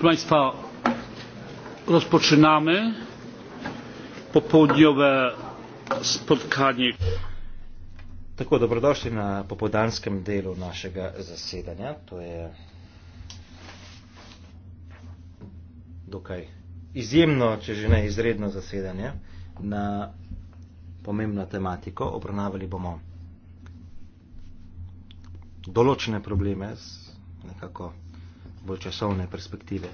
proszę państwa rozpoczynamy popołudniowe spotkanie. Tako, dobrodošli na popodanskem delu našega zasedanja. To je dokaj izjemno, če že ne izredno zasedanje, na pomembno tematiko. Obravnavali bomo določene probleme z nekako bolj časovne perspektive.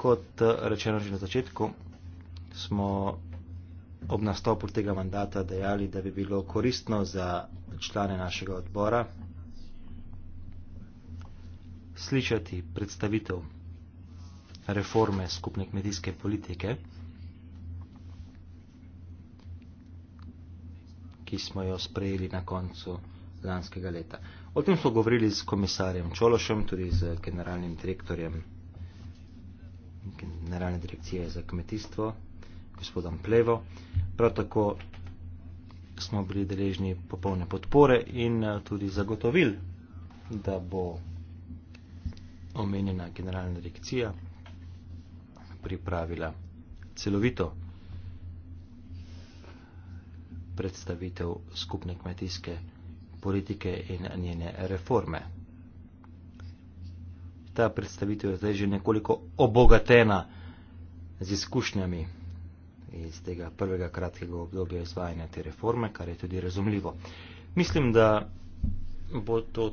Kot eh, rečeno že na začetku, smo ob nastopu tega mandata dejali, da bi bilo koristno za člane našega odbora slišati predstavitev reforme skupne kmetijske politike, ki smo jo sprejeli na koncu lanskega leta. O tem smo govorili s komisarjem Čološem, tudi z generalnim direktorjem Generalne direkcije za kmetijstvo, gospodom Plevo. Prav tako smo bili deležni popolne podpore in eh, tudi zagotovil, da bo omenjena generalna direkcija pripravila celovito predstavitev skupne kmetijske kmetijske politike in njene reforme. Ta predstavitev je zdaj že nekoliko obogatena z izkušnjami iz tega prvega kratkega obdobja izvajanja te reforme, kar je tudi razumljivo. Mislim, da bo to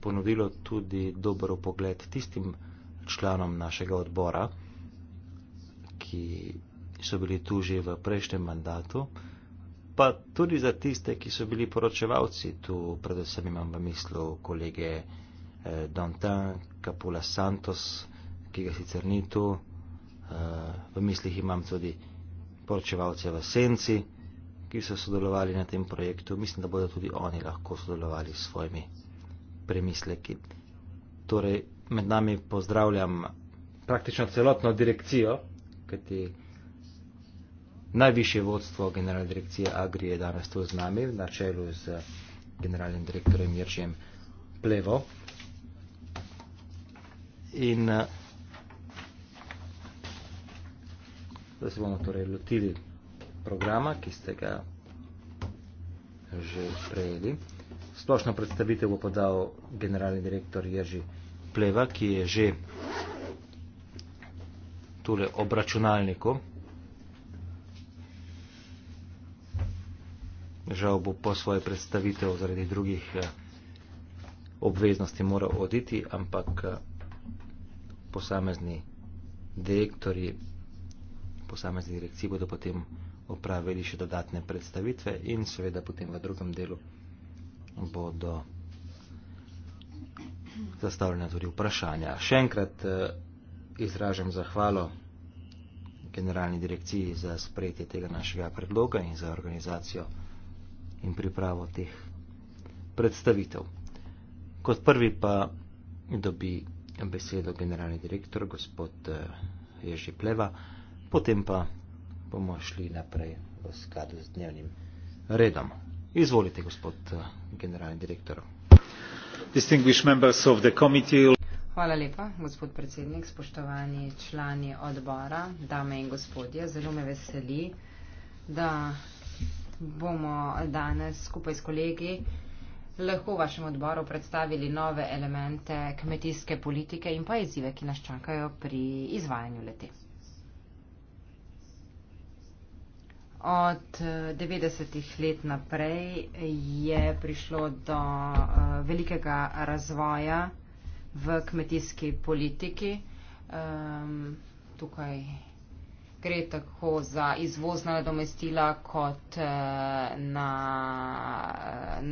ponudilo tudi dober pogled tistim članom našega odbora, ki so bili tu že v prejšnjem mandatu, pa tudi za tiste, ki so bili poročevalci, tu predvsem imam v mislu kolege eh, Dantan, Kapula Santos, ki ga sicer ni tu, eh, v mislih imam tudi poročevalce v Senci, ki so sodelovali na tem projektu, mislim, da bodo tudi oni lahko sodelovali s svojimi premisleki. Torej, med nami pozdravljam praktično celotno direkcijo, kajti. Te... Najviše vodstvo generalne direkcije Agri je danes tu z nami, na čelu z generalnim direktorjem Jerčem Plevo. In eh, da se bomo torej lotili programa, ki ste ga že prejeli. Splošno predstavitev bo podal generalni direktor Jerži Pleva, ki je že tule ob računalniku. žal bo po svoje predstavitev zaradi drugih eh, obveznosti moral oditi, ampak eh, posamezni direktori, posamezni direkciji bodo potem opravili še dodatne predstavitve in seveda potem v drugem delu bodo zastavljena tudi vprašanja. Še enkrat eh, izražam zahvalo generalni direkciji za sprejetje tega našega predloga in za organizacijo in pripravo teh predstavitev. Kot prvi pa dobi besedo generalni direktor, gospod eh, Ježi Pleva, potem pa bomo šli naprej v skladu z dnevnim redom. Izvolite, gospod eh, generalni direktor. Hvala lepa, gospod predsednik, spoštovani člani odbora, dame in gospodje. Zelo me veseli, da bomo danes skupaj s kolegi lahko v vašem odboru predstavili nove elemente kmetijske politike in pa izzive, ki nas čakajo pri izvajanju leti. Od 90-ih eh, let naprej je prišlo do eh, velikega razvoja v kmetijski politiki. Ehm, tukaj gre tako za izvozna nadomestila kot uh, na, uh,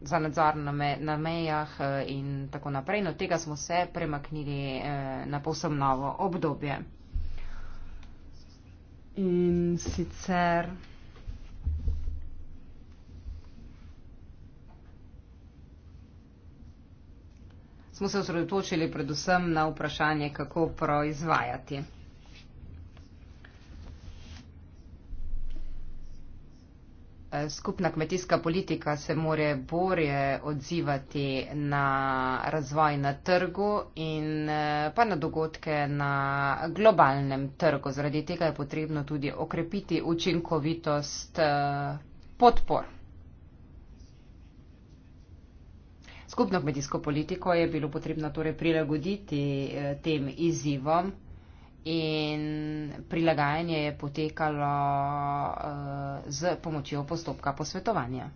za nadzor na, me, na mejah uh, in tako naprej. No, tega smo se premaknili uh, na povsem novo obdobje. In sicer. smo se osredotočili predvsem na vprašanje, kako proizvajati. Eh, skupna kmetijska politika se more bolje odzivati na razvoj na trgu in eh, pa na dogodke na globalnem trgu. Zaradi tega je potrebno tudi okrepiti učinkovitost eh, podpor. Skupno kmetijsko politiko je bilo potrebno torej prilagoditi tem izzivom in prilagajanje je potekalo eh, z pomočjo postopka posvetovanja.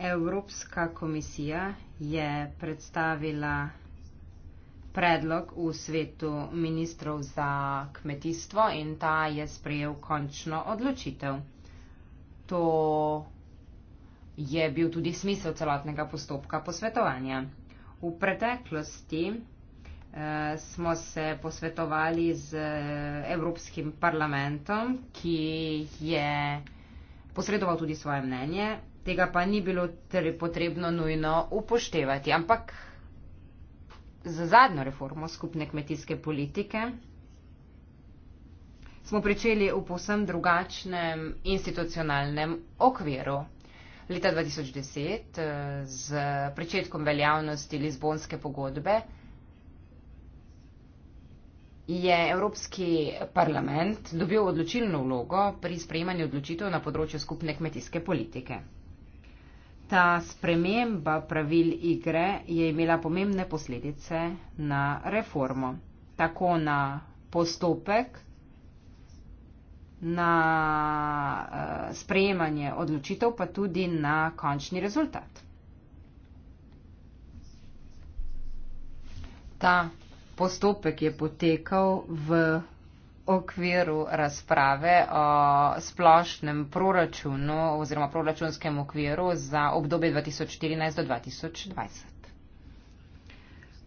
Evropska komisija je predstavila predlog v svetu ministrov za kmetijstvo in ta je sprejel končno odločitev. To je bil tudi smisel celotnega postopka posvetovanja. V preteklosti eh, smo se posvetovali z eh, Evropskim parlamentom, ki je posredoval tudi svoje mnenje, tega pa ni bilo potrebno nujno upoštevati. Ampak za zadnjo reformo skupne kmetijske politike smo pričeli v povsem drugačnem institucionalnem okviru leta 2010 eh, z pričetkom veljavnosti Lizbonske pogodbe je Evropski parlament dobil odločilno vlogo pri sprejemanju odločitev na področju skupne kmetijske politike. Ta sprememba pravil igre je imela pomembne posledice na reformo, tako na postopek na uh, sprejemanje odločitev, pa tudi na končni rezultat. Ta postopek je potekal v okviru razprave o splošnem proračunu oziroma proračunskem okviru za obdobje 2014 do 2020.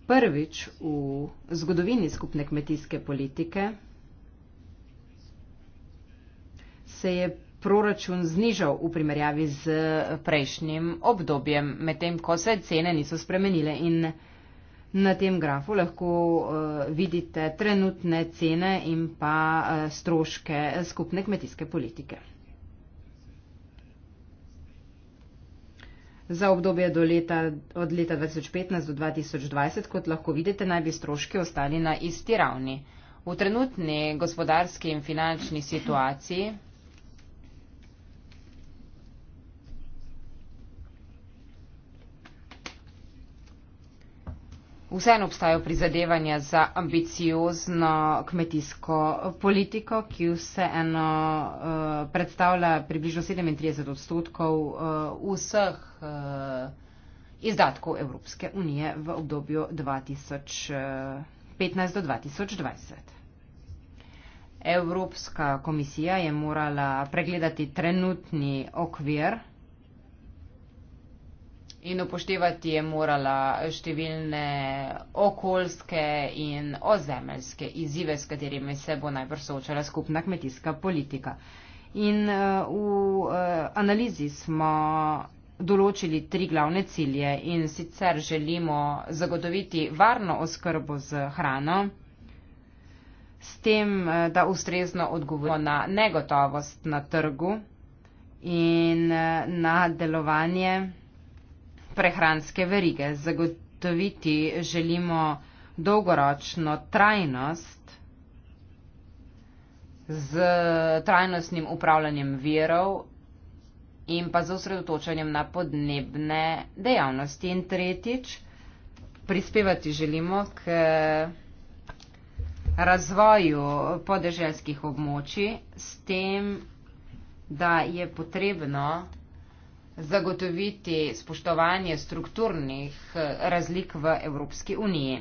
Prvič v zgodovini skupne kmetijske politike se je proračun znižal v primerjavi z prejšnjim obdobjem, medtem ko se cene niso spremenile. In na tem grafu lahko uh, vidite trenutne cene in pa uh, stroške skupne kmetijske politike. Za obdobje do leta, od leta 2015 do 2020, kot lahko vidite, naj bi stroški ostali na isti ravni. V trenutni gospodarski in finančni situaciji Vseeno obstajajo prizadevanja za ambiciozno kmetijsko politiko, ki vseeno uh, predstavlja približno 37 odstotkov uh, vseh uh, izdatkov Evropske unije v obdobju 2015 do 2020. Evropska komisija je morala pregledati trenutni okvir in upoštevati je morala številne okoljske in ozemeljske izzive, s katerimi se bo najbrž soočala skupna kmetijska politika. In eh, v eh, analizi smo določili tri glavne cilje in sicer želimo zagotoviti varno oskrbo z hrano, s tem, eh, da ustrezno odgovorimo na negotovost na trgu in na delovanje prehranske verige. Zagotoviti želimo dolgoročno trajnost z trajnostnim upravljanjem verov in pa z osredotočanjem na podnebne dejavnosti. In tretjič, prispevati želimo k razvoju podeželskih območij s tem, da je potrebno zagotoviti spoštovanje strukturnih eh, razlik v Evropski uniji.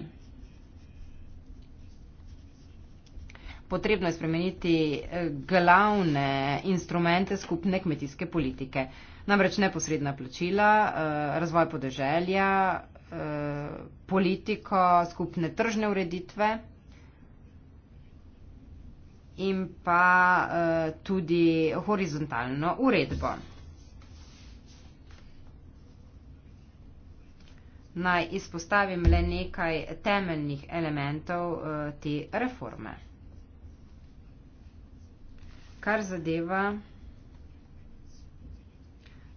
Potrebno je spremeniti eh, glavne instrumente skupne kmetijske politike. Namreč neposredna plačila, eh, razvoj podeželja, politiko skupne tržne ureditve in pa tudi horizontalno uredbo. Naj izpostavim le nekaj temeljnih elementov eh, te reforme. Kar zadeva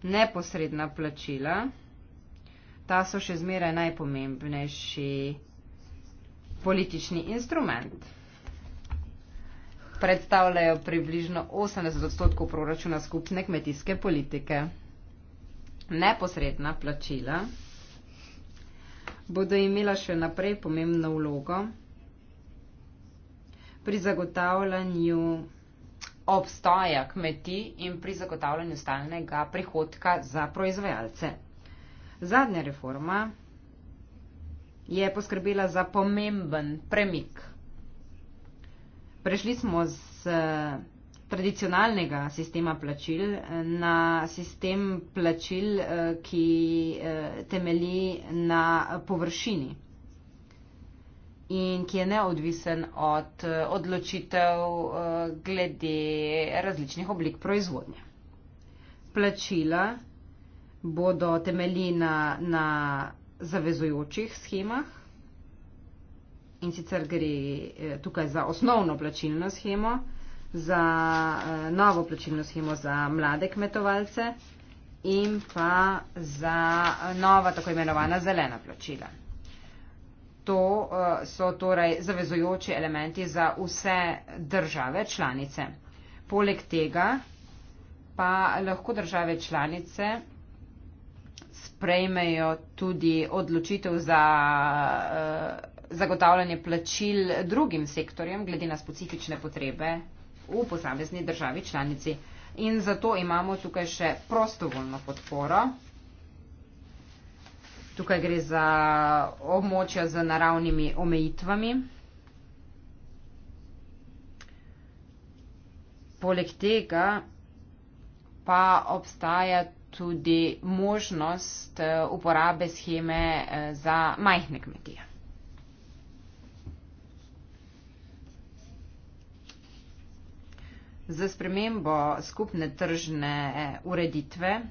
neposredna plačila, ta so še zmeraj najpomembnejši politični instrument. Predstavljajo približno 80 odstotkov proračuna skupne kmetijske politike. Neposredna plačila bodo imela še naprej pomembno vlogo pri zagotavljanju obstoja kmetij in pri zagotavljanju stalnega prihodka za proizvajalce. Zadnja reforma je poskrbela za pomemben premik. Prešli smo z tradicionalnega sistema plačil eh, na sistem plačil, eh, ki eh, temelji na površini in ki je neodvisen od odločitev glede različnih oblik proizvodnje. Plačila bodo temeljina na, na zavezujočih schemah in sicer gre tukaj za osnovno plačilno schemo, za eh, novo plačilno schemo za mlade kmetovalce in pa za eh, nova tako imenovana zelena plačila. To eh, so torej zavezujoči elementi za vse države članice. Poleg tega pa lahko države članice sprejmejo tudi odločitev za zagotavljanje plačil drugim sektorjem glede na specifične potrebe v posamezni državi članici. In zato imamo tukaj še prostovoljno podporo. Tukaj gre za območja z naravnimi omejitvami. Poleg tega pa obstaja tudi možnost eh, uporabe scheme eh, za majhne kmetije. Za spremembo skupne tržne eh, ureditve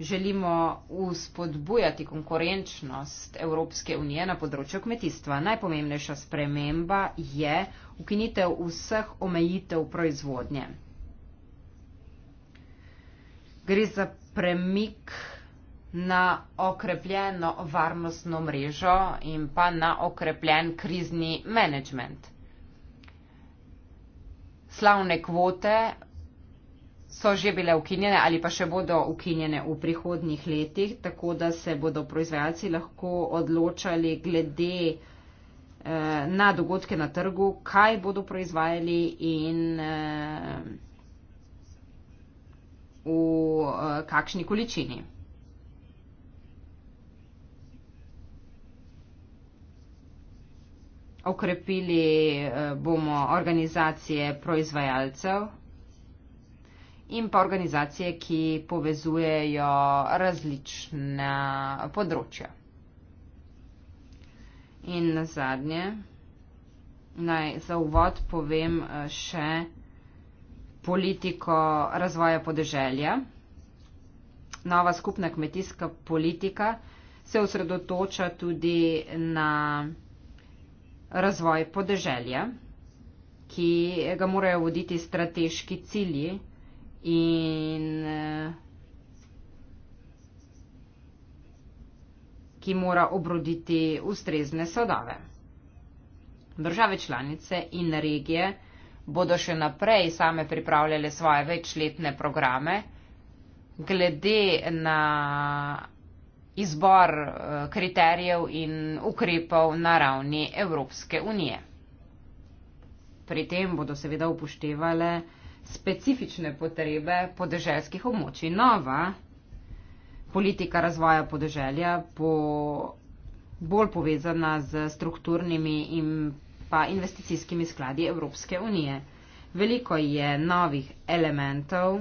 želimo uspodbujati konkurenčnost Evropske unije na področju kmetijstva. Najpomembnejša sprememba je ukinitev vseh omejitev proizvodnje. Gre za premik na okrepljeno varnostno mrežo in pa na okrepljen krizni menedžment slavne kvote so že bile ukinjene ali pa še bodo ukinjene v prihodnjih letih, tako da se bodo proizvajalci lahko odločali glede eh, na dogodke na trgu, kaj bodo proizvajali in eh, v eh, kakšni količini. okrepili eh, bomo organizacije proizvajalcev in pa organizacije, ki povezujejo različna področja. In na zadnje, naj za uvod povem eh, še politiko razvoja podeželja. Nova skupna kmetijska politika se osredotoča tudi na razvoj podeželja, ki ga morajo voditi strateški cilji in ki mora obroditi ustrezne sadove. Države članice in regije bodo še naprej same pripravljale svoje večletne programe glede na izbor eh, kriterijev in ukrepov na ravni Evropske unije. Pri tem bodo seveda upoštevale specifične potrebe podeželskih območij. Nova politika razvoja podeželja bo bolj povezana z strukturnimi in pa investicijskimi skladi Evropske unije. Veliko je novih elementov,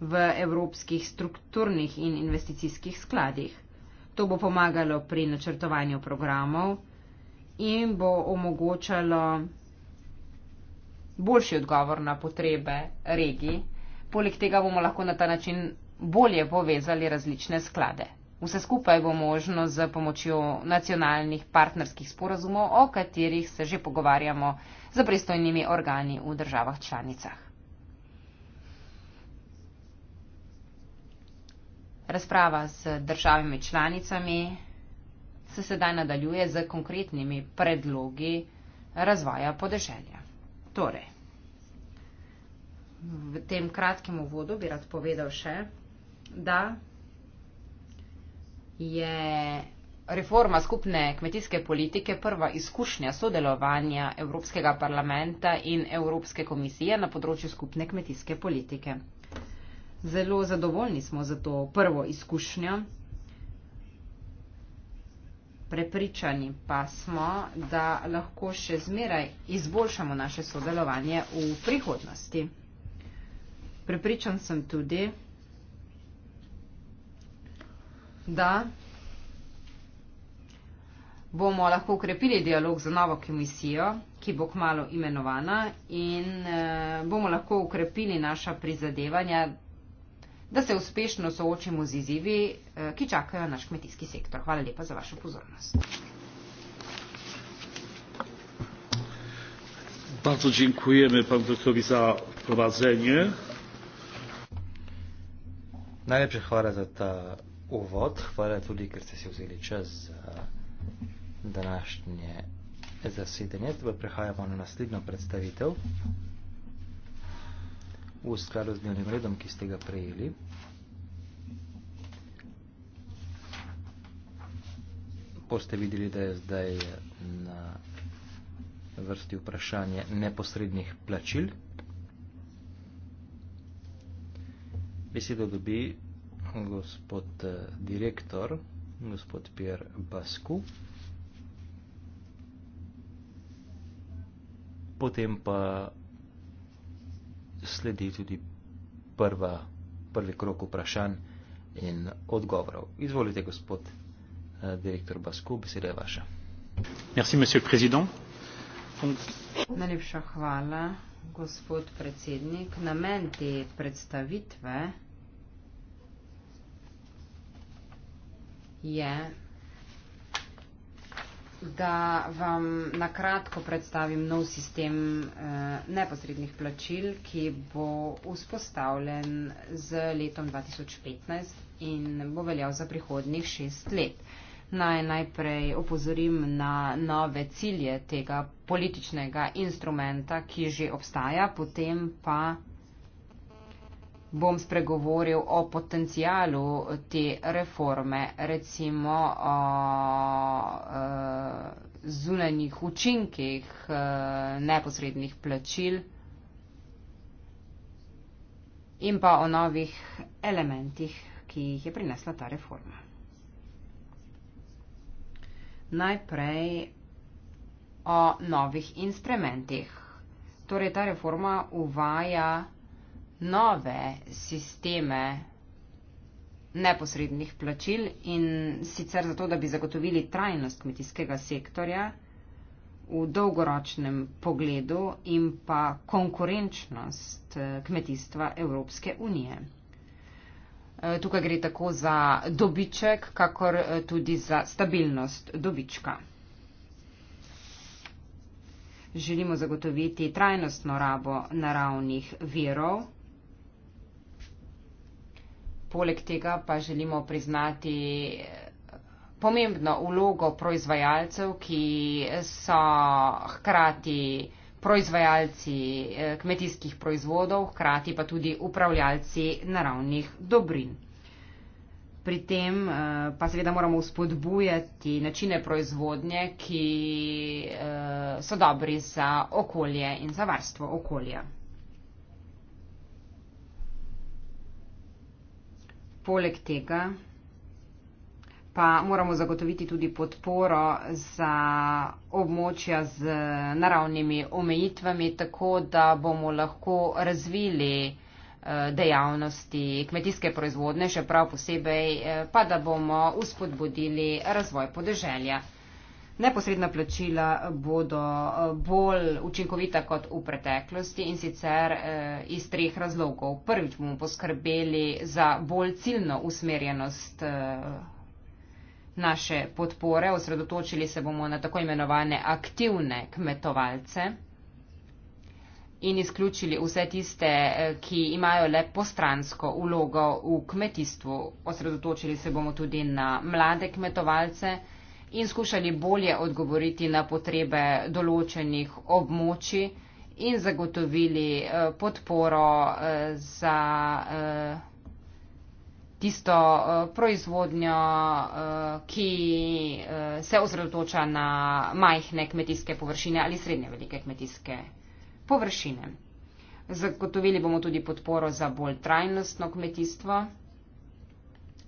v evropskih strukturnih in investicijskih skladih. To bo pomagalo pri načrtovanju programov in bo omogočalo boljši odgovor na potrebe regij. Poleg tega bomo lahko na ta način bolje povezali različne sklade. Vse skupaj bo možno z pomočjo nacionalnih partnerskih sporazumov, o katerih se že pogovarjamo z pristojnimi organi v državah članicah. Razprava z državami članicami se sedaj nadaljuje z konkretnimi predlogi razvoja podeželja. Torej, v tem kratkem uvodu bi rad povedal še, da je reforma skupne kmetijske politike prva izkušnja sodelovanja Evropskega parlamenta in Evropske komisije na področju skupne kmetijske politike zelo zadovoljni smo za to prvo izkušnjo. Prepričani pa smo, da lahko še zmeraj izboljšamo naše sodelovanje v prihodnosti. Prepričan sem tudi, da bomo lahko ukrepili dialog za novo komisijo, ki bo kmalo imenovana in eh, bomo lahko ukrepili naša prizadevanja, da se uspešno soočimo z izzivi, eh, ki čakajo naš kmetijski sektor. Hvala lepa za vašo pozornost. Bardzo dziękujemy panu profesorowi za wprowadzenie. Najlepsze chwała za ten uwod. Chwała tuli, że się wzięli czas za dzisiejsze zasiedlenie. Przechodzimy na następną przedstawitelę v skladu z dnevnim redom, ki ste ga prejeli. Poste videli, da je zdaj na vrsti vprašanje neposrednih plačil. Besedo dobi gospod eh, direktor, gospod Pierre Basku. Potem pa sledi tudi prva, prvi krok vprašanj in odgovorov. Izvolite, gospod eh, direktor Basku, beseda je vaša. Merci, monsieur président. Najlepša hvala, gospod predsednik. Namen te predstavitve je da vam na kratko predstavim nov sistem eh, neposrednih plačil, ki bo vzpostavljen z letom 2015 in bo veljal za prihodnih šest let. Naj najprej opozorim na nove cilje tega političnega instrumenta, ki že obstaja, potem pa bom spregovoril o potencijalu te reforme, recimo o e, zunanjih učinkih e, neposrednih plačil in pa o novih elementih, ki jih je prinesla ta reforma. Najprej o novih instrumentih. Torej, ta reforma uvaja nove sisteme neposrednih plačil in sicer zato, da bi zagotovili trajnost kmetijskega sektorja v dolgoročnem pogledu in pa konkurenčnost eh, kmetijstva Evropske unije. Eh, tukaj gre tako za dobiček, kakor eh, tudi za stabilnost dobička. Želimo zagotoviti trajnostno rabo naravnih virov, poleg tega pa želimo priznati eh, pomembno vlogo proizvajalcev, ki so hkrati proizvajalci eh, kmetijskih proizvodov, hkrati pa tudi upravljalci naravnih dobrin. Pri tem eh, pa seveda moramo spodbujati načine proizvodnje, ki so dobri za okolje in za varstvo okolja. Poleg tega pa moramo zagotoviti tudi podporo za območja z naravnimi omejitvami, tako da bomo lahko razvili eh, dejavnosti kmetijske proizvodne, še prav posebej, eh, pa da bomo uspodbudili razvoj podeželja. Neposredna plačila bodo eh, bolj učinkovita kot v preteklosti in sicer eh, iz treh razlogov. Prvič bomo poskrbeli za bolj ciljno usmerjenost eh, naše podpore. Osredotočili se bomo na tako imenovane aktivne kmetovalce in izključili vse tiste, ki imajo le postransko vlogo v kmetijstvu. Osredotočili se bomo tudi na mlade kmetovalce in skušali bolje odgovoriti na potrebe določenih območij in zagotovili eh, podporo eh, za eh, tisto proizvodnjo, ki se osredotoča na majhne kmetijske površine ali srednje velike kmetijske površine. Zagotovili bomo tudi podporo za bolj trajnostno kmetijstvo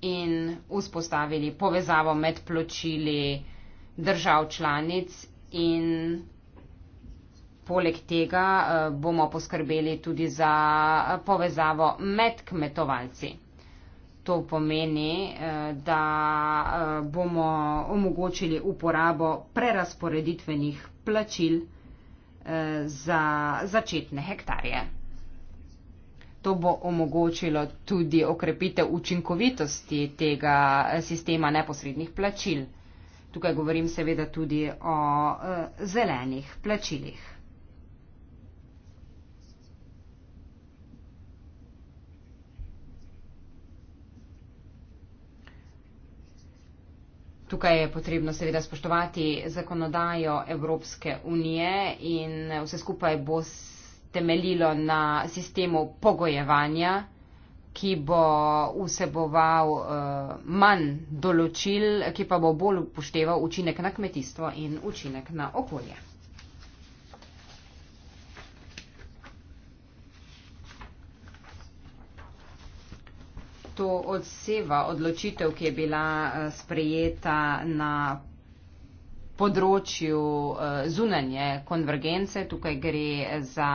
in vzpostavili povezavo med plačili držav članic in poleg tega eh, bomo poskrbeli tudi za povezavo med kmetovalci. To pomeni, eh, da eh, bomo omogočili uporabo prerasporeditvenih plačil za začetne hektarje. To bo omogočilo tudi okrepitev učinkovitosti tega eh, sistema neposrednih plačil. Tukaj govorim seveda tudi o eh, zelenih plačilih. Tukaj je potrebno seveda spoštovati zakonodajo Evropske unije in eh, vse skupaj bo temeljilo na sistemu pogojevanja, ki bo vseboval uh, manj določil, ki pa bo bolj upošteval učinek na kmetijstvo in učinek na okolje. To odseva odločitev, ki je bila eh, sprejeta na področju eh, zunanje konvergence. Tukaj gre za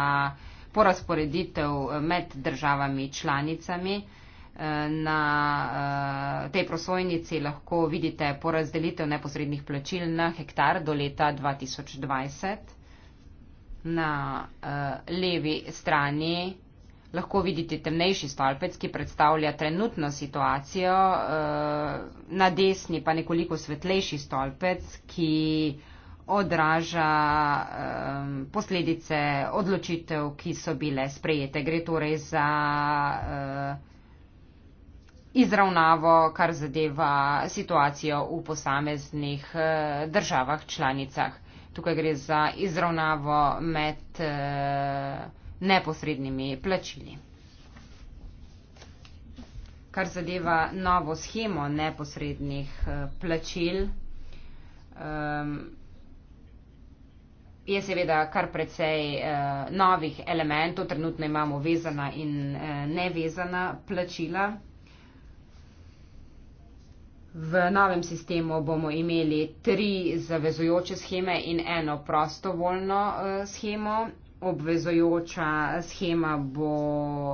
porazporeditev eh, med državami članicami. Eh, na tej prosojnici lahko vidite porazdelitev neposrednih plačil na hektar do leta 2020. Na uh, levi strani lahko vidite temnejši stolpec, ki predstavlja trenutno situacijo, eh, na desni pa nekoliko svetlejši stolpec, ki odraža eh, posledice odločitev, ki so bile sprejete. Gre torej za eh, izravnavo, kar zadeva situacijo v posameznih državah članicah. Tukaj gre za izravnavo med neposrednimi plačili. Kar zadeva novo schemo neposrednih eh, plačil, ehm, je seveda kar precej eh, novih elementov. Trenutno imamo vezana in eh, nevezana plačila. V novem sistemu bomo imeli tri zavezujoče scheme in eno prostovoljno schemo obvezojoča schema bo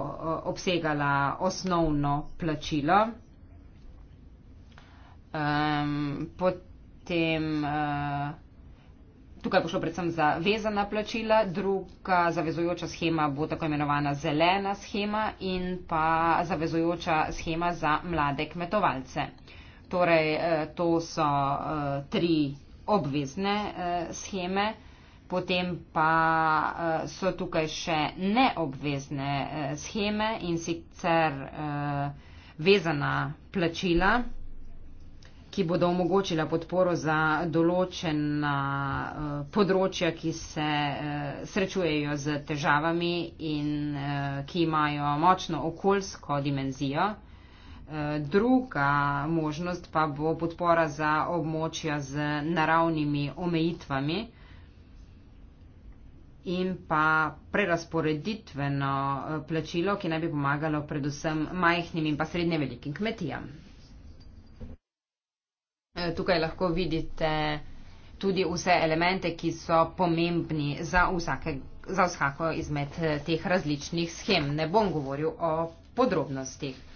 eh, obsegala osnovno plačilo. Um, potem uh, tukaj bo šlo predvsem za vezana plačila, druga zavezojoča schema bo tako imenovana zelena schema in pa zavezojoča schema za mlade kmetovalce. Torej, uh, to so uh, tri obvezne uh, scheme. Potem pa eh, so tukaj še neobvezne eh, scheme in sicer eh, vezana plačila, ki bodo omogočila podporo za določena področja, ki se srečujejo z težavami in ki imajo močno okoljsko dimenzijo. Druga možnost pa bo podpora za območja z naravnimi omejitvami in pa prerasporeditveno eh, plačilo, ki naj bi pomagalo predvsem majhnim in pa srednje velikim kmetijam. Eh, tukaj lahko vidite tudi vse elemente, ki so pomembni za, vsake, za vsako izmed eh, teh različnih schem. Ne bom govoril o podrobnostih.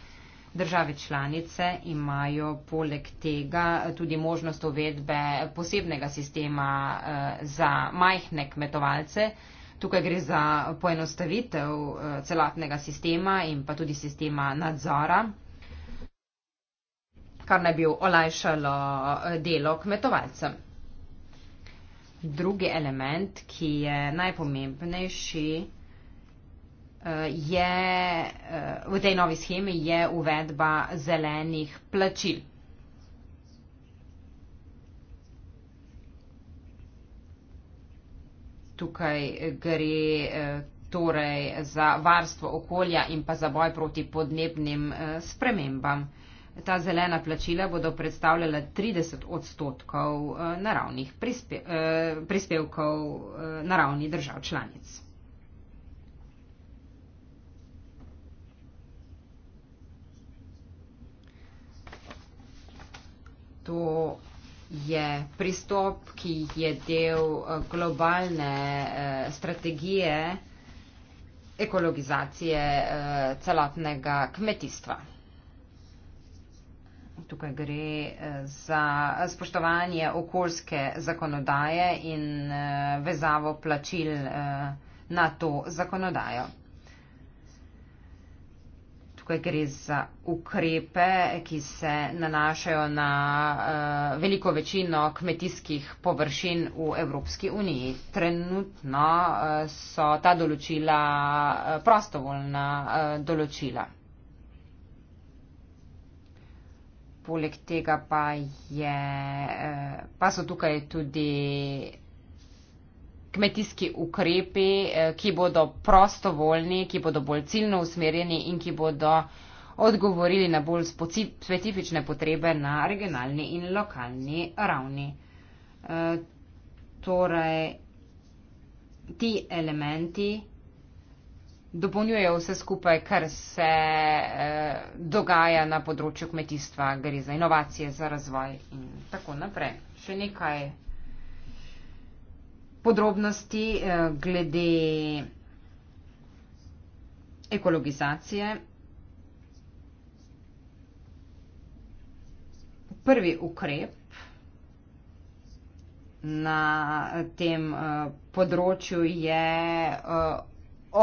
Države članice imajo poleg tega tudi možnost uvedbe posebnega sistema eh, za majhne kmetovalce. Tukaj gre za poenostavitev eh, celotnega sistema in pa tudi sistema nadzora, kar naj bi olajšalo eh, delo kmetovalcem. Drugi element, ki je najpomembnejši, je eh, v tej novi schemi je uvedba zelenih plačil. Tukaj eh, gre eh, torej za varstvo okolja in pa za boj proti podnebnim spremembam. Ta zelena plačila bodo predstavljala 30 odstotkov naravnih prispevkov naravni držav članic. to je pristop, ki je del eh, globalne eh, strategije ekologizacije eh, celotnega kmetijstva. Tukaj gre za spoštovanje okoljske zakonodaje in vezavo plačil na to zakonodajo ko gre za ukrepe, ki se nanašajo na uh, veliko večino kmetijskih površin v Evropski uniji. Trenutno uh, so ta določila uh, prostovoljna uh, določila. Poleg tega pa, je, uh, pa so tukaj tudi kmetijski ukrepi, eh, ki bodo prostovoljni, ki bodo bolj ciljno usmerjeni in ki bodo odgovorili na bolj specifične potrebe na regionalni in lokalni ravni. Eh, torej, ti elementi dopolnjujejo vse skupaj, kar se eh, dogaja na področju kmetijstva, gre za inovacije, za razvoj in tako naprej. Še nekaj podrobnosti eh, glede ekologizacije. Prvi ukrep na tem eh, področju je eh,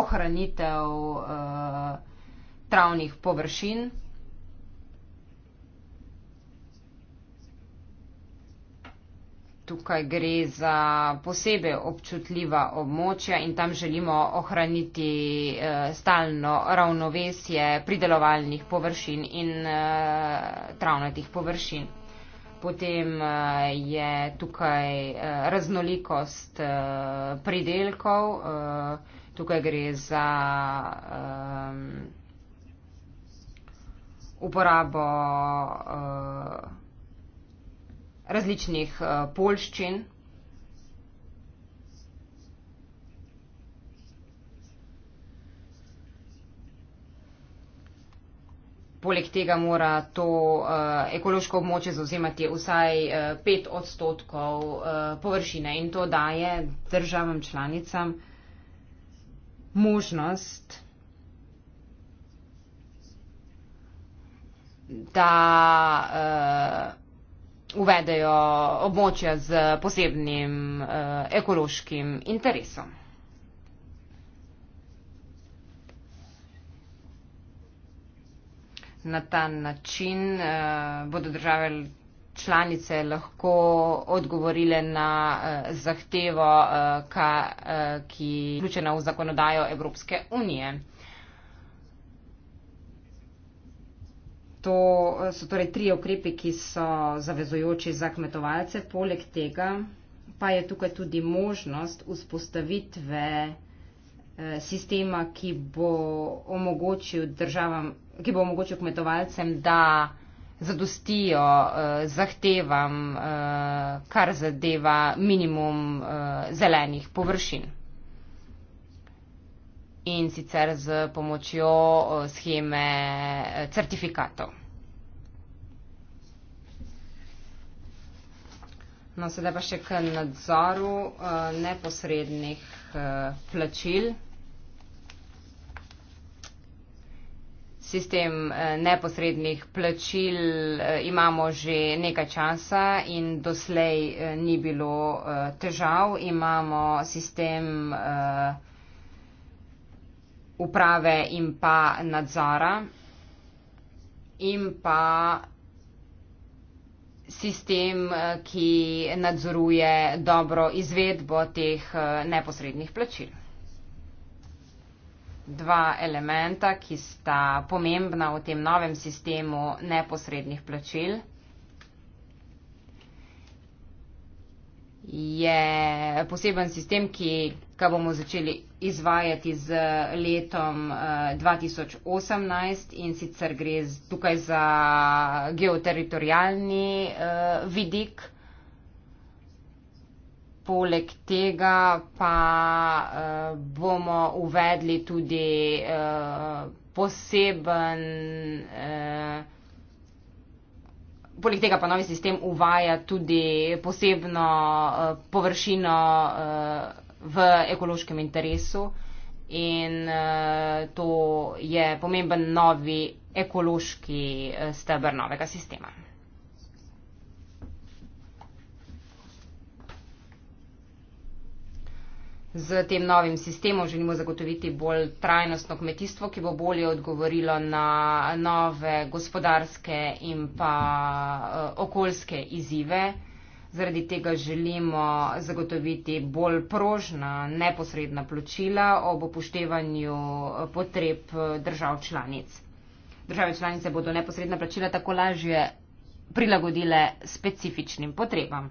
ohranitev travnih površin. tukaj gre za posebej občutljiva območja in tam želimo ohraniti eh, stalno ravnovesje pridelovalnih površin in eh, travnatih površin. Potem eh, je tukaj raznolikost pridelkov, tukaj gre za uporabo različnih eh, polščin. Poleg tega mora to uh, ekološko območje zauzemati vsaj uh, eh, 5 odstotkov uh, površine in to daje državam članicam možnost, da uh, uvedejo območja z posebnim uh, ekološkim interesom. Na ta način uh, bodo države članice lahko odgovorile na uh, zahtevo, uh, ka, uh, ki je vključena v zakonodajo Evropske unije. to eh, so torej tri ukrepe, ki so zavezojoči za kmetovalce. Poleg tega pa je tukaj tudi možnost vzpostavitve eh, sistema, ki bo omogočil državam, ki bo omogočil kmetovalcem, da zadostijo eh, zahtevam, eh, kar zadeva minimum eh, zelenih površin in sicer z pomočjo eh, scheme eh, certifikatov. No, sedaj pa še k nadzoru eh, neposrednih plačil. Sistem neposrednih plačil imamo že nekaj časa in doslej ni bilo težav. Imamo sistem plačil uprave in pa nadzora in pa sistem, eh, ki nadzoruje dobro izvedbo teh eh, neposrednih plačil. Dva elementa, ki sta pomembna v tem novem sistemu neposrednih plačil. je poseben sistem, ki ga bomo začeli izvajati z letom 2018 eh, in sicer gre tukaj za geoteritorijalni eh, vidik. Poleg tega pa eh, bomo uvedli tudi poseben Poleg tega pa novi sistem uvaja tudi posebno eh, površino eh, v ekološkem interesu in eh, to je pomemben novi ekološki stebr novega sistema. z tem novim sistemom želimo zagotoviti bolj trajnostno kmetijstvo, ki bo bolje odgovorilo na nove gospodarske in pa eh, okoljske izzive. Zaradi tega želimo zagotoviti bolj prožna, neposredna plačila ob upoštevanju eh, potreb eh, držav članic. Države članice bodo neposredna plačila tako lažje prilagodile specifičnim potrebam.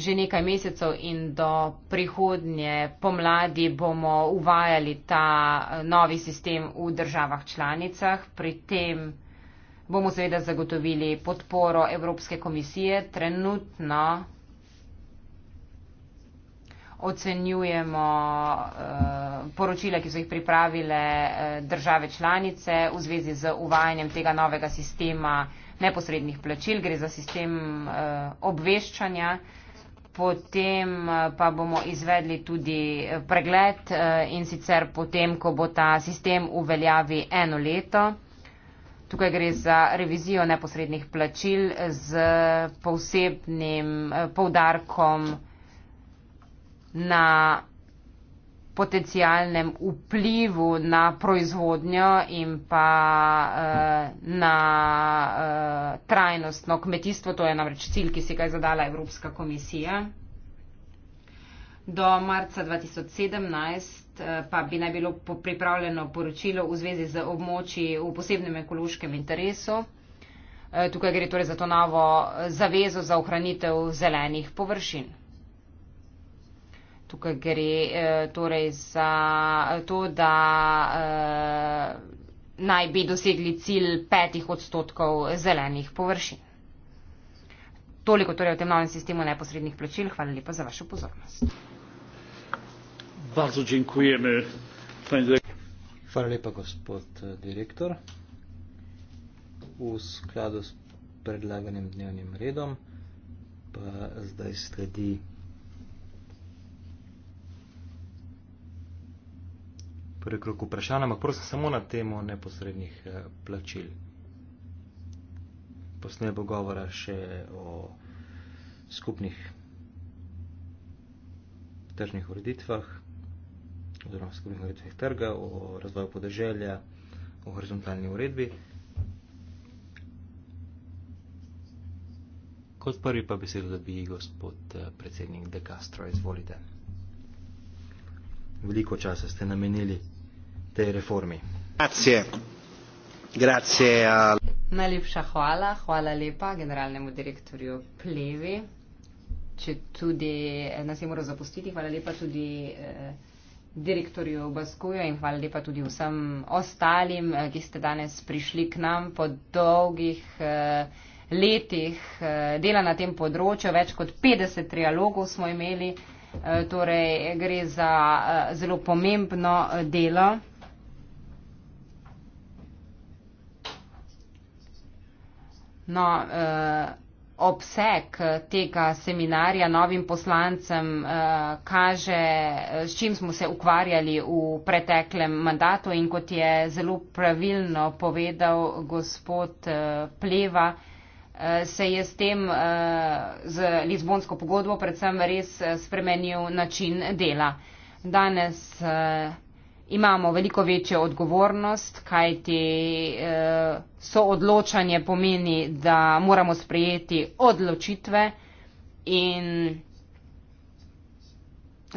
že nekaj mesecev in do prihodnje pomladi bomo uvajali ta eh, novi sistem v državah članicah. Pri tem bomo seveda zagotovili podporo Evropske komisije. Trenutno ocenjujemo eh, poročila, ki so jih pripravile eh, države članice v zvezi z uvajanjem tega novega sistema neposrednih plačil. Gre za sistem eh, obveščanja potem eh, pa bomo izvedli tudi eh, pregled eh, in sicer potem, ko bo ta sistem uveljavi eno leto. Tukaj gre za revizijo neposrednih plačil z posebnim poudarkom na potencijalnem vplivu na proizvodnjo in pa eh, na eh, trajnostno kmetijstvo. To je namreč cilj, ki si ga je zadala Evropska komisija. Do marca 2017 eh, pa bi naj bilo pripravljeno poročilo v zvezi z območji v posebnem ekološkem interesu. Eh, tukaj gre torej za to novo eh, zavezo za ohranitev zelenih površin tukaj gre eh, torej za eh, to, da eh, naj bi dosegli cilj petih odstotkov zelenih površin. Toliko torej o tem novem sistemu neposrednih plačil. Hvala lepa za vašo pozornost. Bardzo dziękujemy. Hvala lepa, gospod eh, direktor. V skladu s predlaganim dnevnim redom pa zdaj sledi. prvi krok vprašanja, ampak prosim samo na temo neposrednih eh, plačil. Posneje bo govora še o skupnih tržnih ureditvah, oziroma skupnih ureditvah trga, o razvoju podeželja, o horizontalni uredbi. Kot prvi pa besedo dobi gospod eh, predsednik De Castro, izvolite. Veliko časa ste namenili tej reformi. Najlepša hvala, hvala lepa generalnemu direktorju Plevi. Če tudi eh, nas je moral zapustiti, hvala lepa tudi eh, direktorju Baskujo in hvala lepa tudi vsem ostalim, eh, ki ste danes prišli k nam po dolgih eh, letih eh, dela na tem področju. Več kot 50 trialogov smo imeli, eh, torej gre za eh, zelo pomembno eh, delo. No, eh, obseg eh, tega seminarja novim poslancem eh, kaže, eh, s čim smo se ukvarjali v preteklem mandatu in kot je zelo pravilno povedal gospod eh, Pleva, eh, se je s tem eh, z Lizbonsko pogodbo predvsem res eh, spremenil način dela. Danes eh, imamo veliko večjo odgovornost, kajti eh, so odločanje pomeni, da moramo sprejeti odločitve in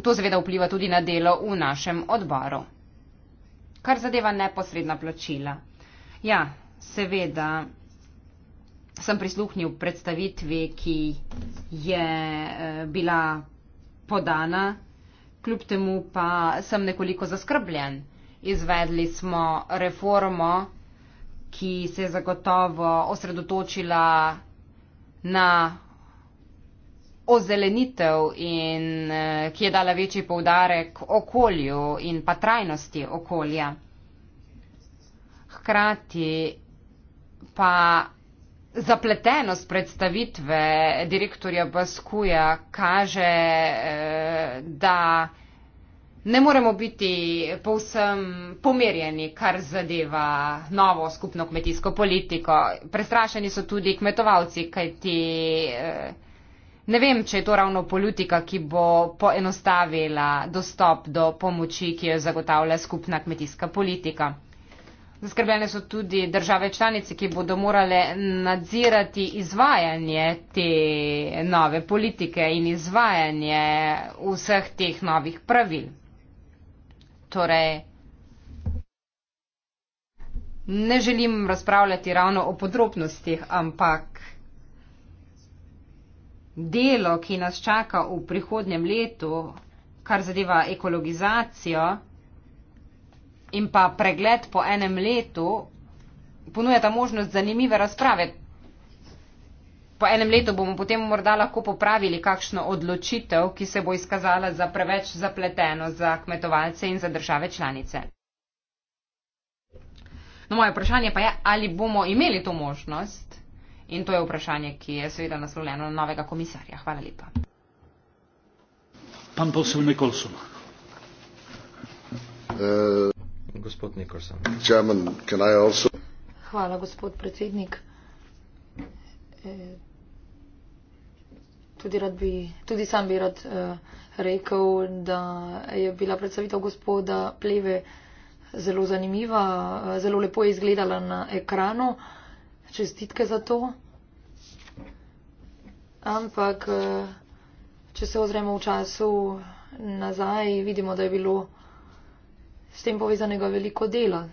to seveda vpliva tudi na delo v našem odboru. Kar zadeva neposredna plačila. Ja, seveda sem prisluhnil predstavitvi, ki je eh, bila podana kljub temu pa sem nekoliko zaskrbljen. Izvedli smo reformo, ki se je zagotovo osredotočila na ozelenitev in eh, ki je dala večji poudarek okolju in pa trajnosti okolja. Hkrati pa Zapletenost predstavitve direktorja Baskuja kaže, eh, da ne moremo biti povsem pomerjeni, kar zadeva novo skupno kmetijsko politiko. Prestrašeni so tudi kmetovalci, kajti eh, ne vem, če je to ravno politika, ki bo poenostavila dostop do pomoči, ki jo zagotavlja skupna kmetijska politika. Zaskrbljene so tudi države članice, ki bodo morale nadzirati izvajanje te nove politike in izvajanje vseh teh novih pravil. Torej, ne želim razpravljati ravno o podrobnostih, ampak delo, ki nas čaka v prihodnjem letu, kar zadeva ekologizacijo, in pa pregled po enem letu ponujata možnost zanimive razprave. Po enem letu bomo potem morda lahko popravili kakšno odločitev, ki se bo izkazala za preveč zapleteno za kmetovalce in za države članice. No, moje vprašanje pa je, ali bomo imeli to možnost? In to je vprašanje, ki je seveda naslovljeno na novega komisarja. Hvala lepa. Pan posel Nikolson. Uh... E, gospod Nikolson. Hvala, gospod predsednik. E, tudi, rad bi, tudi sam bi rad uh, rekel, da je bila predstavitev gospoda Pleve zelo zanimiva, e, zelo lepo je izgledala na ekranu. Čestitke za to. Ampak, uh, če se ozremo v času nazaj, vidimo, da je bilo s tem povezanega veliko dela.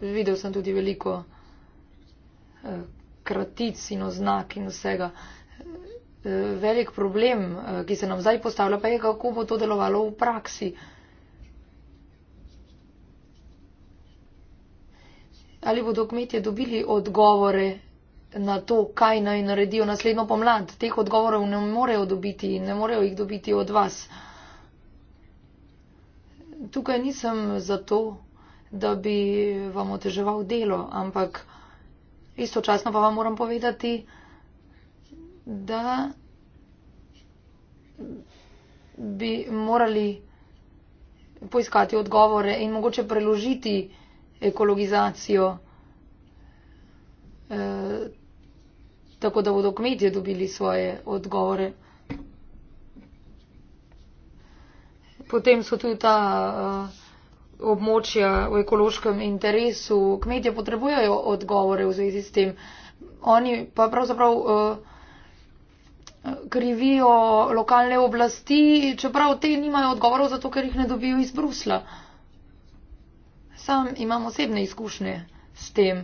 Videl sem tudi veliko eh, kratic in oznak in vsega. Eh, velik problem, eh, ki se nam zdaj postavlja, pa je, kako bo to delovalo v praksi. Ali bodo kmetje dobili odgovore na to, kaj naj naredijo naslednjo pomlad? Teh odgovorov ne morejo dobiti in ne morejo jih dobiti od vas. Uh, tukaj nisem zato, da bi vam oteževal delo, ampak istočasno pa vam moram povedati, da bi morali poiskati odgovore in mogoče preložiti ekologizacijo, eh, tako da bodo kmetje dobili svoje odgovore. Potem so tudi ta uh, območja v ekološkem interesu. Kmetje potrebujejo odgovore v zvezi s tem. Oni pa pravzaprav uh, krivijo lokalne oblasti, čeprav te nimajo odgovorov, zato ker jih ne dobijo iz Brusla. Sam imam osebne izkušnje s tem.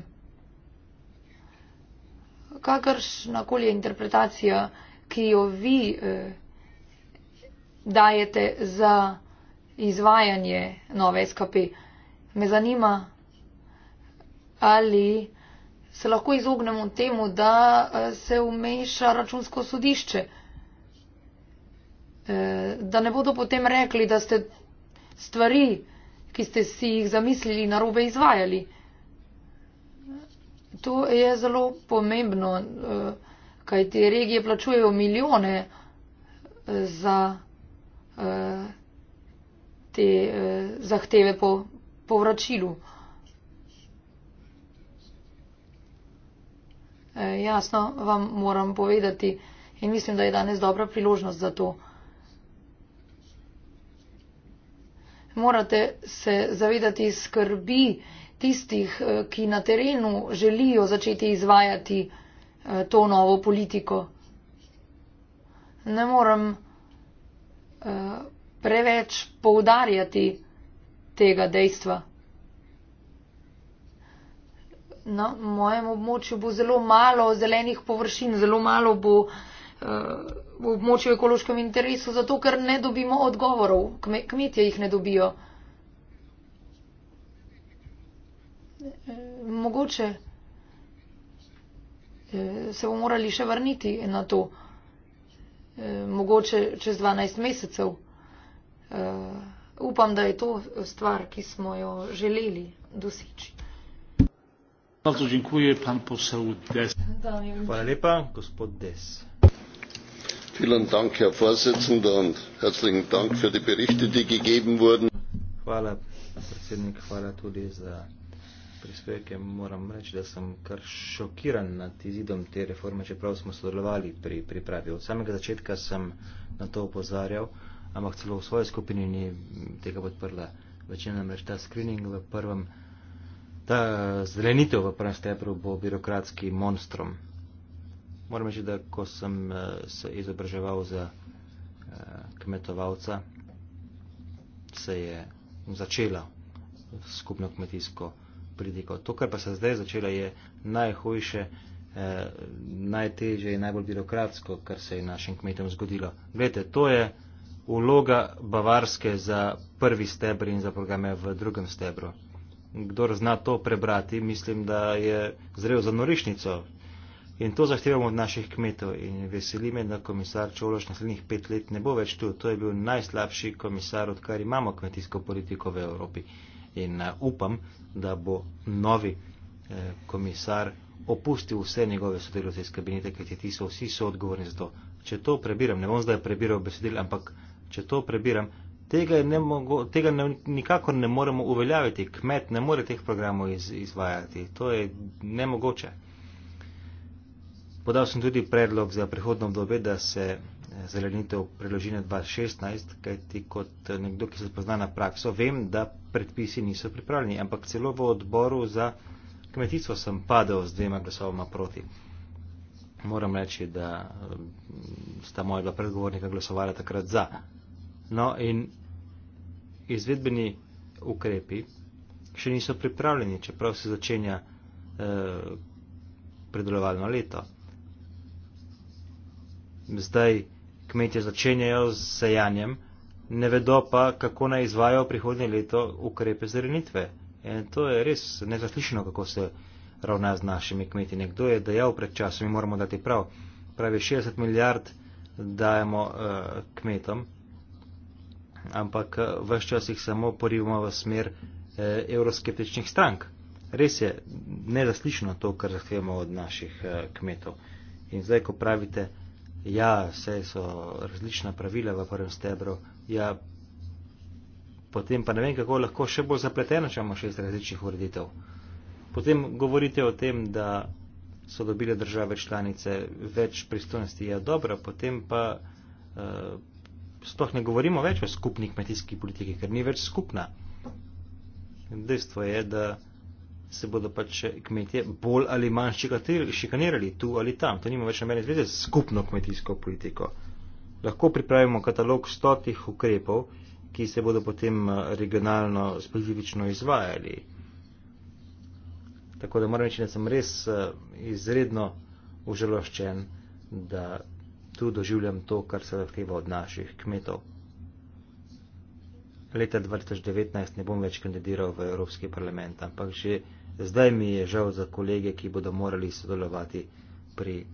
Kakršna koli je interpretacija, ki jo vi. Uh, dajete za izvajanje nove SKP. Me zanima, ali se lahko izognemo temu, da eh, se umeša računsko sodišče, eh, da ne bodo potem rekli, da ste stvari, ki ste si jih zamislili, narobe izvajali. To je zelo pomembno, eh, kaj te regije plačujejo milijone za uh, te uh, zahteve po povračilu. Uh, jasno vam moram povedati in mislim, da je danes dobra priložnost za to. Morate se zavedati skrbi tistih, ki na terenu želijo začeti izvajati to novo politiko. Ne morem Eh, preveč poudarjati tega dejstva. Na no, mojem območju bo zelo malo zelenih površin, zelo malo bo uh, v območju ekološkem interesu, zato ker ne dobimo odgovorov, kmetje jih ne dobijo. Eh, mogoče se bomo morali še vrniti na to. Eh, mogoče čez 12 mesecev. Eh, upam, da je to stvar, ki smo jo želeli doseči. Hvala lepa, gospod Des. Hvala, predsednik, hvala tudi za prispevek, moram reči, da sem kar šokiran nad izidom te reforme, čeprav smo sodelovali pri pripravi. Od samega začetka sem na to upozarjal, ampak celo v svoji skupini ni tega podprla. Večina namreč ta screening v prvem, ta zelenitev v prvem stepru bo birokratski monstrom. Moram reči, da ko sem eh, se izobraževal za eh, kmetovalca, se je začela skupno kmetijsko pridikal. To, kar pa se zdaj začela, je najhujše, eh, najtežje in najbolj birokratsko, kar se je našim kmetom zgodilo. Glede, to je uloga Bavarske za prvi stebr in za programe v drugem stebru. Kdor zna to prebrati, mislim, da je zrel za norišnico. In to zahtevamo od naših kmetov in veseli me, da komisar Čološ naslednjih pet let ne bo več tu. To je bil najslabši komisar, odkar imamo kmetijsko politiko v Evropi in eh, upam, da bo novi eh, komisar opustil vse njegove sodelovce iz kabinete, kajti ti so vsi soodgovorni za to. Če to prebiram, ne bom zdaj prebiral besedil, ampak če to prebiram, tega, ne mogo, tega ne, nikako ne moremo uveljaviti. Kmet ne more teh programov iz, izvajati. To je nemogoče. Podal sem tudi predlog za prihodno obdobje, da se zelenitev preložine 2016, kajti kot nekdo, ki se pozna na prakso, vem, da predpisi niso pripravljeni, ampak celo v odboru za kmetijstvo sem padel z dvema glasovoma proti. Moram reči, da eh, sta moja dva predgovornika glasovala takrat za. No in izvedbeni ukrepi še niso pripravljeni, čeprav se začenja eh, predelovalno leto. Zdaj, kmetje začenjajo z sejanjem, ne vedo pa, kako naj izvajo prihodnje leto ukrepe zrenitve. In to je res nezaslišeno, kako se ravna z našimi kmeti. Nekdo je dejal pred časom, mi moramo dati prav. Pravi 60 milijard dajemo uh, kmetom, ampak v eh, vse čas jih samo porivamo v smer uh, eh, euroskeptičnih strank. Res je nezaslišeno to, kar zahtevamo od naših uh, kmetov. In zdaj, ko pravite, Ja, vse so različna pravila v prvem stebru. Ja, potem pa ne vem, kako lahko še bolj zapleteno, če imamo šest različnih ureditev. Potem govorite o tem, da so dobile države članice več pristojnosti. Ja, dobro, potem pa uh, sploh ne govorimo več o skupni kmetijski politiki, ker ni več skupna. Dejstvo je, da se bodo pač kmetje bolj ali manj šikanirali tu ali tam. To nima več nobene zveze s skupno kmetijsko politiko. Lahko pripravimo katalog stotih ukrepov, ki se bodo potem eh, regionalno specifično izvajali. Tako da moram reči, da sem res eh, izredno užaloščen, da tu doživljam to, kar se zahteva od naših kmetov. Leta 2019 ne bom več kandidiral v Evropski parlament, ampak že Zdaj mi je žal za kolege, ki bodo morali sodelovati pri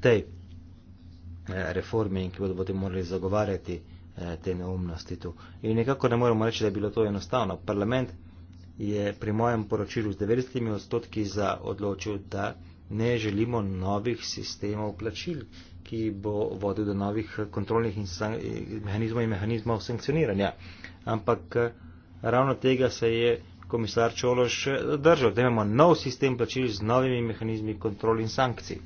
tej eh, reformi in ki bodo potem morali zagovarjati eh, te neumnosti tu. In nekako ne moremo reči, da je bilo to enostavno. Parlament je pri mojem poročilu z 90 odstotki za odločil, da ne želimo novih sistemov plačil, ki bo vodil do novih kontrolnih in eh, mehanizmov in mehanizmov sankcioniranja. Ampak ravno tega se je komisar Čološ eh, držal, da imamo nov sistem plačil z novimi mehanizmi kontrol in sankcij.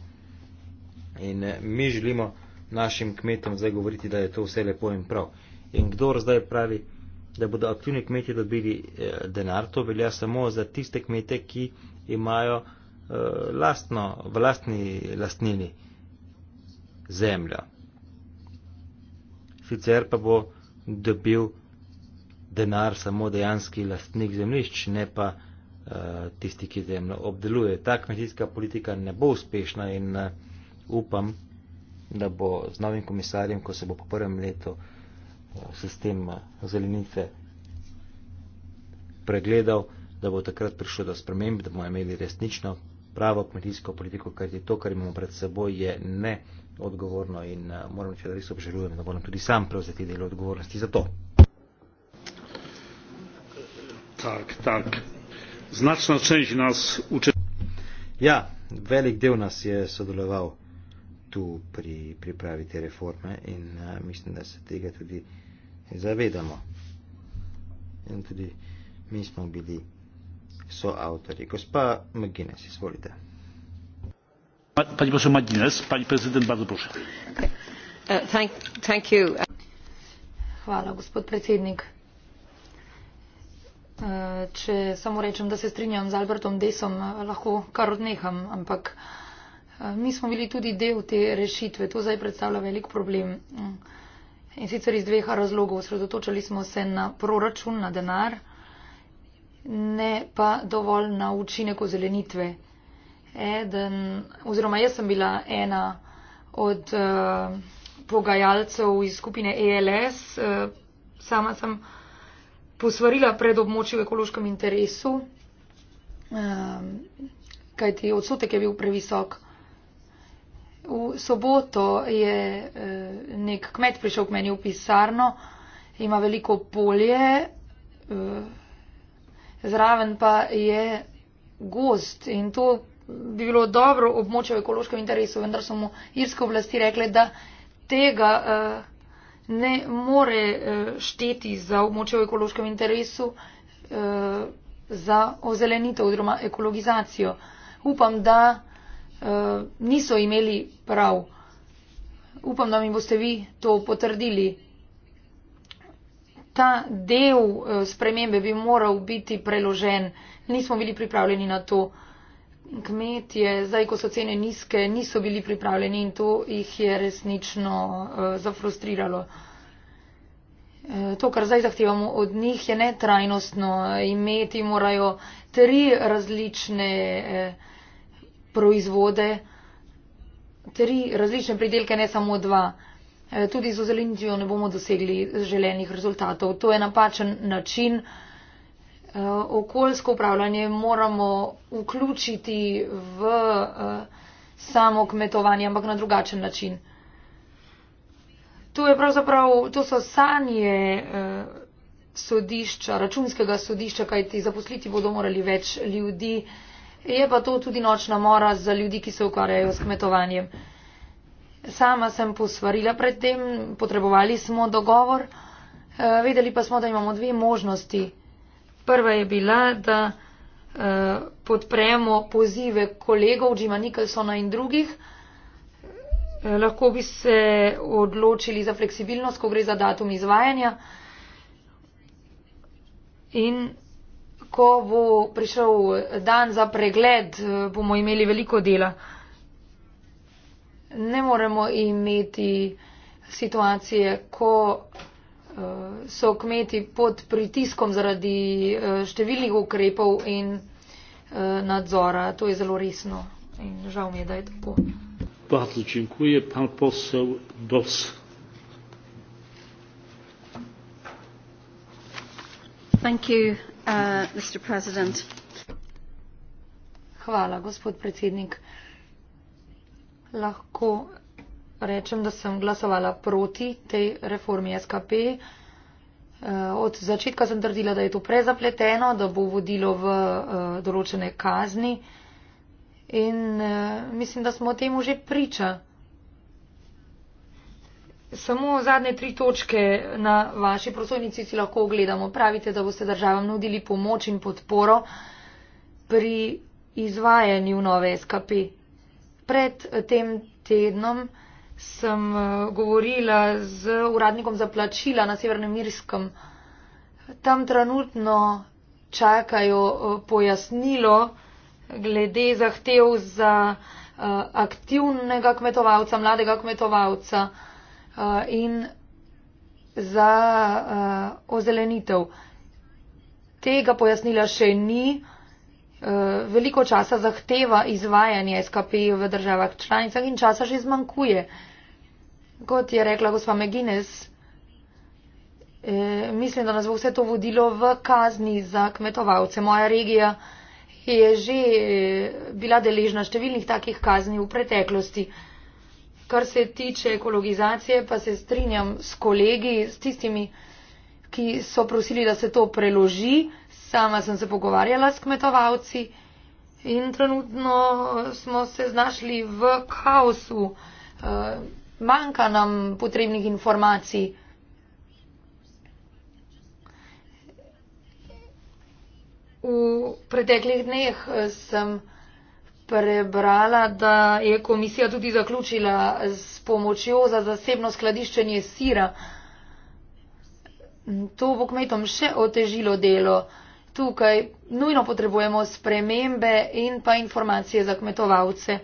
In eh, mi želimo našim kmetom zdaj govoriti, da je to vse lepo in prav. In kdo zdaj pravi, da bodo aktivni kmetje dobili eh, denar, to velja samo za tiste kmete, ki imajo lastno, v lastni lastnini zemljo. Sicer pa bo dobil denar samo dejanski lastnik zemljišč, ne pa uh, tisti, ki zemljo obdeluje. Ta kmetijska politika ne bo uspešna in uh, upam, da bo z novim komisarjem, ko se bo po prvem letu uh, eh, sistem uh, zelenice pregledal, da bo takrat prišlo do sprememb, da bomo imeli resnično pravo kmetijsko politiko, kajti to, kar imamo pred seboj, je neodgovorno in uh, moram reči, da res obžalujem, da moram tudi sam prevzeti del odgovornosti za to. Znaczna część nas uczestniczyła. Ja, wielki del nas je sodelował tu pri pripravi te reforme in uh, mislim, da se tega tudi zavedamo. In tudi mi smo bili soavtori. Gospa McGuinness, izvolite. Pani poseł McGuinness, pani prezydent, bardzo proszę. Okay. Uh, thank, thank you. Hvala, gospod predsednik. Eh, če samo rečem, da se strinjam z Albertom Desom, eh, lahko kar odneham, ampak eh, mi smo bili tudi del te rešitve. To zdaj predstavlja velik problem. Mm. In sicer iz dveh razlogov. Sredotočali smo se na proračun, na denar, ne pa dovolj na učinek ozelenitve. Eden, oziroma jaz sem bila ena od uh, pogajalcev iz skupine ELS. Uh, sama sem posvarila pred območjem v ekološkem interesu, um, kajti odsotek je bil previsok. V soboto je uh, nek kmet prišel k meni v pisarno, ima veliko polje, uh, zraven pa je gost in to bi bilo dobro območje v ekološkem interesu, vendar so mu irske oblasti rekle, da tega. Uh, ne more eh, šteti za območje v ekološkem interesu eh, za ozelenitev oziroma ekologizacijo. Upam, da eh, niso imeli prav. Upam, da mi boste vi to potrdili. Ta del spremembe bi moral biti preložen. Nismo bili pripravljeni na to kmetje, zdaj ko so cene nizke, niso bili pripravljeni in to jih je resnično uh, zafrustriralo. Eh, to, kar zdaj zahtevamo od njih, je netrajnostno. Imeti morajo tri različne eh, proizvode, tri različne pridelke, ne samo dva. Tudi z ozelenitvijo ne bomo dosegli želenih rezultatov. To je napačen način. Eh, okoljsko upravljanje moramo vključiti v eh, samo kmetovanje, ampak na drugačen način. To, to so sanje eh, sodišča, računskega sodišča, kaj ti zaposliti bodo morali več ljudi. Je pa to tudi nočna mora za ljudi, ki se ukvarjajo s kmetovanjem. Sama sem posvarila predtem, potrebovali smo dogovor, vedeli pa smo, da imamo dve možnosti. Prva je bila, da uh, podpremo pozive kolegov Jima Nicholsona in drugih. Eh, lahko bi se odločili za fleksibilnost, ko gre za datum izvajanja. In ko bo prišel dan za pregled, eh, bomo imeli veliko dela. Ne moremo imeti situacije, ko Eh, so kmeti pod pritiskom zaradi eh, številnih ukrepov in eh, nadzora. To je zelo resno in žal mi je, da je tako. Bardzo dziękuję. Pan poseł Dos. Thank you, uh, Mr. President. Hvala, gospod predsednik. Lahko rečem, da sem glasovala proti tej reformi SKP. Eh, od začetka sem trdila, da je to prezapleteno, da bo vodilo v eh, določene kazni in eh, mislim, da smo temu že priča. Samo zadnje tri točke na vaši prosojnici si lahko ogledamo. Pravite, da boste državam nudili pomoč in podporo pri izvajanju nove SKP. Pred tem tednom sem eh, govorila z uradnikom za plačila na Severnem Irskem. Tam trenutno čakajo eh, pojasnilo glede zahtev za eh, aktivnega kmetovalca, mladega kmetovalca in za ozelenitev. Tega pojasnila še ni. Veliko časa zahteva izvajanje SKP v državah članicah in časa že zmanjkuje. Kot je rekla gospa Megines, eh, mislim, da nas bo vse to vodilo v kazni za kmetovalce. Moja regija je že eh, bila deležna številnih takih kazni v preteklosti. Kar se tiče ekologizacije, pa se strinjam s kolegi, s tistimi, ki so prosili, da se to preloži. Sama sem se pogovarjala s kmetovalci in trenutno smo se znašli v kaosu. Uh, manjka nam potrebnih informacij. V preteklih dneh eh, sem prebrala, da je komisija tudi zaključila s pomočjo za zasebno skladiščenje sira. To bo kmetom še otežilo delo. Tukaj nujno potrebujemo spremembe in pa informacije za kmetovalce.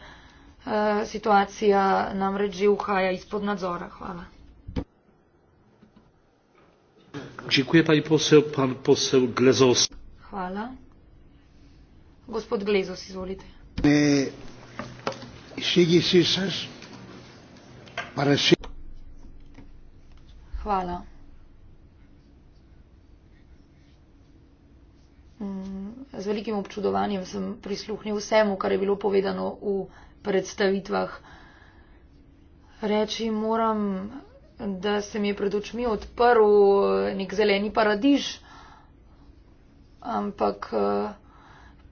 Eh, situacija namreč že uhaja izpod nadzora. Hvala. Dziękuję pani poseł, pan poseł Glezos. Hvala. Gospod Glezos, izvolite. Hvala. Mm, z velikim občudovanjem sem prisluhnil vsemu, kar je bilo povedano v predstavitvah. Reči moram, da se mi je pred očmi odprl nek zeleni paradiž, ampak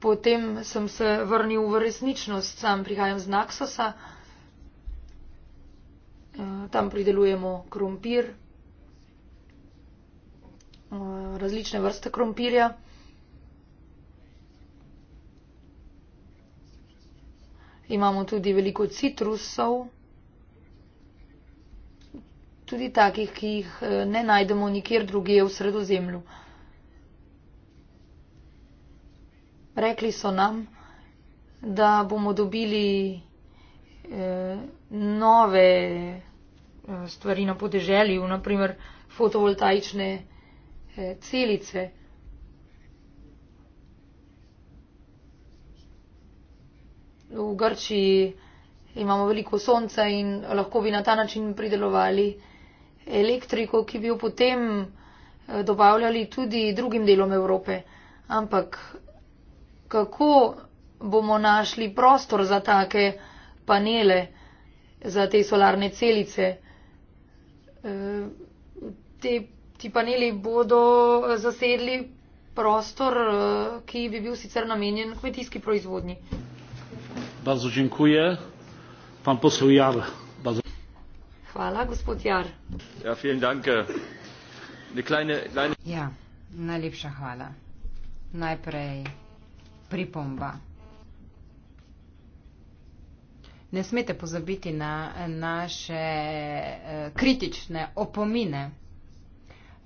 potem sem se vrnil v resničnost, sam prihajam z Naksosa, tam pridelujemo krompir, različne vrste krompirja. Imamo tudi veliko citrusov, tudi takih, ki jih eh, ne najdemo nikjer druge v sredozemlju. Rekli so nam, da bomo dobili eh, nove eh, stvari na podeželju, naprimer fotovoltaične celice. v Grčiji imamo veliko sonca in lahko bi na ta način pridelovali elektriko, ki bi jo potem eh, dobavljali tudi drugim delom Evrope. Ampak kako bomo našli prostor za take panele, za te solarne celice? Eh, te, ti paneli bodo eh, zasedli prostor, ki bi bil sicer namenjen kmetijski proizvodnji. Ja, ja najlepša hvala. Najprej pripomba. Ne smete pozabiti na naše e, kritične opomine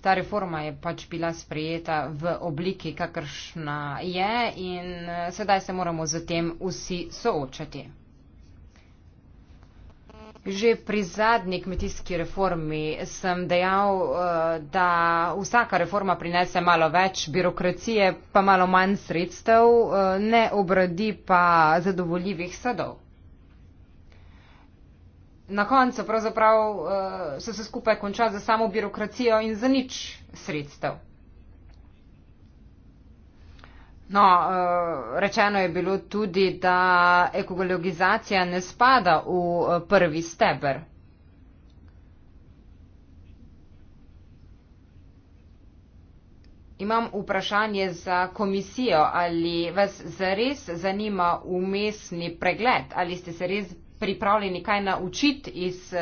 ta reforma je pač bila sprejeta v obliki, kakršna je in eh, sedaj se moramo z tem vsi soočati. Že pri zadnji kmetijski reformi sem dejal, eh, da vsaka reforma prinese malo več birokracije, pa malo manj sredstev, eh, ne obradi pa zadovoljivih sadov na koncu pravzaprav uh, se vse skupaj konča za samo birokracijo in za nič sredstev. No, eh, rečeno je bilo tudi, da ekologizacija ne spada v eh, prvi steber. Imam vprašanje za komisijo, ali vas zares zanima umestni pregled, ali ste se res pripravljeni kaj naučiti iz uh,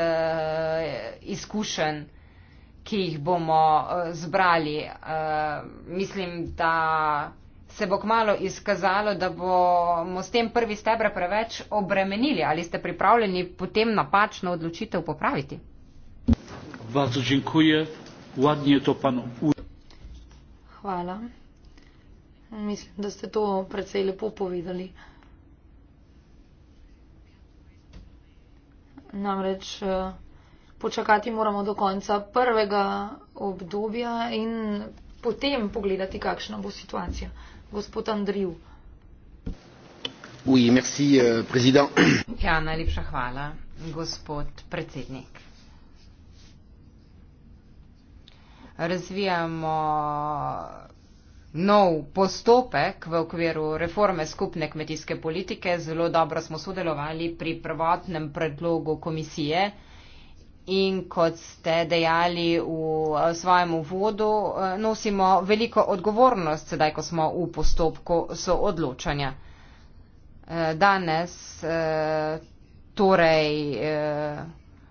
izkušenj, ki jih bomo uh, zbrali. Uh, mislim, da se bo kmalo izkazalo, da bomo s tem prvi stebre preveč obremenili. Ali ste pripravljeni potem napačno odločitev popraviti? Vazo, dziękuję. Ładnie to panu. Hvala. Mislim, da ste to precej lepo povedali. namreč eh, počakati moramo do konca prvega obdobja in potem pogledati, kakšna bo situacija. Gospod Andriv. Oui, merci, uh, ja, najlepša hvala, gospod predsednik. Razvijamo nov postopek v okviru reforme skupne kmetijske politike. Zelo dobro smo sodelovali pri prvotnem predlogu komisije. In kot ste dejali v eh, svojem uvodu, eh, nosimo veliko odgovornost sedaj, ko smo v postopku soodločanja. Eh, danes torej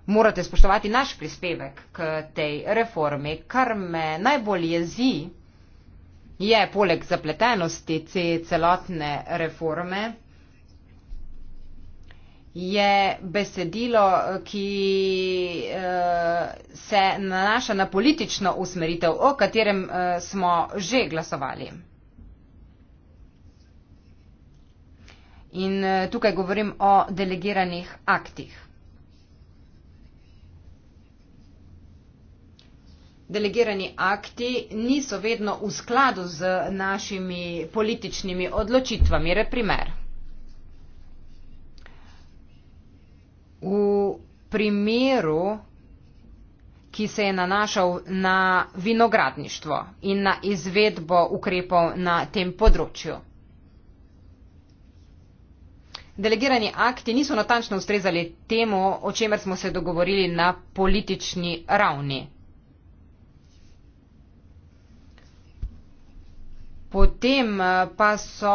morate spoštovati naš prispevek k tej reformi, kar me najbolj jezi, je poleg zapletenosti te celotne reforme, je besedilo, ki eh, se nanaša na politično usmeritev, o katerem eh, smo že glasovali. In eh, tukaj govorim o delegiranih aktih. delegirani akti niso vedno v skladu z našimi političnimi odločitvami. Reprimer. V primeru, ki se je nanašal na vinogradništvo in na izvedbo ukrepov na tem področju. Delegirani akti niso natančno ustrezali temu, o čemer smo se dogovorili na politični ravni. Potem eh, pa so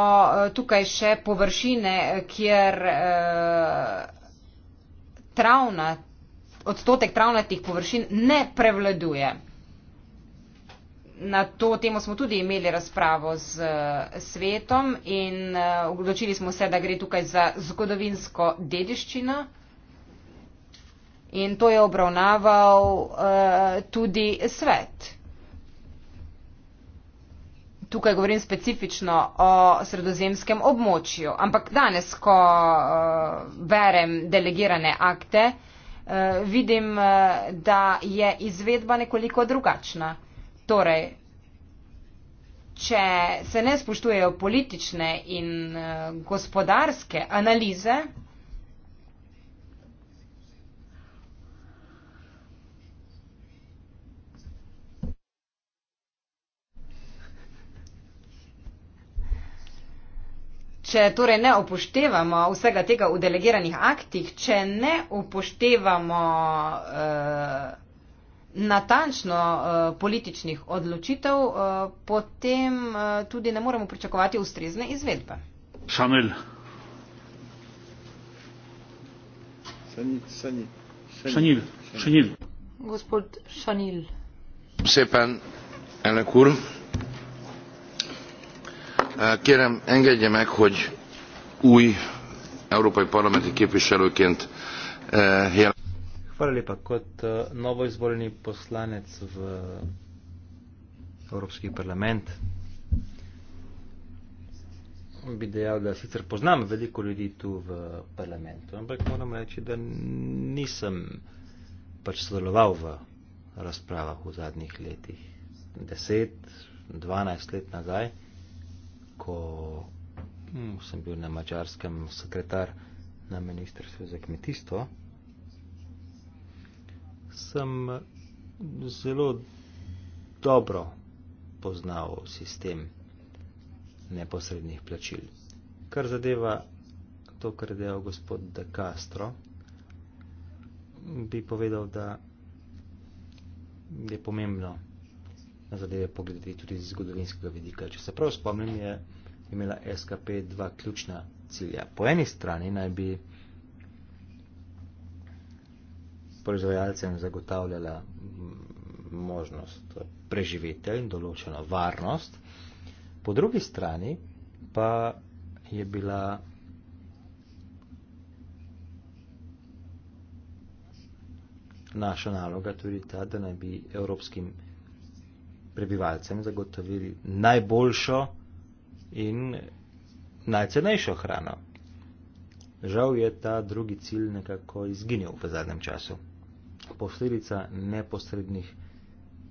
eh, tukaj še površine, eh, kjer travna, odstotek travnatih površin ne prevladuje. Na to temo smo tudi imeli razpravo z svetom in odločili smo se, da gre tukaj za zgodovinsko dediščino. In to je obravnaval uh, tudi svet tukaj govorim specifično o sredozemskem območju, ampak danes, ko uh, berem delegirane akte, uh, vidim, uh, da je izvedba nekoliko drugačna. Torej, če se ne spoštujejo politične in uh, gospodarske analize, Če torej ne upoštevamo vsega tega v delegiranih aktih, če ne upoštevamo uh, natančno uh, političnih odločitev, uh, potem uh, tudi ne moremo pričakovati ustrezne izvedbe. Šanel. Šanil. Šanil. Šanil. Gospod Šanil. Vse pa en kurm. Eh, kérem engedje meg hogy új európai parlamenti képviselőként eh, eh, jelen bi dejal, da sicer poznam veliko ljudi tu v parlamentu, ampak moram reči, da nisem pač sodeloval v razpravah v zadnjih letih. Deset, dvanajst let nazaj ko hm, sem bil na mačarskem sekretar na Ministrstvu za kmetijstvo, sem zelo dobro poznal sistem neposrednih plačil. Kar zadeva to, kar je dejal gospod De Castro, bi povedal, da je pomembno, na zadeve pogledati tudi iz zgodovinskega vidika. Če se prav spomnim, je imela SKP dva ključna cilja. Po eni strani naj bi proizvajalcem zagotavljala možnost preživetja in določeno varnost, po drugi strani pa je bila naša naloga tudi ta, da naj bi evropskim prebivalcem zagotovili najboljšo in najcenejšo hrano. Žal je ta drugi cilj nekako izginil v zadnjem času. Posledica neposrednih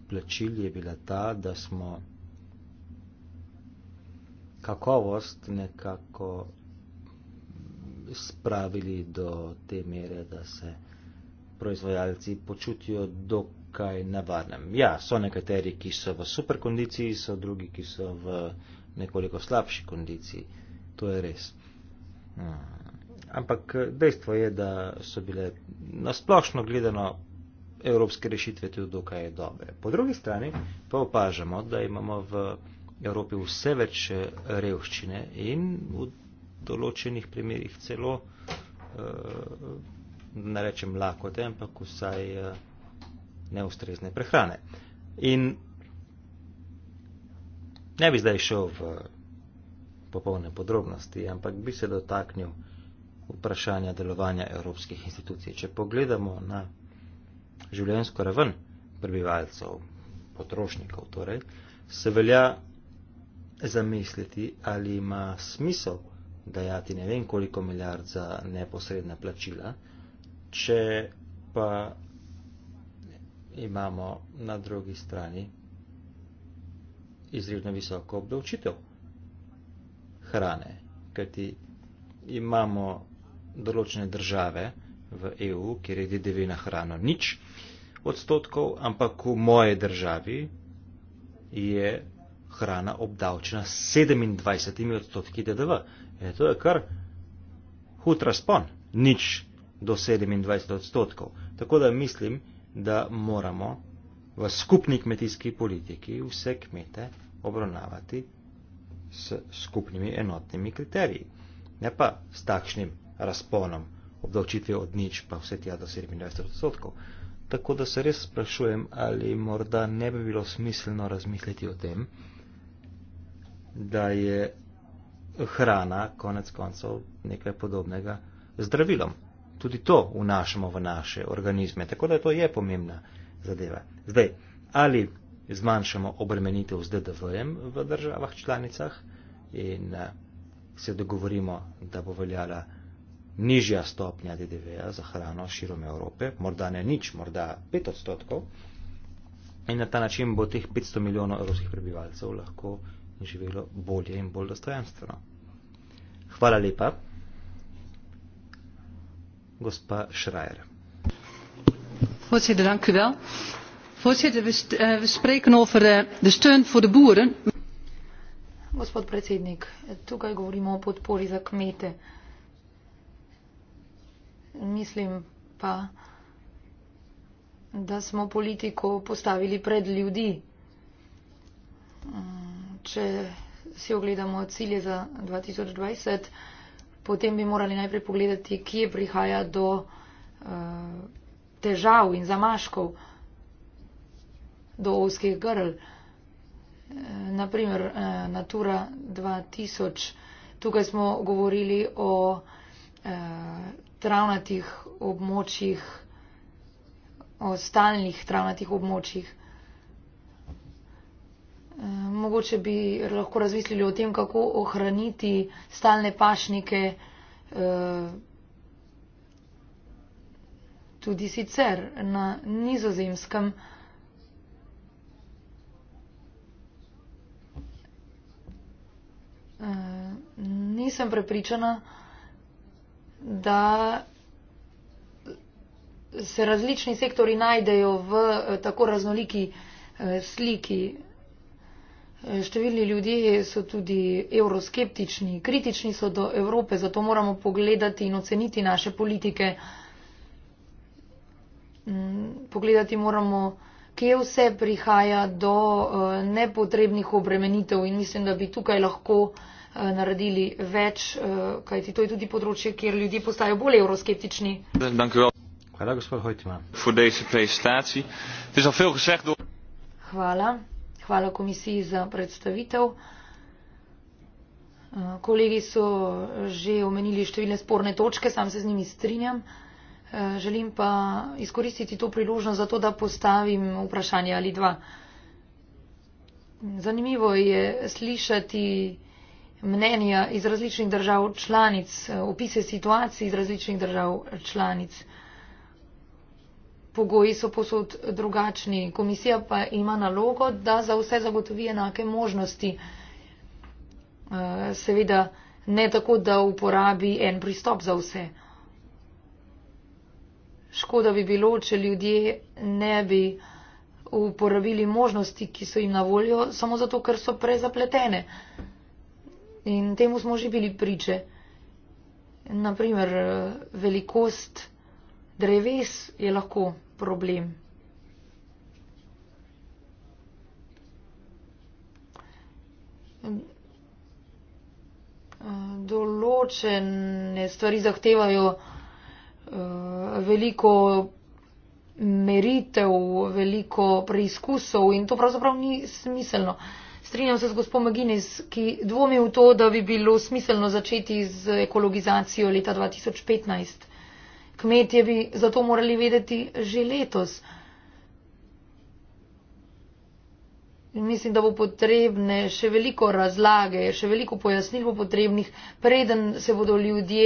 plačil je bila ta, da smo kakovost nekako spravili do te mere, da se proizvajalci počutijo dokončno kaj nevarnem. Ja, so nekateri, ki so v super kondiciji, so drugi, ki so v nekoliko slabši kondiciji. To je res. Hmm. Ampak eh, dejstvo je, da so bile nasplošno gledano evropske rešitve tudi dokaj dobre. Po drugi strani pa opažamo, da imamo v Evropi vse več eh, revščine in v določenih primerjih celo, eh, ne rečem lakote, ampak vsaj neustrezne prehrane. In ne bi zdaj šel v popolne podrobnosti, ampak bi se dotaknil vprašanja delovanja evropskih institucij. Če pogledamo na življenjsko raven prebivalcev, potrošnikov, torej, se velja zamisliti, ali ima smisel dajati ne vem koliko milijard za neposredna plačila, če pa imamo na drugi strani izredno visoko obdavčitev hrane, kajti imamo določene države v EU, kjer je DDV na hrano nič odstotkov, ampak v moje državi je hrana obdavčena 27 odstotki DDV. E, to je kar hud razpon, nič do 27 odstotkov. Tako da mislim, da moramo v skupni kmetijski politiki vse kmete obravnavati s skupnimi enotnimi kriteriji, ne pa s takšnim razponom obdavčitve od nič pa vse tja do 27 odstotkov. Tako da se res sprašujem, ali morda ne bi bilo smiselno razmisliti o tem, da je hrana konec koncev nekaj podobnega zdravilom tudi to vnašamo v naše organizme. Tako da to je pomembna zadeva. Zdaj, ali zmanjšamo obremenitev z DDV-jem v državah članicah in eh, se dogovorimo, da bo veljala nižja stopnja DDV-ja za hrano širom Evrope, morda ne nič, morda 5 odstotkov, in na ta način bo teh 500 milijonov evropskih prebivalcev lahko živelo bolje in bolj dostojanstveno. Hvala lepa gospa Schreier. Voorzitter, dank u wel. Voorzitter, we, uh, we spreken over uh, de steun voor de boeren. Gospod predsednik, tukaj govorimo o podpori za kmete. Mislim pa, da smo politiko postavili pred ljudi. Če si ogledamo cilje za 2020, potem bi morali najprej pogledati, kje prihaja do uh, težav in zamaškov, do ovskih grl. E, eh, naprimer, e, eh, Natura 2000, tukaj smo govorili o e, travnatih območjih, o stalnih travnatih območjih. Eh, mogoče bi lahko razmislili o tem, kako ohraniti stalne pašnike eh, tudi sicer na nizozemskem. Eh, nisem prepričana, da se različni sektori najdejo v tako raznoliki sliki Številni ljudje so tudi euroskeptični, kritični so do Evrope, zato moramo pogledati in oceniti naše politike. Mm, pogledati moramo, kje vse prihaja do eh, nepotrebnih obremenitev in mislim, da bi tukaj lahko eh, naredili več, eh, kajti to je tudi področje, kjer ljudje postajajo bolj euroskeptični. Hvala, gospod Hojtima. Hvala. Hvala komisiji za predstavitev. Eh, kolegi so že omenili številne sporne točke, sam se z njimi strinjam. Eh, želim pa izkoristiti to priložnost za to, da postavim vprašanje ali dva. Zanimivo je slišati mnenja iz različnih držav članic, eh, opise situacij iz različnih držav članic pogoji so posod drugačni. Komisija pa ima nalogo, da za vse zagotovi enake možnosti. Eh, seveda ne tako, da uporabi en pristop za vse. Škoda bi bilo, če ljudje ne bi uporabili možnosti, ki so jim na voljo, samo zato, ker so prezapletene. In temu smo že bili priče. Naprimer, velikost dreves je lahko problem. Eh, določene stvari zahtevajo eh, veliko meritev, veliko preizkusov in to pravzaprav ni smiselno. Strinjam se z gospod Maginis, ki dvomi v to, da bi bilo smiselno začeti z ekologizacijo leta 2015. Kmetje bi zato morali vedeti že letos. In mislim, da bo potrebne še veliko razlage, še veliko pojasnil bo potrebnih, preden se bodo ljudje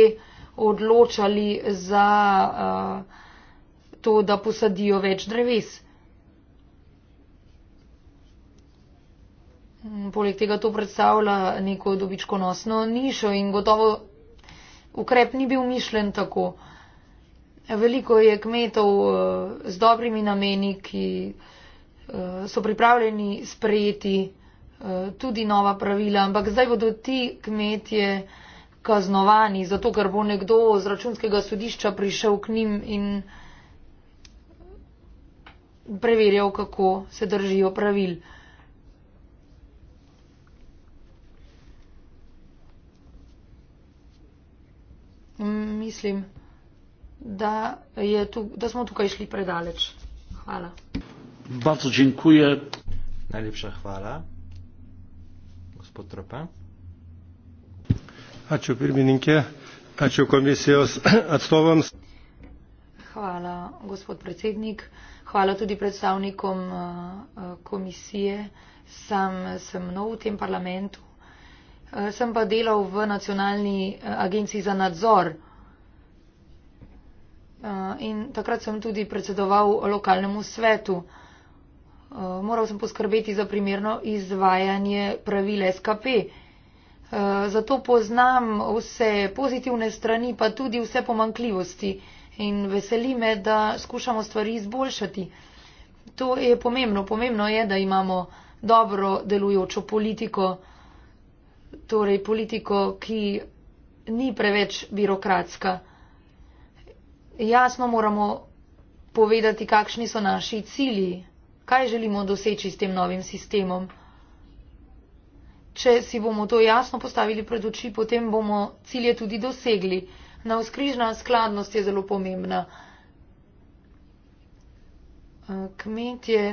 odločali za uh, to, da posadijo več dreves. Poleg tega to predstavlja neko dobičkonosno nišo in gotovo ukrep ni bil mišljen tako. Uh, veliko je kmetov eh, z dobrimi nameni, ki eh, so pripravljeni sprejeti eh, tudi nova pravila, ampak zdaj bodo ti kmetje kaznovani, zato ker bo nekdo z računskega sodišča prišel k njim in preverjal, kako se držijo pravil. Mm, mislim da, je tu, da smo tukaj šli predaleč. Hvala. Bardzo dziękuję. Najlepsza chwala. Gospod Tropa. Ačiū pirmininkė, ačiū komisijos atstovams. Hvala, gospod predsednik. Hvala tudi predstavnikom eh, komisije. Sam sem nov v tem parlamentu. Eh, sem pa delal v Nacionalni eh, agenciji za nadzor Eh, in takrat sem tudi predsedoval lokalnemu svetu. Eh, moral sem poskrbeti za primerno izvajanje pravil SKP. Eh, zato poznam vse pozitivne strani, pa tudi vse pomankljivosti in veseli me, da skušamo stvari izboljšati. To je pomembno. Pomembno je, da imamo dobro delujočo politiko, torej politiko, ki ni preveč birokratska jasno moramo povedati, kakšni so naši cilji, kaj želimo doseči s tem novim sistemom. Če si bomo to jasno postavili pred oči, potem bomo cilje tudi dosegli. Navskrižna skladnost je zelo pomembna. E, kmetje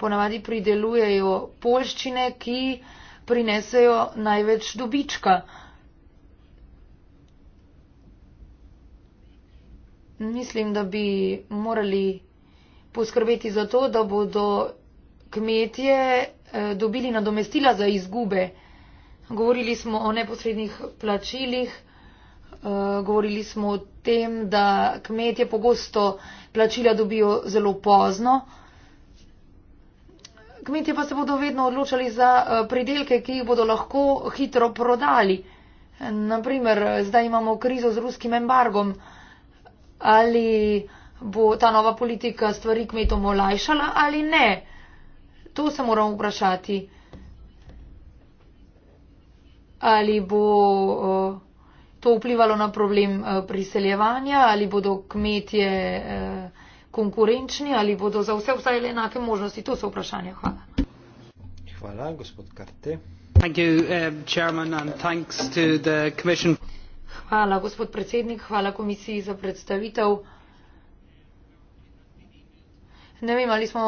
ponavadi pridelujejo polščine, ki prinesejo največ dobička. mislim, da bi morali poskrbeti za to, da bodo kmetje eh, dobili nadomestila za izgube. Govorili smo o neposrednih plačilih, eh, govorili smo o tem, da kmetje pogosto plačila dobijo zelo pozno. Kmetje pa se bodo vedno odločali za eh, pridelke, ki jih bodo lahko hitro prodali. Naprimer, zdaj imamo krizo z ruskim embargom ali bo ta nova politika stvari kmetom olajšala ali ne. To se moramo vprašati. Ali bo eh, to vplivalo na problem eh, priseljevanja, ali bodo kmetje eh, konkurenčni, ali bodo za vse obstajale enake možnosti. To so vprašanja. Hvala. Hvala, gospod Karte. Thank you, uh, Chairman, and thanks to the Commission hvala gospod predsednik hvala komisiji za predstavitev ne vem ali smo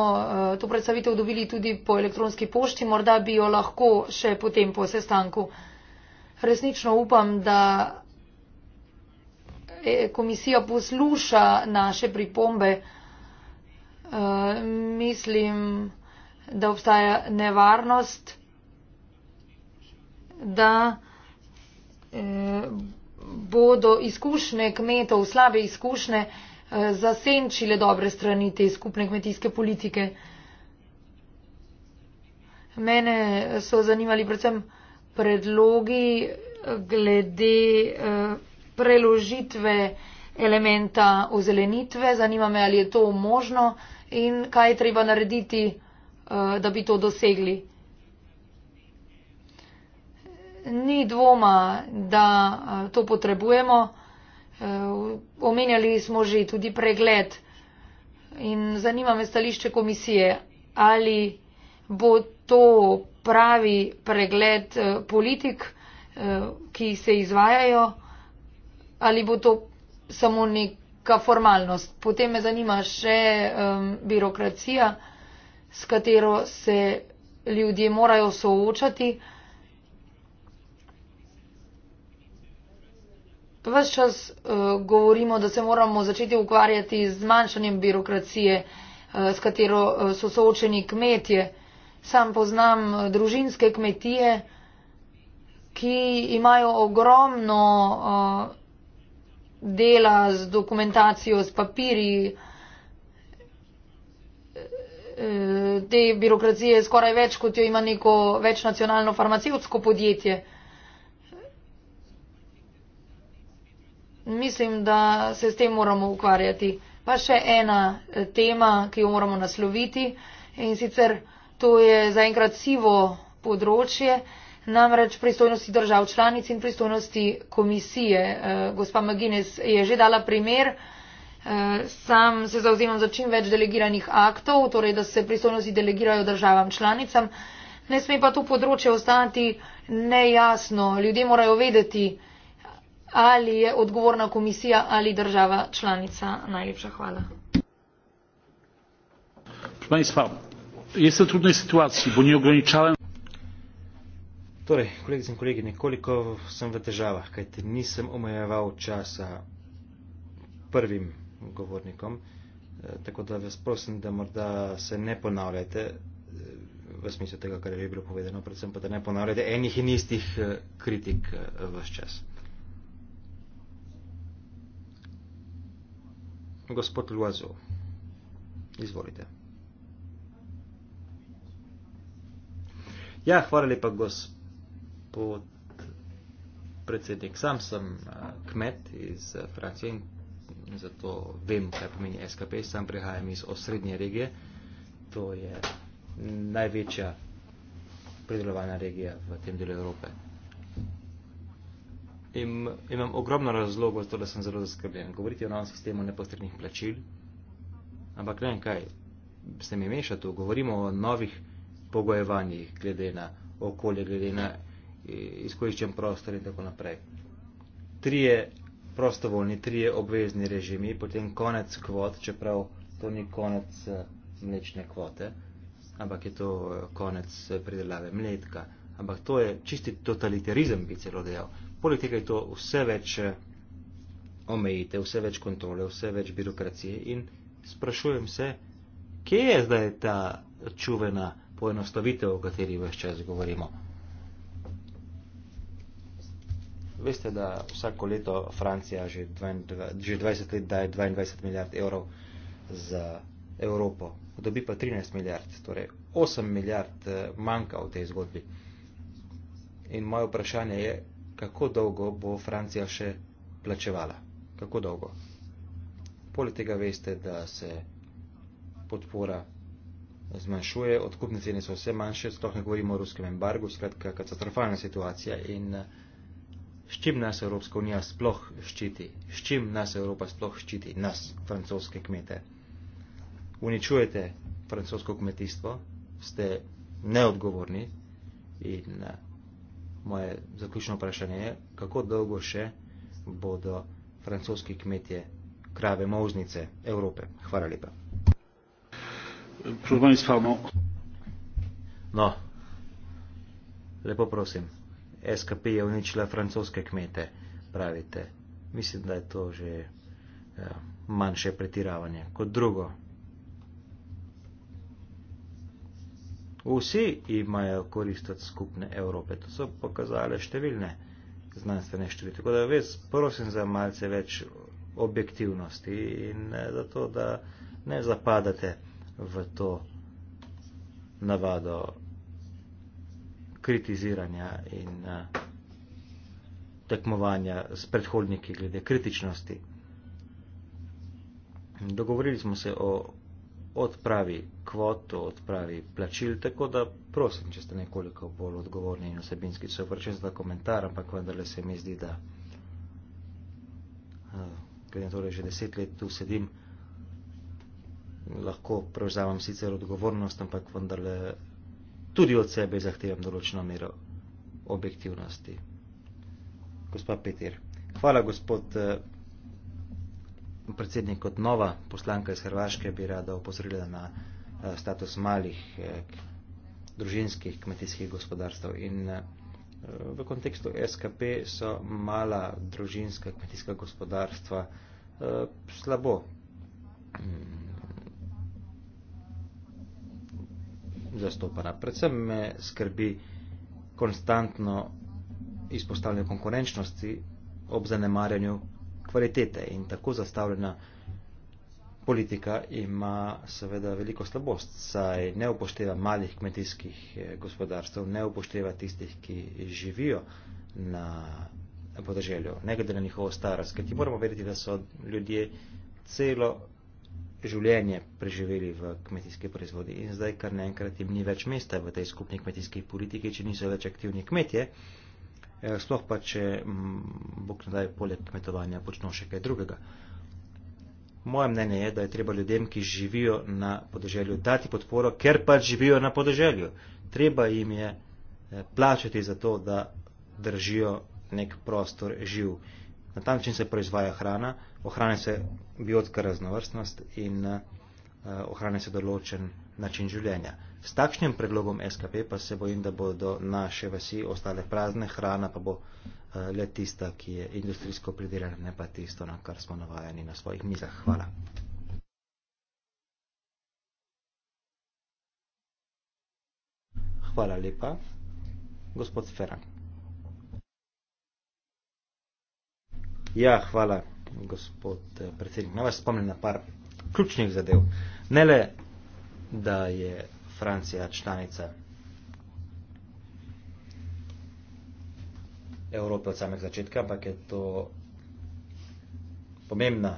uh, to predstavitev dobili tudi po elektronski pošti morda bi jo lahko še potem po sestanku resnično upam da eh, komisija posluša naše pripombe uh, mislim da obstaja nevarnost da uh, bodo izkušnje kmetov, slabe izkušnje, eh, zasenčile dobre strani te skupne kmetijske politike. Mene so zanimali predvsem predlogi glede eh, preložitve elementa ozelenitve. Zanima me, ali je to možno in kaj je treba narediti, eh, da bi to dosegli ni dvoma, da eh, to potrebujemo. Eh, omenjali smo že tudi pregled in zanima me stališče komisije, ali bo to pravi pregled eh, politik, ki se izvajajo, ali bo to samo neka formalnost. Potem me zanima še um, birokracija, s katero se ljudje morajo soočati. pa vse čas uh, govorimo, da se moramo začeti ukvarjati z zmanjšanjem birokracije, uh, s katero uh, so soočeni kmetje. Sam poznam uh, družinske kmetije, ki imajo ogromno uh, dela z dokumentacijo, s papiri. Te birokracije je skoraj več, kot jo ima neko večnacionalno farmacijsko podjetje. mislim, da se s tem moramo ukvarjati. Pa še ena eh, tema, ki jo moramo nasloviti in sicer to je zaenkrat sivo področje, namreč pristojnosti držav članic in pristojnosti komisije. Eh, gospa Magines je že dala primer, eh, sam se zauzemam za čim več delegiranih aktov, torej da se pristojnosti delegirajo državam članicam. Ne sme pa to področje ostati nejasno. Ljudje morajo vedeti, ali je odgovorna komisija ali država članica. Najlepša hvala. Państwa, jestem w trudnej sytuacji, bo nie ograniczałem. Torej, kolegice in kolegi, nekoliko sem v težavah, kajte nisem omejeval časa prvim govornikom, eh, tako da vas prosim, da morda se ne ponavljate eh, v smislu tega, kar je bilo povedano, predvsem pa da ne ponavljate enih in istih eh, kritik v čas. Gospod Luazo, izvolite. Ja, hvala lepa, gospod predsednik. Sam sem uh, kmet iz eh, Francije in zato vem, kaj pomeni SKP. Sam prihajam iz osrednje regije. To je največja predelovalna regija v tem delu Evrope. In imam ogromno razlogov za to, da sem zelo zaskrbljen. Govoriti o novem sistemu neposrednih plačil, ampak ne vem kaj, se mi meša tu, govorimo o novih pogojevanjih glede na okolje, glede na e, izkoriščen prostor in tako naprej. Trije prostovoljni, trije obvezni režimi, potem konec kvot, čeprav to ni konec e, mlečne kvote, ampak je to e, konec pridelave mletka. Ampak to je čisti totalitarizem, bi celo dejal. Poleg tega je to vse več eh, omejite, vse več kontrole, vse več birokracije in sprašujem se, kje je zdaj ta čuvena poenostavitev, o kateri vse čas govorimo. Veste, da vsako leto Francija že, 22, že 20 let daje 22 milijard evrov za Evropo, dobi pa 13 milijard, torej 8 milijard eh, manjka v tej zgodbi. In moje vprašanje je, kako dolgo bo Francija še plačevala. Kako dolgo? Poleg tega veste, da se podpora zmanjšuje, odkupne cene so vse manjše, sploh ne govorimo o ruskem embargu, skratka, katastrofalna situacija in eh, s čim nas Evropska unija sploh ščiti, s čim nas Evropa sploh ščiti, nas, francoske kmete. Uničujete francosko kmetijstvo, ste neodgovorni in eh, moje zaključno vprašanje je, kako dolgo še bodo francoski kmetje krave moznice Evrope. Hvala lepa. No. no, lepo prosim, SKP je uničila francoske kmete, pravite. Mislim, da je to že ja, manjše pretiravanje. Kot drugo, Vsi imajo korist od skupne Evrope, to so pokazale številne znanstvene študije. Tako da res prosim za malce več objektivnosti in eh, zato, da ne zapadate v to navado kritiziranja in eh, tekmovanja s predhodniki glede kritičnosti. Dogovorili smo se o odpravi kvoto, odpravi plačil, tako da prosim, če ste nekoliko bolj odgovorni in osebinski, se vprašam za komentar, ampak vendarle se mi zdi, da ker je torej že deset let tu sedim, lahko prevzamem sicer odgovornost, ampak vendarle tudi od sebe zahtevam določeno mero objektivnosti. Gospa Peter, hvala gospod eh, predsednik kot nova poslanka iz Hrvaške bi rada opozorila na eh, status malih eh, družinskih kmetijskih gospodarstv. In eh, v kontekstu SKP so mala družinska kmetijska gospodarstva slabo mm, zastopana. Predvsem me skrbi konstantno izpostavljanje konkurenčnosti ob zanemarjanju kvalitete in tako zastavljena politika ima seveda veliko slabost, saj ne upošteva malih kmetijskih eh, gospodarstv, ne upošteva tistih, ki živijo na podeželju, ne glede na njihovo starost, ker ti moramo vedeti, da so ljudje celo življenje preživeli v kmetijski proizvodi in zdaj kar naenkrat jim ni več mesta v tej skupni kmetijski politiki, če niso več aktivni kmetje, Eh, sploh pa, če mm, bog ne daje poleg kmetovanja počno še kaj drugega. Moje mnenje je, da je treba ljudem, ki živijo na podeželju, dati podporo, ker pa živijo na podeželju. Treba jim je eh, plačati za to, da držijo nek prostor živ. Na ta način se proizvaja hrana, ohranja se biotska raznovrstnost in eh, ohranja se določen način življenja. S takšnim predlogom SKP pa se bojim, da bodo naše vasi ostale prazne, hrana pa bo eh, le tista, ki je industrijsko pridelana, ne pa tisto, na kar smo navajeni na svojih mizah. Hvala. Hvala lepa. Gospod Feran. Ja, hvala, gospod eh, predsednik. Na vas spomnim na par ključnih zadev. Ne le, da je Francija članica Evrope od samega začetka, ampak je to pomembna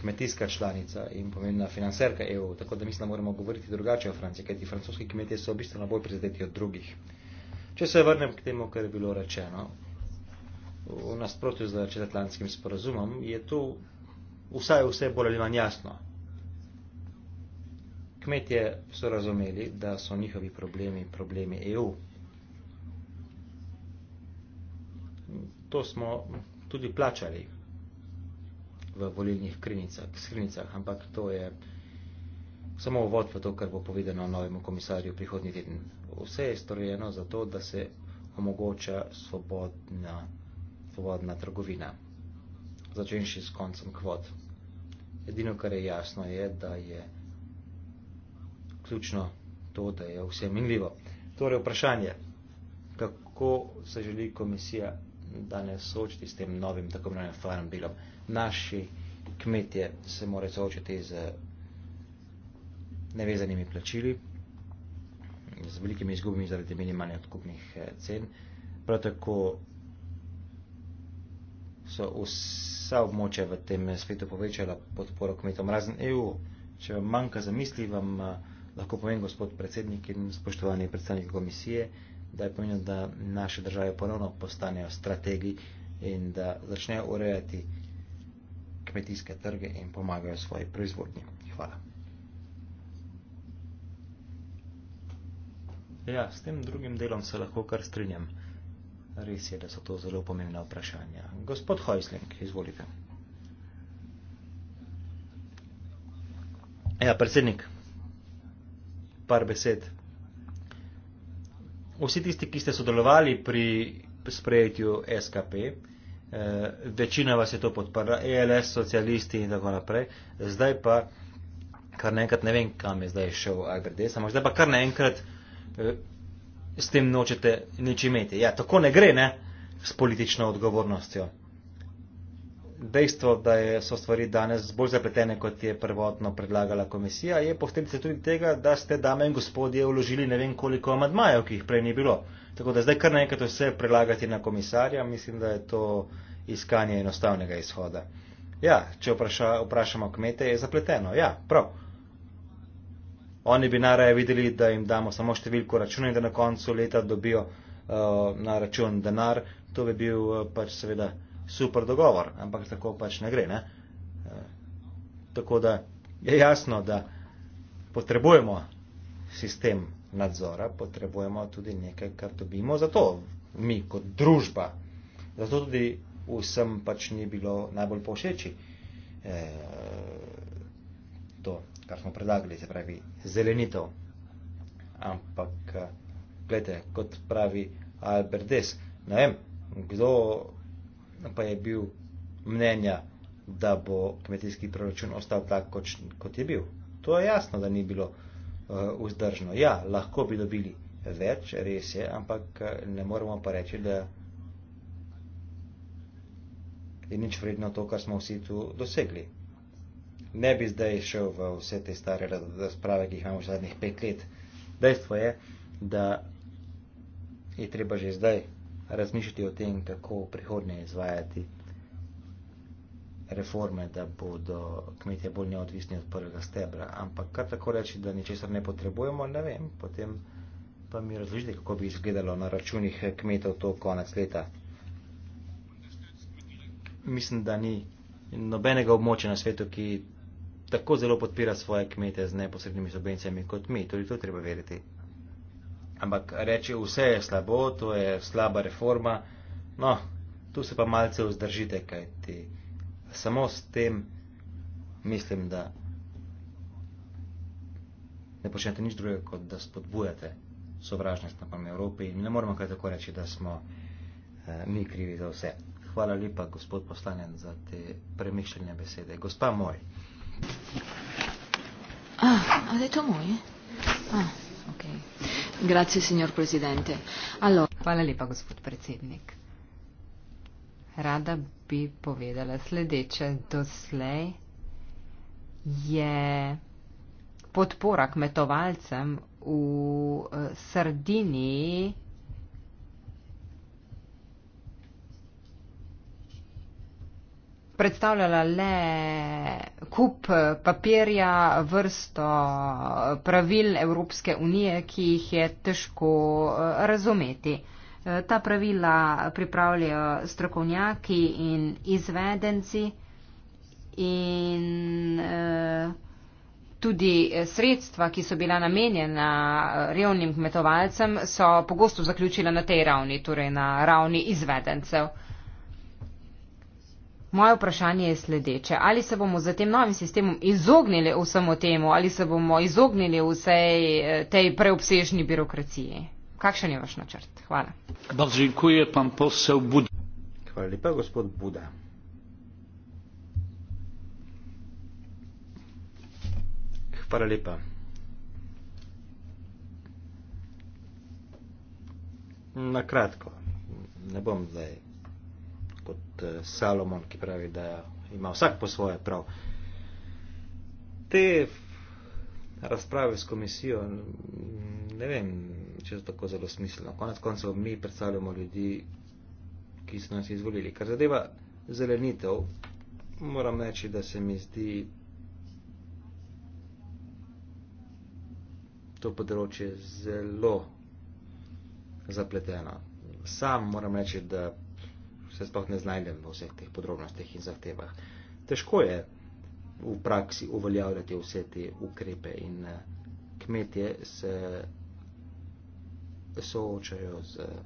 kmetijska članica in pomembna financerka EU, tako da mislim, da moramo govoriti drugače o Franciji, kajti francoski kmetje so bistveno bolj prizadeti od drugih. Če se vrnem k temu, kar je bilo rečeno, v nasprotju z začetatlantskim sporazumom, je tu vsaj vse bolj ali manj jasno. Kmetje so razumeli, da so njihovi problemi problemi EU. To smo tudi plačali v volilnih skrinicah, ampak to je samo uvod v to, kar bo povedano novemu komisarju prihodnji teden. Vse je storjeno zato, da se omogoča svobodna, svobodna trgovina, začenši s koncem kvot. Edino, kar je jasno, je, da je ključno to, da je vse minljivo. Torej vprašanje, kako se želi komisija danes soočiti s tem novim, tako imenovanim farm bilom. Naši kmetje se morajo soočiti z nevezanimi plačili, z velikimi izgubami zaradi minimalnih odkupnih eh, cen. Prav tako so vsa območja v tem eh, svetu povečala podporo kmetom, razen EU. Če vam manjka zamisli, vam uh, Lahko povem, gospod predsednik in spoštovani predstavnik komisije, da je pomenil, da naše države ponovno postanejo strategi in da začnejo urejati kmetijske trge in pomagajo svoji proizvodnji. Hvala. Ja, s tem drugim delom se lahko kar strinjam. Res je, da so to zelo pomembna vprašanja. Gospod Hojsling, izvolite. Ja, predsednik par besed. Vsi tisti, ki ste sodelovali pri sprejetju SKP, eh, večina vas je to podprla, ELS, socialisti in tako naprej, zdaj pa kar naenkrat ne vem, kam je zdaj šel AGRDS, ampak zdaj pa kar naenkrat eh, s tem nočete nič imeti. Ja, tako ne gre, ne, s politično odgovornostjo dejstvo, da je, so stvari danes bolj zapletene, kot je prvotno predlagala komisija, je posledica tudi tega, da ste, dame in gospodje, vložili ne vem koliko amadmajev, ki jih prej ni bilo. Tako da zdaj kar naenkrat vse prelagati na komisarja, mislim, da je to iskanje enostavnega izhoda. Ja, če vpraša, vprašamo kmete, je zapleteno. Ja, prav. Oni bi naraje videli, da jim damo samo številko računa in da na koncu leta dobijo uh, na račun denar. To bi bil uh, pač seveda super dogovor, ampak tako pač ne gre. Ne? Eh, tako da je jasno, da potrebujemo sistem nadzora, potrebujemo tudi nekaj, kar dobimo za to, mi kot družba. Zato tudi vsem pač ni bilo najbolj pošeči eh, to, kar smo predlagali, se pravi zelenitev. Ampak, eh, gledajte, kot pravi Albert Des, ne vem, kdo pa je bil mnenja, da bo kmetijski proračun ostal tak, kot, kot je bil. To je jasno, da ni bilo uh, vzdržno. Ja, lahko bi dobili več, res je, ampak uh, ne moremo pa reči, da je nič vredno to, kar smo vsi tu dosegli. Ne bi zdaj šel v vse te stare razprave, ki jih imamo v zadnjih pet let. Dejstvo je, da je treba že zdaj razmišljati o tem, kako v prihodnje izvajati reforme, da bodo kmetje bolj neodvisni od prvega stebra. Ampak kar tako reči, da ničesar ne potrebujemo, ne vem, potem pa mi razložite, kako bi izgledalo na računih kmetov to konec leta. Mislim, da ni nobenega območja na svetu, ki tako zelo podpira svoje kmete z neposrednimi subvencijami kot mi. Tudi to treba veriti ampak reči vse je slabo, to je slaba reforma. No, tu se pa malce vzdržite, kaj ti. Samo s tem mislim, da ne počnete nič drugega, kot da spodbujate sovražnost napam Evropi in ne moramo kaj tako reči, da smo eh, mi krivi za vse. Hvala lepa, gospod poslanec, za te premišljene besede. Gospa moj. Ah, ali je to moj? Ah, okay. Grazie, signor Presidente. Allora... Hvala lepa, gospod predsednik. Rada bi povedala sledeče. Doslej je podpora kmetovalcem v eh, Sardiniji predstavljala le kup eh, papirja, vrsto eh, pravil Evropske unije, ki jih je težko eh, razumeti. Ta pravila pripravljajo strokovnjaki in izvedenci in tudi sredstva, ki so bila namenjena revnim kmetovalcem, so pogosto zaključila na tej ravni, torej na ravni izvedencev. Moje vprašanje je sledeče. Ali se bomo z tem novim sistemom izognili vsemu temu, ali se bomo izognili vsej eh, tej preobsežni birokraciji? Kakšen je vaš načrt? Hvala. Hvala lepa, gospod Buda. Hvala lepa. Na kratko, ne bom zdaj kot eh, Salomon, ki pravi, da ima vsak po svoje prav. Te razprave s komisijo, ne vem, če so tako zelo smiselno. Konec koncev mi predstavljamo ljudi, ki so nas izvolili. Kar zadeva zelenitev, moram reči, da se mi zdi to področje zelo zapleteno. Sam moram reči, da se sploh ne znajdem v vseh teh podrobnostih in zahtevah. Težko je v praksi uveljavljati vse te ukrepe in eh, kmetje se soočajo z eh,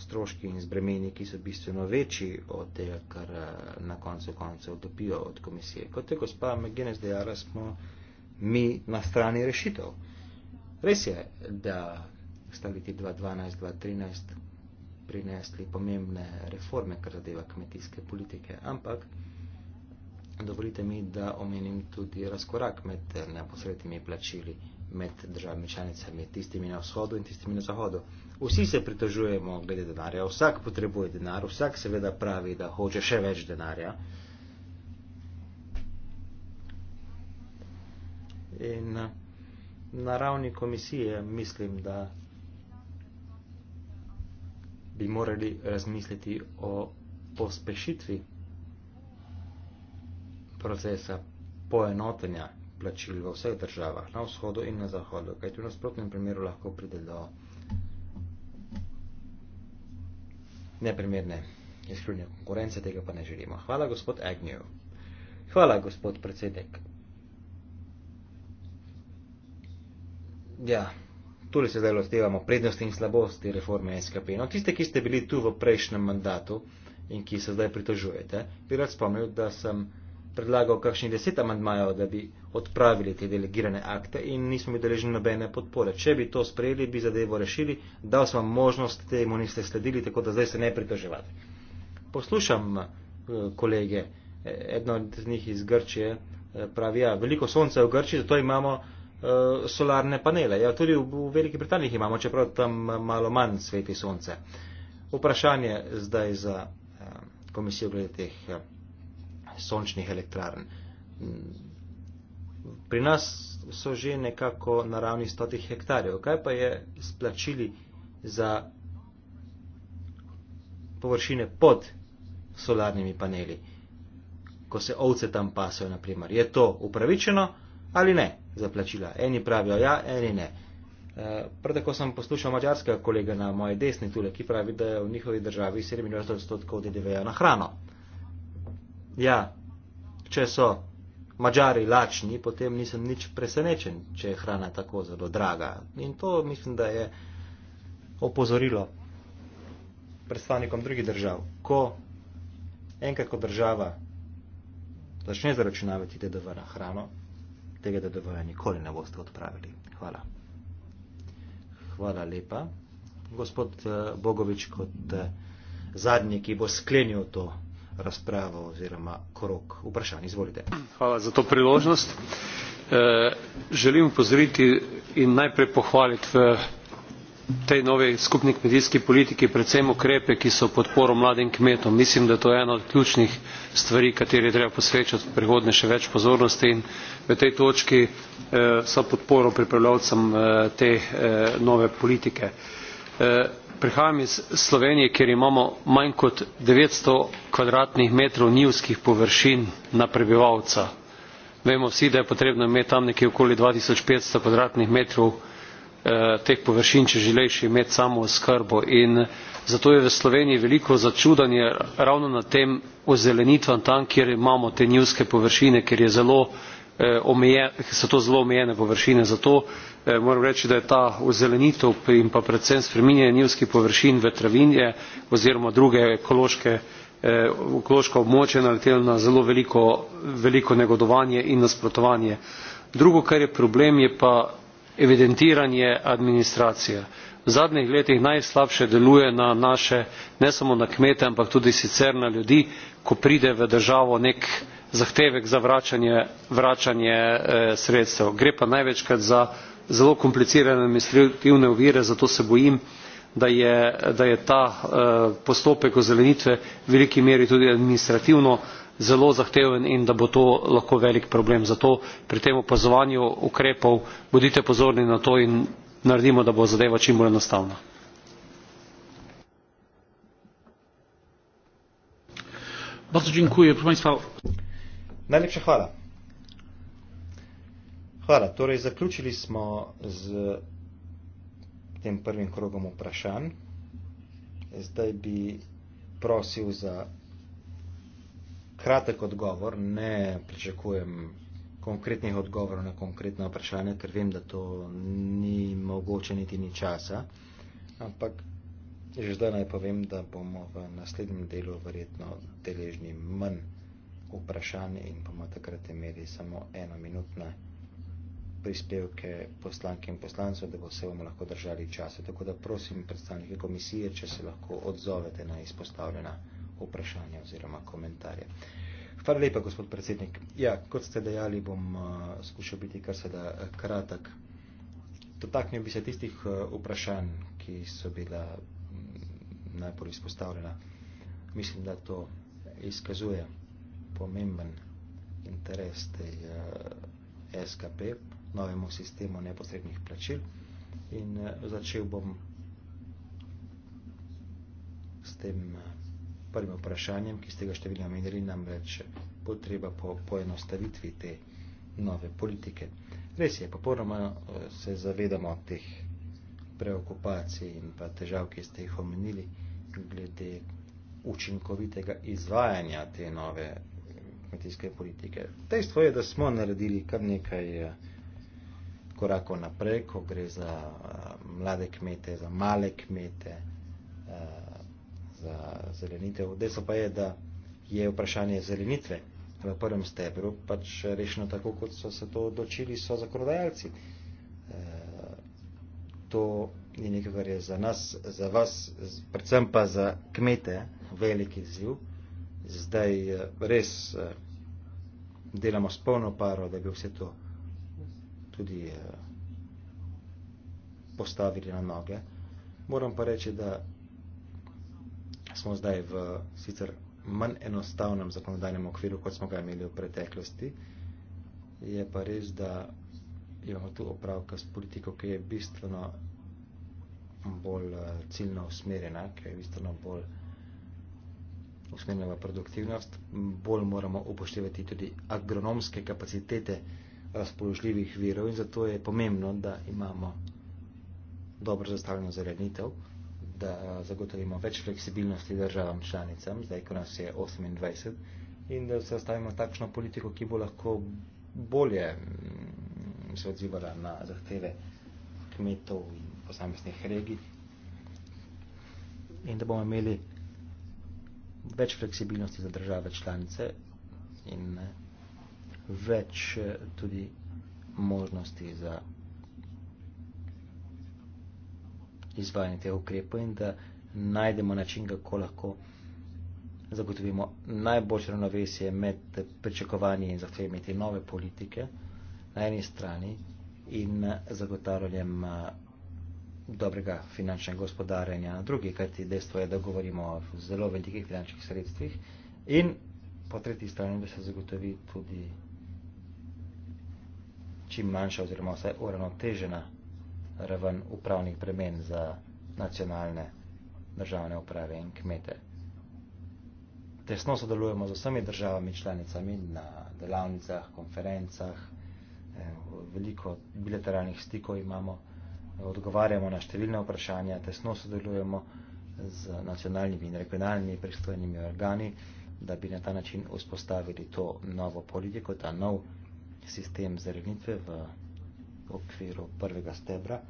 stroški in zbremeni, ki so bistveno večji od tega, kar eh, na koncu koncev dobijo od komisije. Kot je gospa McGinnis dejala, smo mi na strani rešitev. Res je, da sta leti 2012-2013 prinesli pomembne reforme, kar zadeva kmetijske politike, ampak dovolite mi, da omenim tudi razkorak med neposrednimi plačili med državami članicami, tistimi na vzhodu in tistimi na zahodu. Vsi se pritožujemo glede denarja, vsak potrebuje denar, vsak seveda pravi, da hoče še več denarja. In na ravni komisije mislim, da bi morali razmisliti o pospešitvi procesa poenotenja plačil v vseh državah, na vzhodu in na zahodu, kajti v nasprotnem primeru lahko pride do neprimerne iskrenje konkurence, tega pa ne želimo. Hvala, gospod Agnew. Hvala, gospod predsednik. Ja. Yeah tudi se zdaj lotevamo prednosti in slabosti reforme SKP. No, tiste, ki ste bili tu v prejšnjem mandatu in ki se zdaj pritožujete, bi rad spomnil, da sem predlagal kakšnih deset amandmajev, da bi odpravili te delegirane akte in nismo bili deležni nobene podpore. Če bi to sprejeli, bi zadevo rešili, dal sem vam možnost, temu niste sledili, tako da zdaj se ne pritoževate. Poslušam eh, kolege, e, eno od njih iz Grčije eh, pravi, ja, veliko sonca je v Grčiji, zato imamo uh, solarne panele. Ja, tudi v, v Veliki Britaniji jih imamo, čeprav tam malo manj sveti sonce. Vprašanje zdaj za uh, komisijo glede teh uh, sončnih elektrarn. Mm, pri nas so že nekako na ravni stotih hektarjev. Kaj pa je splačili za površine pod solarnimi paneli, ko se ovce tam pasajo, naprimer? Je to upravičeno? ali ne za plačila. Eni pravijo ja, eni ne. E, eh, prav tako sem poslušal mačarskega kolega na moje desni tule, ki pravi, da je v njihovi državi 27% DDV-ja na hrano. Ja, če so mačari lačni, potem nisem nič presenečen, če je hrana tako zelo draga. In to mislim, da je opozorilo predstavnikom drugih držav. Ko enkrat kot država začne zaračunavati DDV na hrano, tega, da dovoja nikoli ne boste odpravili. Hvala. Hvala lepa. Gospod eh, Bogovič, kot eh, zadnji, ki bo sklenil to razpravo oziroma krok vprašanj. Izvolite. Hvala za to priložnost. E, želim upozoriti in najprej pohvaliti tej novi skupni kmetijski politiki predvsem ukrepe ki so v podporo mladim kmetom mislim da je to ena od ključnih stvari kateri je treba posvečati v prihodnje še več pozornosti in v tej točki vso eh, podporo pripravljavcem eh, te eh, nove politike prihajam iz slovenije kjer imamo manj kot devetsto kvadratnih metrov njivskih površin na prebivalca vemo vsi da je potrebno imet tam nekje okoli dva tisoč petsto kvadratnih metrov Eh, teh površin če želiš imeti samooskrbo in zato je v sloveniji veliko začudanje ravno na tem ozelenitvam tam kjer imamo te njivske površine ker je zelo eh, omejen, so to zelo omejene površine zato eh, moram reči da je ta ozelenitev in pa predvsem spreminjanje njivskih površin v travinje oziroma druge ekološke ekološka območja naletela na zelo veliko, veliko negodovanje in nasprotovanje. drugo kar je problem je pa evidentiranje administracije v zadnjih letih najslabše deluje na naše ne samo na kmete ampak tudi sicer na ljudi ko pride v državo nek zahtevek za vračanje vračanje eh, sredstev gre pa največkrat za zelo komplicirane administrativne ovire zato se bojim da je da je ta eh, postopek ozelenitve v veliki meri tudi administrativno zelo zahteven in da bo to lahko velik problem zato pri tem opazovanju ukrepov bodite pozorni na to in naredimo da bo zadeva čim bolj enostavna Bardzo dziękuję, proszę Państwa. Najlepsze chwala. Chwala. Tutaj torej, zakończyliśmy z tym pierwszym krogiem pytań. Teraz by prosił za kratek odgovor, ne pričakujem konkretnih odgovorov na konkretna vprašanja, ker vem, da to ni mogoče niti ni časa. Ampak že zdaj naj povem, da bomo v naslednjem delu verjetno deležni manj vprašanj in bomo takrat imeli samo eno minutno prispevke poslank in poslancev, da bo se bomo lahko držali časa. Tako da prosim predstavnike komisije, če se lahko odzovete na izpostavljena vprašanja oziroma komentarje. Hvala lepa, gospod predsednik. Ja, kot ste dejali, bom uh, skušal biti kar se da eh, kratek. Dotaknil bi se tistih uh, vprašanj, ki so bila m, mm, najbolj izpostavljena. Mislim, da to izkazuje pomemben interes tej uh, SKP, novemu sistemu neposrednih plačil. In uh, začel bom s tem uh, prvim vprašanjem, ki ste ga številno menili, namreč potreba po poenostavitvi te nove politike. Res je, popolnoma eh, se zavedamo teh preokupacij in pa težav, ki ste jih omenili, glede učinkovitega izvajanja te nove kmetijske politike. Dejstvo je, da smo naredili kar nekaj eh, korakov naprej, ko gre za eh, mlade kmete, za male kmete, za zelenitev. Deso pa je, da je vprašanje zelenitve v prvem stebru pač rešeno tako, kot so se to odločili so zakonodajalci. E, to je nekaj, kar je za nas, za vas, predvsem pa za kmete, veliki izziv. Zdaj eh, res eh, delamo s polno paro, da bi vse to tudi postavili na noge. Moram pa reči, da smo zdaj v sicer manj enostavnem zakonodajnem okviru, kot smo ga imeli v preteklosti. Je pa res, da imamo tu opravka s politiko, ki je bistveno bolj eh, ciljno usmerjena, ki je bistveno bolj usmerjena v produktivnost. Bolj moramo upoštevati tudi agronomske kapacitete razpoložljivih virov in zato je pomembno, da imamo dobro zastavljeno zarednitev da eh, zagotovimo več fleksibilnosti državam članicam, zdaj, ko nas je 28, in da se ostavimo takšno politiko, ki bo lahko bolje mm, se odzivala na zahteve kmetov in posameznih regij in da bomo imeli več fleksibilnosti za države članice in eh, več eh, tudi možnosti za izvajanje teh ukrepov in da najdemo način, kako lahko zagotovimo najboljše ravnovesje med pričakovanji in zahtevami te nove politike na eni strani in eh, zagotavljanjem eh, dobrega finančnega gospodarjanja na drugi, kajti dejstvo je, da govorimo o zelo velikih finančnih sredstvih in po tretji strani, da se zagotovi tudi čim manjša oziroma vsaj uravnotežena raven upravnih bremen za nacionalne državne uprave in kmete. Tesno sodelujemo z vsemi državami članicami na delavnicah, konferencah, eh, veliko bilateralnih stikov imamo, odgovarjamo na številne vprašanja, tesno sodelujemo z nacionalnimi in regionalnimi pristojnimi organi, da bi na ta način vzpostavili to novo politiko, ta nov sistem zarednitve v okviru prvega stebra.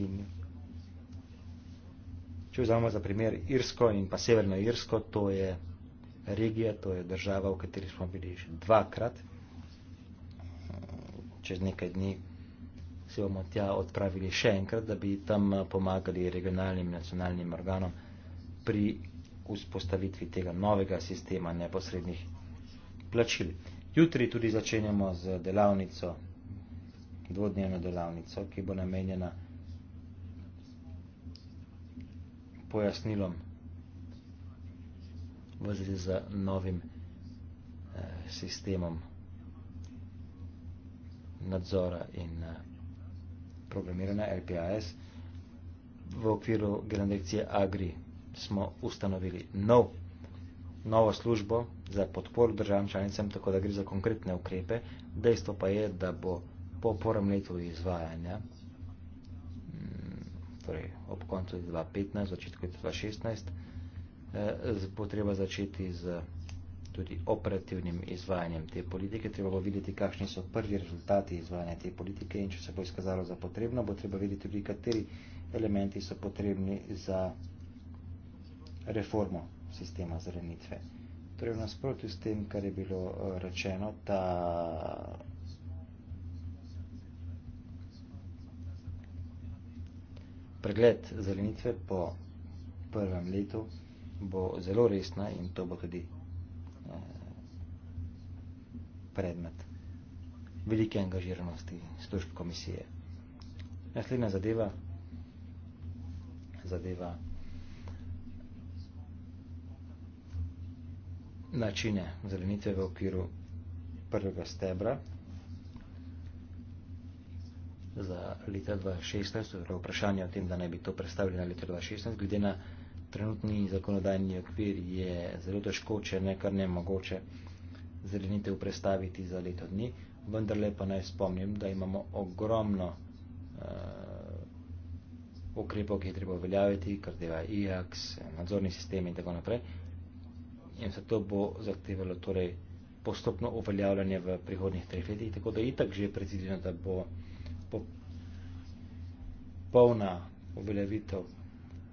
In če vzamemo za primer Irsko in pa Severno Irsko, to je regija, to je država, v kateri smo bili že dvakrat. Čez nekaj dni se bomo tja odpravili še enkrat, da bi tam pomagali regionalnim nacionalnim organom pri vzpostavitvi tega novega sistema neposrednih plačil. Jutri tudi začenjamo z delavnico, dvodnevno delavnico, ki bo namenjena pojasnilom v zvezi z novim eh, sistemom nadzora in eh, programiranja LPIS. V okviru generacije Agri smo ustanovili nov novo službo za podporo državam članicam, tako da gre za konkretne ukrepe. Dejstvo pa je, da bo po prvem letu izvajanja, mm, torej ob koncu 2015, začetku 2016, eh, bo treba začeti z tudi operativnim izvajanjem te politike. Treba bo videti, kakšni so prvi rezultati izvajanja te politike in če se bo izkazalo za potrebno, bo treba videti tudi, kateri elementi so potrebni za reformo sistema zrenitve. Torej, v nasprotju s tem, kar je bilo eh, rečeno, ta pregled zrenitve po prvem letu bo zelo resna in to bo tudi eh, predmet velike angažiranosti služb komisije. Naslednja zadeva, zadeva načine zelenice v okviru prvega stebra za leta 2016, vprašanje o tem, da naj bi to predstavili na leta 2016, glede na trenutni zakonodajni okvir je zelo težko, če ne kar ne mogoče zelenitev predstaviti za leto dni, vendar lepo naj spomnim, da imamo ogromno uh, ukrepov, ki je treba uveljaviti, kar deva IAX, nadzorni sistemi in tako naprej, uh, in zato bo zahtevalo torej postopno uveljavljanje v prihodnih treh letih, tako da itak že predvideno, da bo po polna uveljavitev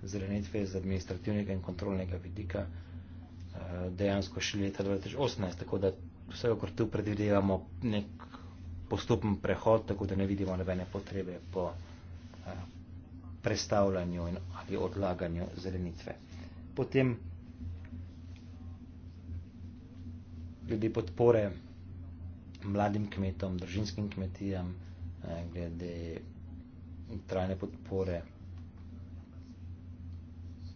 zelenitve z administrativnega in kontrolnega vidika eh, dejansko še leta 2018, tako da vse okor tu predvidevamo nek postupen prehod, tako da ne vidimo nobene potrebe po eh, prestavljanju in, ali odlaganju zelenitve. Potem glede podpore mladim kmetom, družinskim kmetijam, eh, glede trajne podpore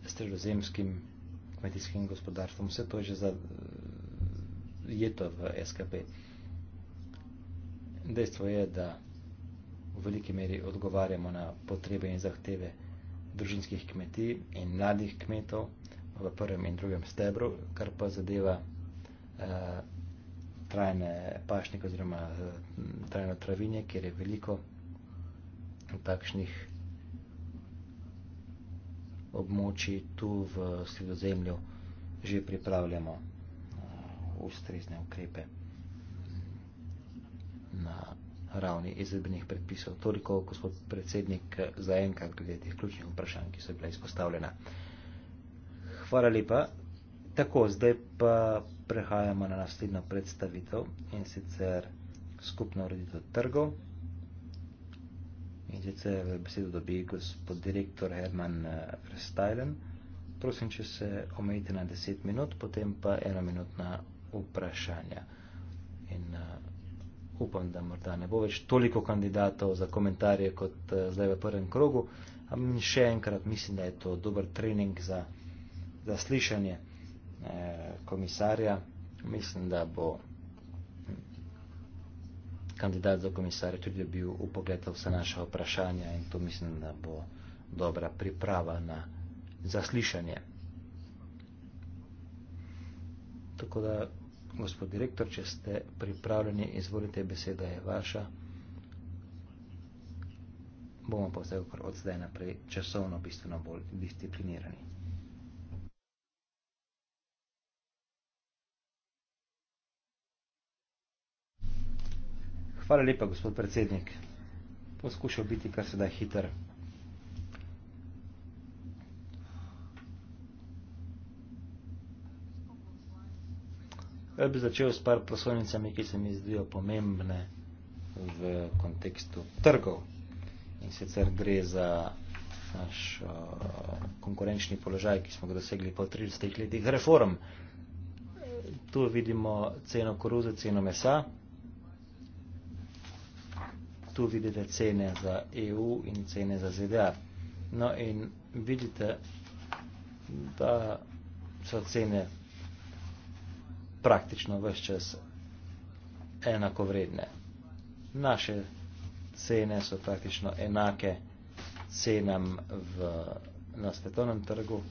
stredozemskim kmetijskim gospodarstvom. Vse to je že zajeto eh, v SKP. Dejstvo je, da v veliki meri odgovarjamo na potrebe in zahteve družinskih kmetij in mladih kmetov v prvem in drugem stebru, kar pa zadeva Eh, trajne pašnike oziroma eh, trajno travinje, kjer je veliko takšnih območij tu v sredozemlju že pripravljamo eh, ustrezne ukrepe na ravni izredbenih predpisov. Toliko, gospod predsednik, za enkrat glede tih ključnih vprašanj, ki so bila izpostavljena. Hvala lepa Tako, zdaj pa prehajamo na naslednjo predstavitev in sicer skupno ureditev trgov. In sicer v besedo dobi gospod direktor Herman eh, Restajlen. Prosim, če se omejite na 10 minut, potem pa eno minut na vprašanja. In uh, upam, da morda ne bo več toliko kandidatov za komentarje kot uh, zdaj v prvem krogu. Ampak še enkrat mislim, da je to dober trening za, za slišanje. Eh, komisarja. Mislim, da bo kandidat za komisarja tudi bil upogled vse naše vprašanja in to mislim, da bo dobra priprava na zaslišanje. Tako da, gospod direktor, če ste pripravljeni, izvolite, beseda je vaša. Bomo pa vse od zdaj naprej časovno bistveno bolj disciplinirani. Hvala lepa, gospod predsednik. Poskušal biti kar se da hiter. Jaz bi začel s par poslovnicami, ki se mi zdijo pomembne v kontekstu trgov. In sicer gre za naš uh, konkurenčni položaj, ki smo ga dosegli po 30 letih reform. Tu vidimo ceno koruze, ceno mesa tu vidite cene za EU in cene za ZDA. No in vidite, da so cene praktično vse čas enako vredne. Naše cene so praktično enake cenam v, na svetovnem trgu,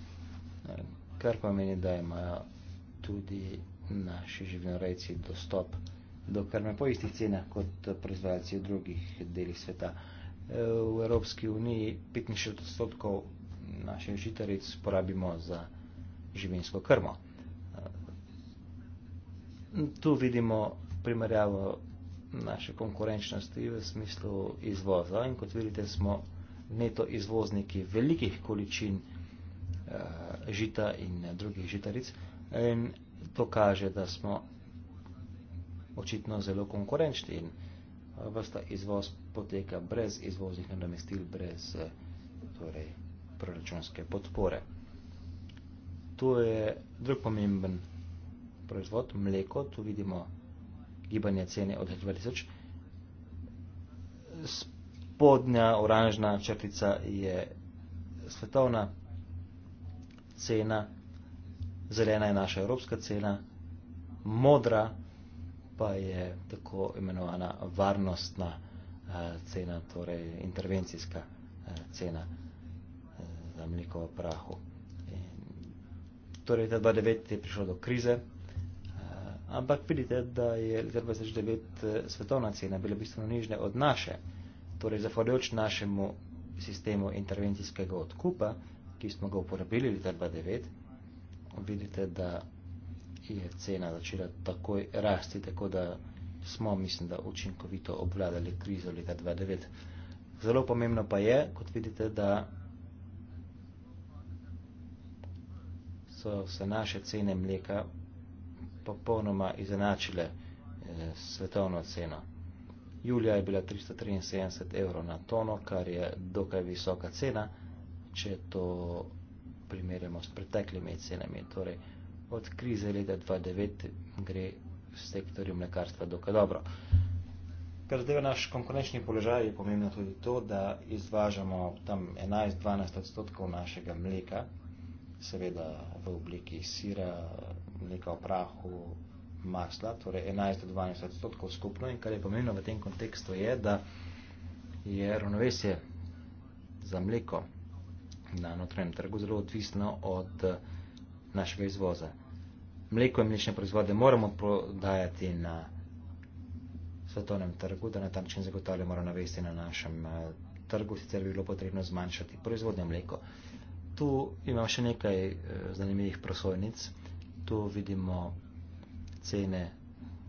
kar pomeni, da imajo tudi naši živinorejci dostop dokler ne po istih cenah kot proizvajalci v drugih delih sveta. E, v Evropski uniji 65 odstotkov naših žitaric porabimo za živinsko krmo. E, tu vidimo primerjavo naše konkurenčnosti v smislu izvoza in kot vidite smo neto izvozniki velikih količin e, žita in drugih žitaric in to kaže, da smo očitno zelo konkurenčni in eh, vsta izvoz poteka brez izvoznih nadomestil, brez eh, torej, proračunske podpore. Tu je drug pomemben proizvod, mleko, tu vidimo gibanje cene od 2000. Spodnja oranžna črtica je svetovna cena, zelena je naša evropska cena, modra pa je tako imenovana varnostna eh, cena, torej intervencijska eh, cena eh, za mliko v prahu. In, torej, leta 2009 je prišlo do krize, eh, ampak vidite, da je leta 2009 eh, svetovna cena bila bistveno nižja od naše, torej zahvaljujoč našemu sistemu intervencijskega odkupa, ki smo ga uporabili leta 2009, vidite, da je cena začela takoj rasti, tako da smo, mislim, da učinkovito obvladali krizo leta 2009. Zelo pomembno pa je, kot vidite, da so se naše cene mleka popolnoma izenačile eh, s svetovno ceno. Julija je bila 373 evrov na tono, kar je dokaj visoka cena, če to primerjamo s preteklimi cenami. Torej, od krize leta 2009 gre v sektorju mlekarstva dokaj dobro. Kar zdaj naš konkurenčni položaj je pomembno tudi to, da izvažamo tam 11-12 odstotkov našega mleka, seveda v obliki sira, mleka v prahu, masla, torej 11-12 odstotkov skupno in kar je pomembno v tem kontekstu je, da je ravnovesje za mleko na notranjem trgu zelo odvisno od eh, našega izvoza mleko in mlečne proizvode moramo prodajati na svetovnem trgu, da na tam čim zagotavljamo, moramo navesti na našem eh, trgu, sicer bi bilo potrebno zmanjšati proizvodnjo mleko. Tu imamo še nekaj eh, zanimivih prosojnic. Tu vidimo cene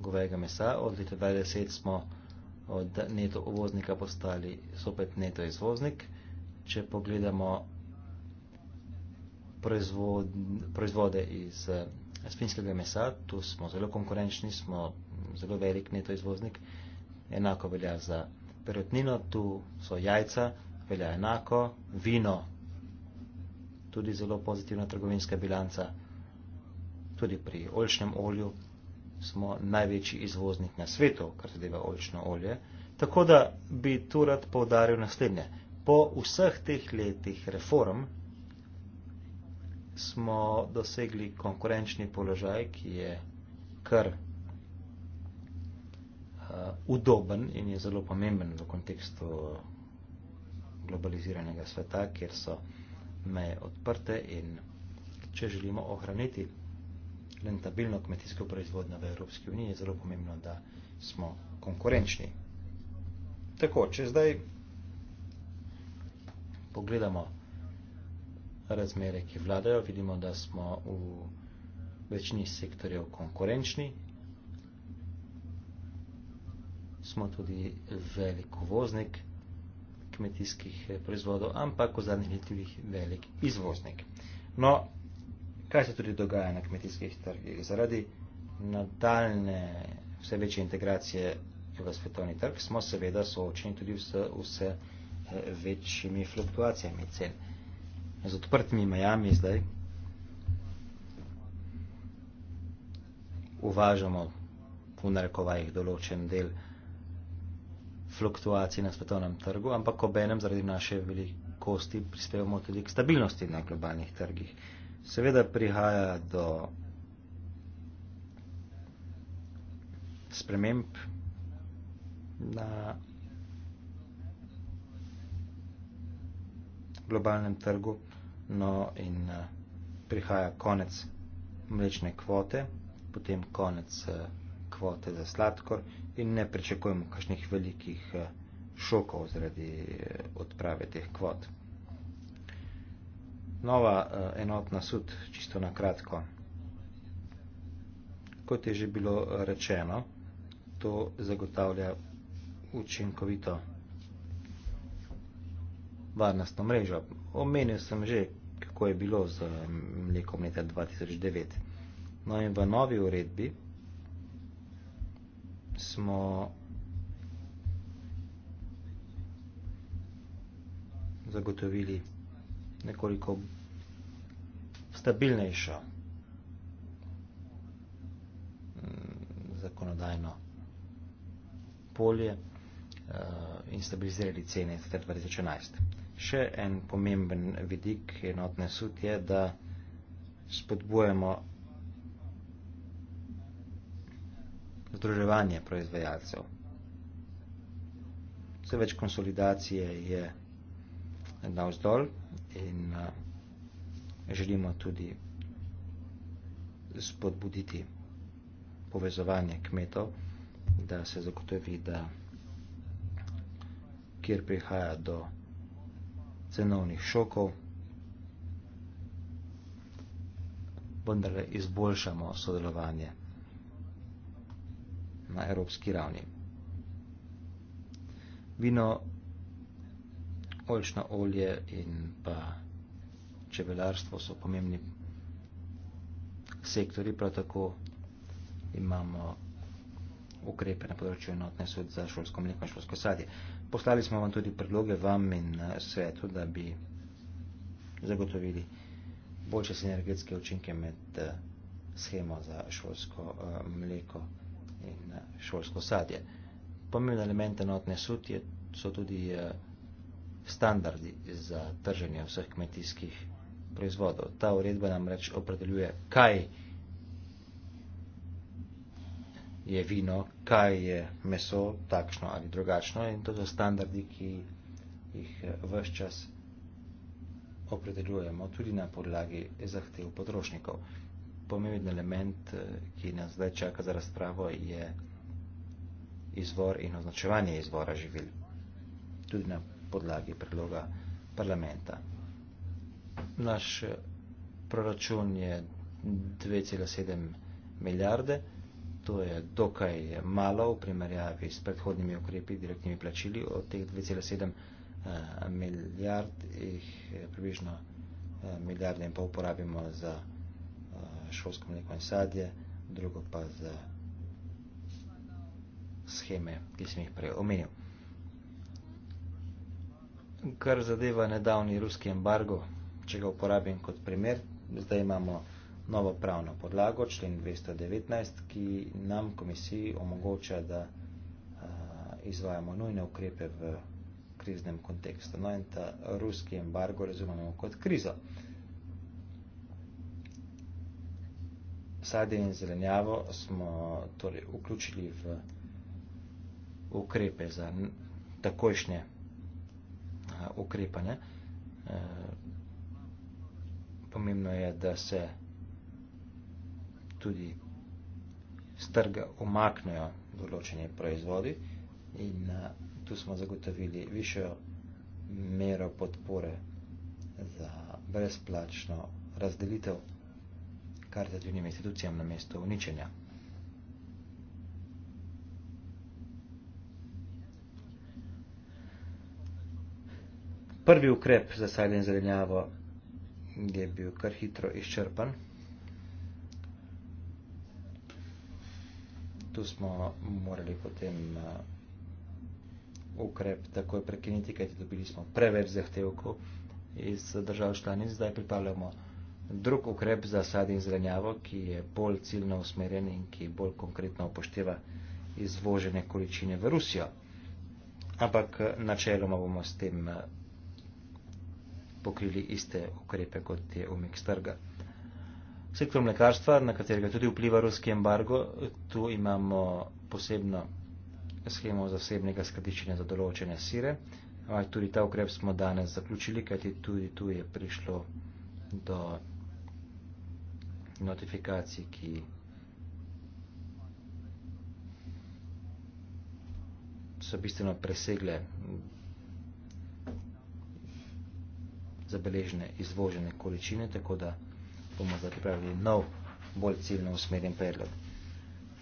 govejega mesa. Od leta 2010 smo od neto uvoznika postali sopet neto izvoznik. Če pogledamo proizvode iz eh, svinjskega mesa, tu smo zelo konkurenčni, smo zelo velik neto izvoznik, enako velja za perutnino, tu so jajca, velja enako, vino, tudi zelo pozitivna trgovinska bilanca, tudi pri oljčnem olju smo največji izvoznik na svetu, kar zadeva oljčno olje. Tako da bi tu rad poudaril naslednje. Po vseh teh letih reform, smo dosegli konkurenčni položaj, ki je kar uh, udoben in je zelo pomemben v kontekstu globaliziranega sveta, kjer so meje odprte in če želimo ohraniti rentabilno kmetijsko proizvodno v Evropski uniji, je zelo pomembno, da smo konkurenčni. Tako, če zdaj pogledamo razmere, ki vladajo, vidimo, da smo v večini sektorjev konkurenčni. Smo tudi velik uvoznik kmetijskih eh, proizvodov, ampak v zadnjih letih velik izvoznik. No, kaj se tudi dogaja na kmetijskih trgih? Zaradi nadaljne vse večje integracije v svetovni trg smo seveda soočeni tudi z vse eh, večjimi fluktuacijami cen z odprtimi majami zdaj uvažamo v narekovajih določen del fluktuacij na svetovnem trgu, ampak obenem zaradi naše velikosti prispevamo tudi k stabilnosti na globalnih trgih. Seveda prihaja do sprememb na globalnem trgu, No in eh, prihaja konec mlečne kvote, potem konec eh, kvote za sladkor in ne pričakujemo kakšnih velikih eh, šokov zaradi odprave teh kvot. Nova enotna sud, čisto na kratko. Kot je že bilo rečeno, to zagotavlja učinkovito varnostno mrežo. Omenil sem že, kako je bilo z mlekom leta 2009. No in v novi uredbi smo zagotovili nekoliko stabilnejšo mm, zakonodajno polje eh, in stabilizirali cene 2011. Še en pomemben vidik enotne sut je, da spodbujemo združevanje proizvajalcev. Vse več konsolidacije je na vzdol in eh, želimo tudi spodbuditi povezovanje kmetov, da se zagotovi, da kjer prihaja do proizvajalcev, cenovnih šokov, vendar izboljšamo sodelovanje na evropski ravni. Vino, oljčno olje in pa čebelarstvo so pomembni sektori, prav tako imamo ukrepe na področju enotne sodbe za šolsko mleko in šolsko sadje poslali smo vam tudi predloge vam in eh, svetu, da bi zagotovili boljše sinergetske učinke med eh, schemo za šolsko eh, mleko in šolsko sadje. Pomembne element enotne sutje so tudi standardi za trženje vseh kmetijskih proizvodov. Ta uredba nam reč opredeljuje, kaj je je vino, kaj je meso, takšno ali drugačno. In to so standardi, ki jih eh, vse čas opredeljujemo, tudi na podlagi zahtev potrošnikov. Pomemben element, eh, ki nas zdaj čaka za razpravo, je izvor in označevanje izvora živil, tudi na podlagi predloga parlamenta. Naš eh, proračun je 2,7 milijarde. To je dokaj malo v primerjavi s predhodnimi ukrepi direktnimi plačili. Od teh 2,7 eh, milijard jih eh, približno eh, milijarde in pol porabimo za šolsko mleko in sadje, drugo pa za scheme, ki sem jih prej omenil. Kar zadeva nedavni ruski embargo, če ga uporabim kot primer, zdaj imamo novo pravno podlago, člen 219, ki nam komisiji omogoča, da izvajamo nujne ukrepe v kriznem kontekstu. No in ta ruski embargo razumemo kot krizo. Sadje in zelenjavo smo torej vključili v ukrepe za takojšnje ukrepanje. E, pomembno je, da se tudi z trga omaknejo določeni proizvodi in eh, tu smo zagotovili višjo mero podpore za brezplačno razdelitev kartativnim institucijam na mesto uničenja. Prvi ukrep za sadje in zelenjavo je bil kar hitro izčrpan. tu smo morali potem uh, ukrep takoj prekiniti, kajti dobili smo preveč zahtevkov iz eh, držav članic. Zdaj pripravljamo drug ukrep za sad in zelenjavo, ki je bolj ciljno usmerjen in ki bolj konkretno upošteva izvožene količine v Rusijo. Ampak eh, načeloma bomo s tem pokrili iste ukrepe kot je umik strga. Sektor mlekarstva, na katerega tudi vpliva ruski embargo, tu imamo posebno schemo zasebnega skladiščenja za določene sire, ampak tudi ta ukrep smo danes zaključili, kajti tudi tu je prišlo do notifikacij, ki so bistveno presegle zabeležene izvožene količine, tako da bomo pripravili nov, bolj ciljno usmerjen predlog.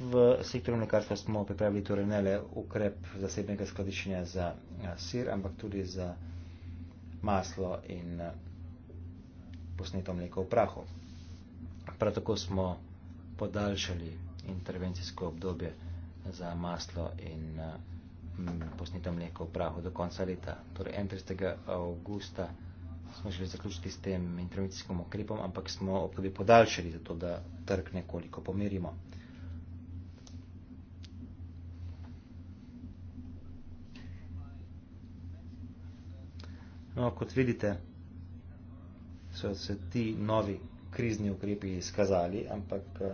V sektoru mlekarstva smo pripravili torej ne le ukrep zasebnega skladiščenja za eh, sir, ampak tudi za maslo in eh, posneto mleko v prahu. Prav tako smo podaljšali intervencijsko obdobje za maslo in eh, posneto mleko v prahu do konca leta, torej 31. augusta smo želeli zaključiti s tem intervencijskim okrepom, ampak smo obdobje podaljšali za to, da trg nekoliko pomerimo. No, kot vidite, so se ti novi krizni ukrepi izkazali, ampak eh,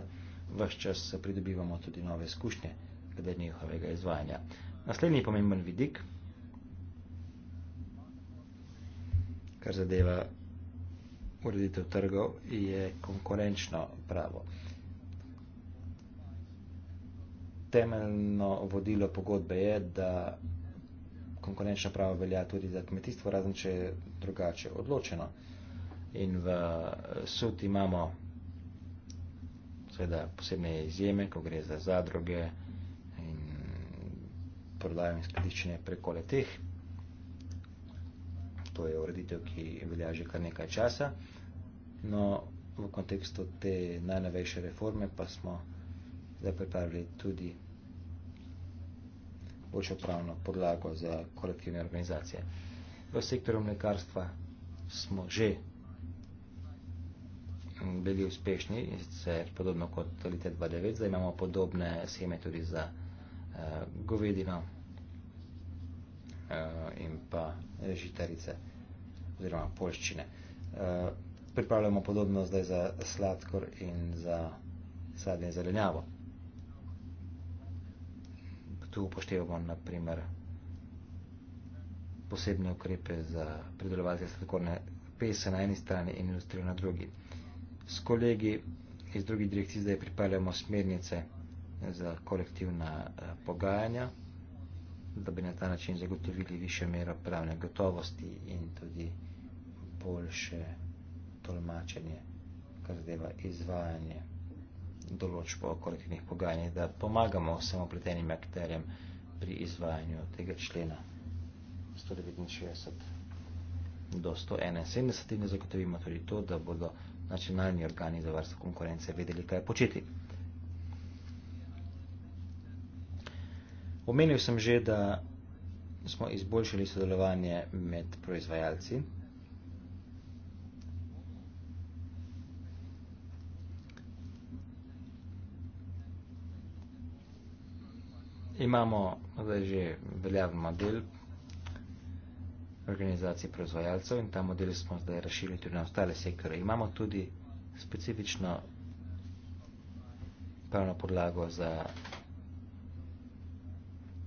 vse čas pridobivamo tudi nove izkušnje glede njihovega izvajanja. Naslednji pomemben vidik kar zadeva ureditev trgov, je konkurenčno pravo. Temeljno vodilo pogodbe je, da konkurenčno pravo velja tudi za kmetijstvo, razen če je drugače odločeno. In v eh, sud imamo seveda posebne izjeme, ko gre za zadruge in prodajo in skladiščenje preko teh to je ureditev, ki velja že kar nekaj časa. No, v kontekstu te najnovejše reforme pa smo zdaj pripravili tudi boljšo pravno podlago za kolektivne organizacije. V sektorju mlekarstva smo že bili uspešni in sicer podobno kot leta 2009, zdaj imamo podobne scheme tudi za uh, govedino uh, in pa žitarice. Uh, oziroma poljščine. Uh, pripravljamo podobno zdaj za sladkor in za sadje in zelenjavo. Tu upoštevamo naprimer posebne ukrepe za pridelovalce sladkorne pese na eni strani in industrijo na drugi. S kolegi iz drugih direkcij zdaj pripravljamo smernice za kolektivna eh, pogajanja, da bi na ta način zagotovili više mero pravne gotovosti in tudi boljše tolmačenje, kar zadeva izvajanje določb o kolektivnih pogajanjih, da pomagamo vsem opletenim akterjem pri izvajanju tega člena 169 do 171 in zagotovimo tudi to, da bodo nacionalni organi za varstvo konkurence vedeli, kaj početi. Omenil sem že, da smo izboljšali sodelovanje med proizvajalci. imamo zdaj že veljaven model organizacije proizvajalcev in ta model smo zdaj rešili tudi na ostale sektore. Imamo tudi specifično pravno podlago za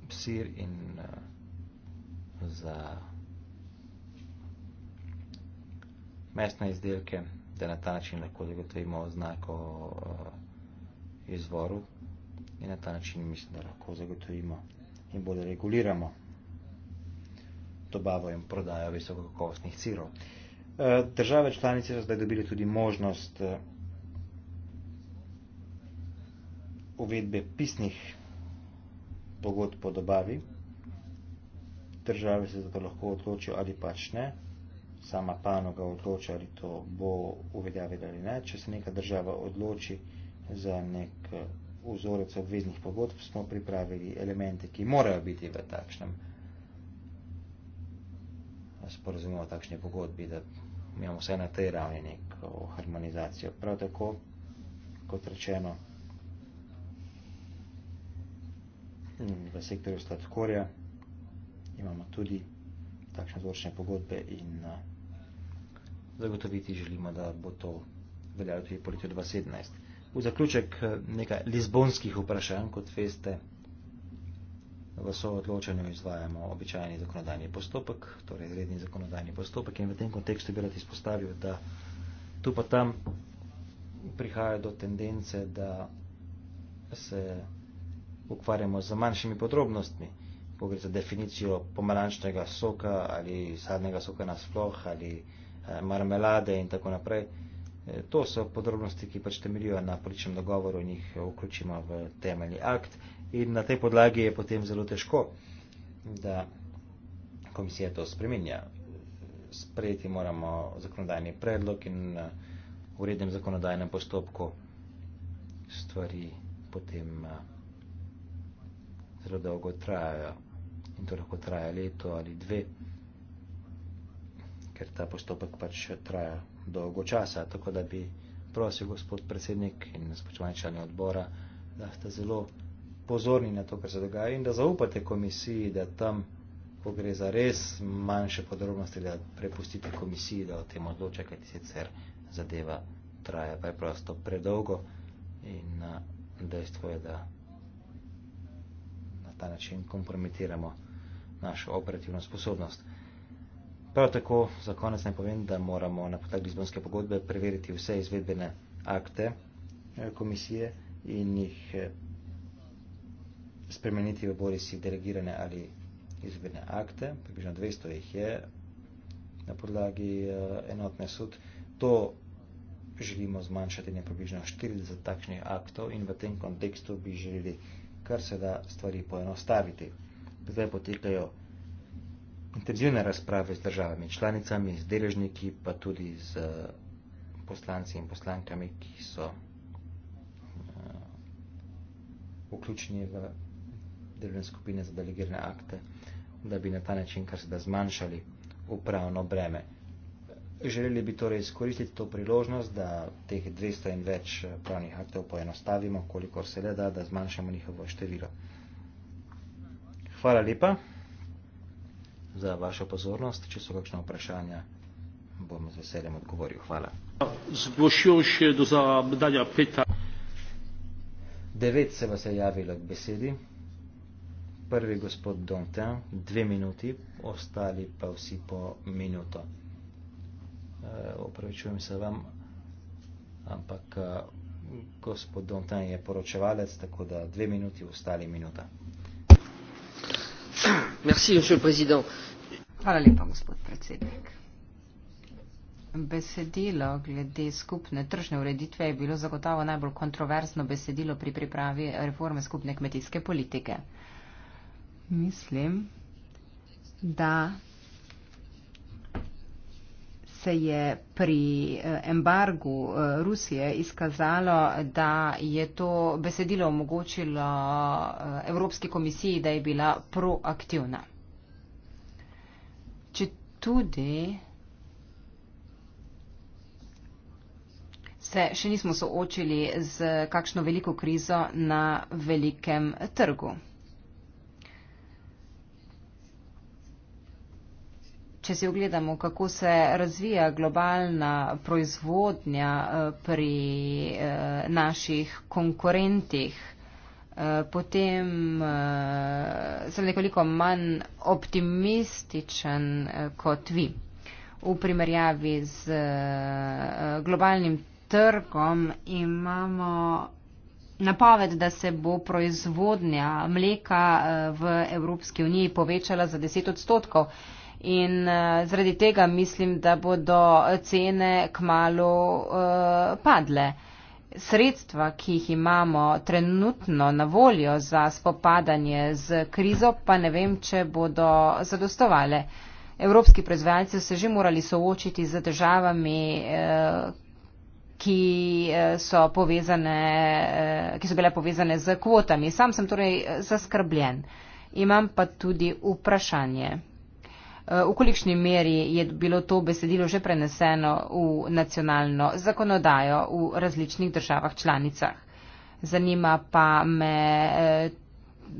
sir in uh, za mestne izdelke, da na ta način lahko zagotovimo oznako uh, izvoru in na ta način mislim, da lahko zagotovimo in bolje reguliramo dobavo in prodajo visokokakovostnih cirov. E, države članice so zdaj dobili tudi možnost e, uvedbe pisnih pogodb po dobavi. Države se zato lahko odločijo ali pač ne. Sama panoga odloča, ali to bo uveljavila ali ne. Če se neka država odloči za nek vzorec obveznih pogodb smo pripravili elemente, ki morajo biti v takšnem sporozumemo takšne pogodbi, da imamo vse na tej ravni neko harmonizacijo. Prav tako, kot rečeno, v sektorju sladkorja imamo tudi takšne zvočne pogodbe in zagotoviti želimo, da bo to veljalo tudi po letu 2017 v zaključek eh, nekaj lizbonskih vprašanj, kot veste, v soodločanju izvajamo običajni zakonodajni postopek, torej redni zakonodajni postopek in v tem kontekstu bi rad izpostavil, da tu pa tam prihaja do tendence, da se ukvarjamo z manjšimi podrobnostmi, ko gre za definicijo pomarančnega soka ali sadnega soka nasploh ali eh, marmelade in tako naprej. E, to so podrobnosti, ki pač temeljijo na političnem dogovoru in jih vključimo v temeljni akt. In na tej podlagi je potem zelo težko, da komisija to spremenja. Sprejeti moramo zakonodajni predlog in e, v rednem zakonodajnem postopku stvari potem e, zelo dolgo trajajo. In to lahko traja leto ali dve, ker ta postopek pač traja dolgo časa, tako da bi prosil gospod predsednik in spočevanje člani odbora, da ste zelo pozorni na to, kar se dogaja in da zaupate komisiji, da tam, ko gre za res manjše podrobnosti, da prepustite komisiji, da o tem odloča, kajti sicer zadeva traja preprosto predolgo in dejstvo je, da na ta način kompromitiramo našo operativno sposobnost. Prav tako, za konec naj povem, da moramo na podlagi Lizbonske pogodbe preveriti vse izvedbene akte eh, komisije in jih eh, spremeniti v bori si delegirane ali izvedbene akte. Približno 200 jih je na podlagi eh, enotne sud. To želimo zmanjšati na približno 40 takšnih aktov in v tem kontekstu bi želeli kar se da stvari poenostaviti. Zdaj potekajo intenzivne razprave z državami članicami, z deležniki, pa tudi z eh, poslanci in poslankami, ki so uh, vključeni v delovne skupine za delegirane akte, da bi na ta način kar se da zmanjšali upravno breme. Želeli bi torej izkoristiti to priložnost, da teh 200 in več eh, pravnih aktov poenostavimo, koliko se le da, da zmanjšamo njihovo število. Hvala lepa za vašo pozornost. Če so kakšne vprašanja, bom z veseljem odgovoril. Hvala. Zbošil še do zadanja peta. Devet se vas je javilo k besedi. Prvi gospod Dontan, dve minuti, ostali pa vsi po minuto. E, opravičujem se vam, ampak eh, gospod Dontan je poročevalec, tako da dve minuti, ostali minuta monsieur le président hvala lepa gospod predsednik besedilo glede skupne tržne ureditve je bilo zagotovo najbolj kontroverzno besedilo pri pripravi reforme skupne kmetijske politike mislim da se je pri eh, embargu eh, Rusije izkazalo, da je to besedilo omogočilo eh, Evropski komisiji, da je bila proaktivna. Če tudi se še nismo soočili z kakšno veliko krizo na velikem trgu. če si ogledamo, kako se razvija globalna proizvodnja eh, pri eh, naših konkurentih, eh, potem sem nekoliko manj optimističen kot vi. V primerjavi z globalnim trgom imamo napoved, da se bo proizvodnja mleka v Evropski uniji povečala za 10 odstotkov in uh, zaradi tega mislim, da bodo cene k malu uh, eh, padle. Sredstva, ki jih imamo trenutno na voljo za spopadanje z krizo, pa ne vem, če bodo zadostovale. Evropski proizvajalci so se že morali soočiti z državami, eh, ki so, povezane, ki so bile povezane z kvotami. Sam sem torej zaskrbljen. Imam pa tudi vprašanje. Eh, v kolikšni meri je bilo to besedilo že preneseno v nacionalno zakonodajo v različnih državah članicah? Zanima pa me. Eh,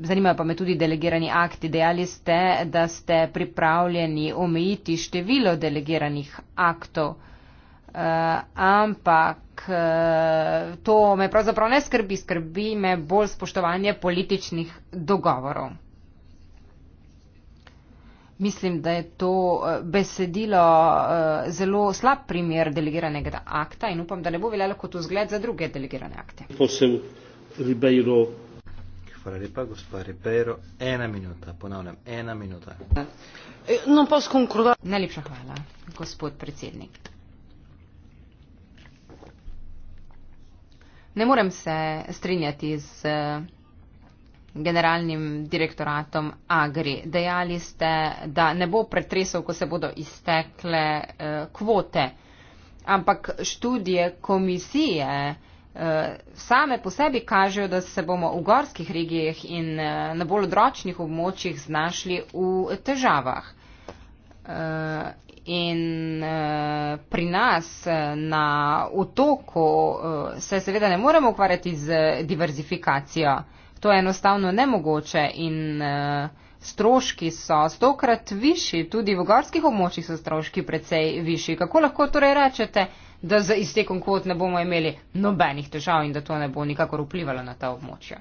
zanimajo pa me tudi delegirani akti. Dejali ste, da ste pripravljeni omejiti število delegiranih aktov, uh, ampak uh, to me pravzaprav ne skrbi, skrbi me bolj spoštovanje političnih dogovorov. Mislim, da je to eh, besedilo eh, zelo slab primer delegiranega akta in upam, da ne bo veljalo kot vzgled za druge delegirane akte. Posem Ribeiro. Hvala lepa, gospod Ribeiro. Ena minuta, ponavljam, ena minuta. Eh, no, pa skonkruda. Najlepša hvala, gospod predsednik. Ne morem se strinjati z generalnim direktoratom Agri. Dejali ste, da ne bo pretresov, ko se bodo iztekle eh, kvote. Ampak študije komisije eh, same po sebi kažejo, da se bomo v gorskih regijah in eh, na bolj odročnih območjih znašli v težavah. In pri nas na otoku se seveda ne moremo ukvarjati z diverzifikacijo to je enostavno nemogoče in uh, stroški so stokrat višji, tudi v gorskih območjih so stroški precej višji. Kako lahko torej rečete, da z iztekom kvot ne bomo imeli nobenih težav in da to ne bo nikakor vplivalo na ta območja?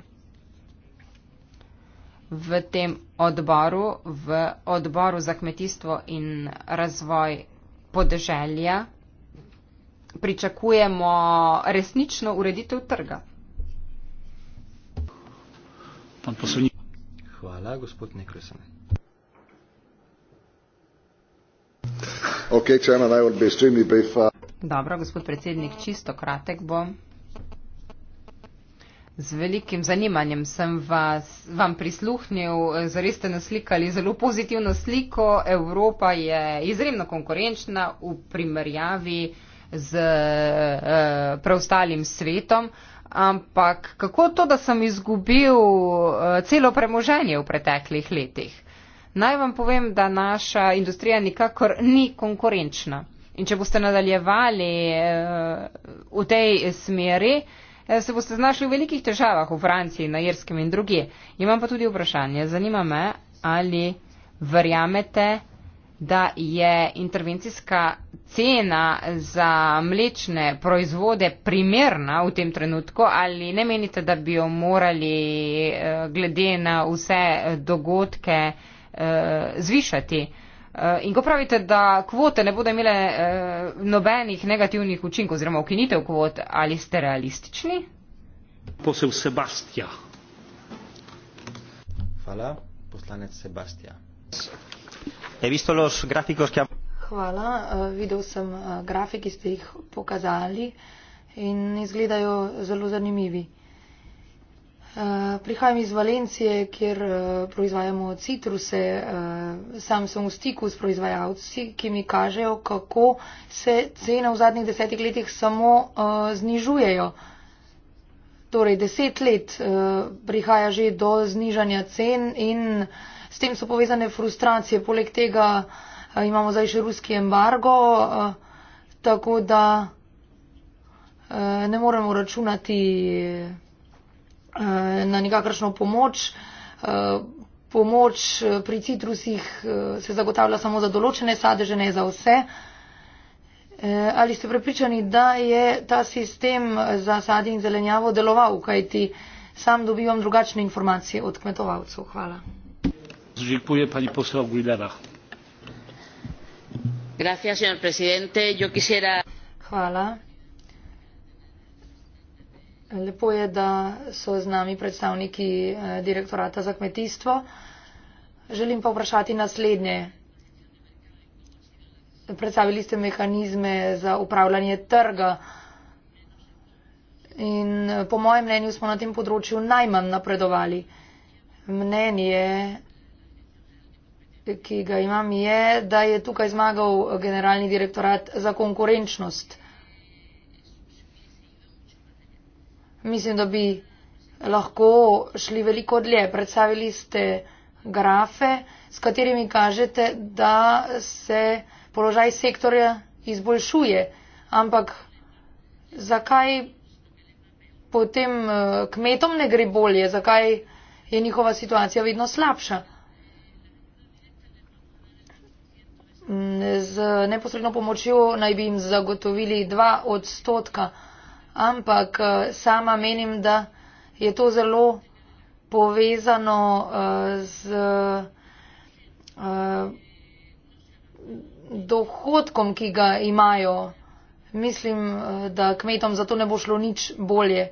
V tem odboru, v odboru za kmetijstvo in razvoj podeželja, pričakujemo resnično ureditev trga. Pan poslednik. Hvala, gospod Nekrosen. Ok, če ima najbolj bestrimni brefa. Dobro, gospod predsednik, čisto kratek bom. Z velikim zanimanjem sem vas, vam prisluhnil, zares ste naslikali zelo pozitivno sliko. Evropa je izredno konkurenčna v primerjavi z eh, preostalim svetom. Eh, Ampak kako to, da sem izgubil eh, celo premoženje v preteklih letih? Naj vam povem, da naša industrija nikakor ni konkurenčna. In če boste nadaljevali eh, v tej smeri, eh, se boste znašli v velikih težavah v Franciji, na Irskem in drugi. Imam pa tudi vprašanje. Zanima me, ali verjamete, da je intervencijska cena za mlečne proizvode primerna v tem trenutku ali ne menite, da bi jo morali eh, glede na vse dogodke eh, zvišati? Eh, in ko pravite, da kvote ne bodo imele nobenih negativnih učinkov oziroma ukinitev kvot, ali ste realistični? Posel Sebastija. Hvala, poslanec Sebastija. He visto los gráficos que ha... Hvala. Uh, videl sem uh, grafiki, ste jih pokazali in izgledajo zelo zanimivi. Uh, prihajam iz Valencije, kjer uh, proizvajamo citruse. Uh, sam sem v stiku s proizvajalci, ki mi kažejo, kako se cene v zadnjih desetih letih samo uh, znižujejo. Torej, deset let uh, prihaja že do znižanja cen in uh, s tem so povezane frustracije. Poleg tega eh, imamo zdaj še ruski embargo, eh, tako da eh, ne moremo računati na nikakršno pomoč. Pomoč pri citrusih se zagotavlja samo za določene sadeže, ne za vse. Ali ste prepričani, da je ta sistem za sadje in zelenjavo deloval, kajti sam dobivam drugačne informacije od kmetovalcev? Hvala señor presidente yo quisiera. lepo je da so z nami predstavniki eh, direktorata za kmetijstvo želim pa vprašati naslednje predstavili ste mehanizme za upravljanje trga in eh, po mojem mnenju smo na tem področju najmanj napredovali mnenje ki ga imam, je, da je tukaj zmagal generalni direktorat za konkurenčnost. Mislim, da bi lahko šli veliko dlje. Predstavili ste grafe, s katerimi kažete, da se položaj sektorja izboljšuje. Ampak zakaj potem eh, kmetom ne gre bolje, zakaj je njihova situacija vedno slabša? z neposredno pomočjo naj bi jim zagotovili dva odstotka, ampak eh, sama menim, da je to zelo povezano eh, z eh, dohodkom, ki ga imajo. Mislim, da kmetom zato ne bo šlo nič bolje.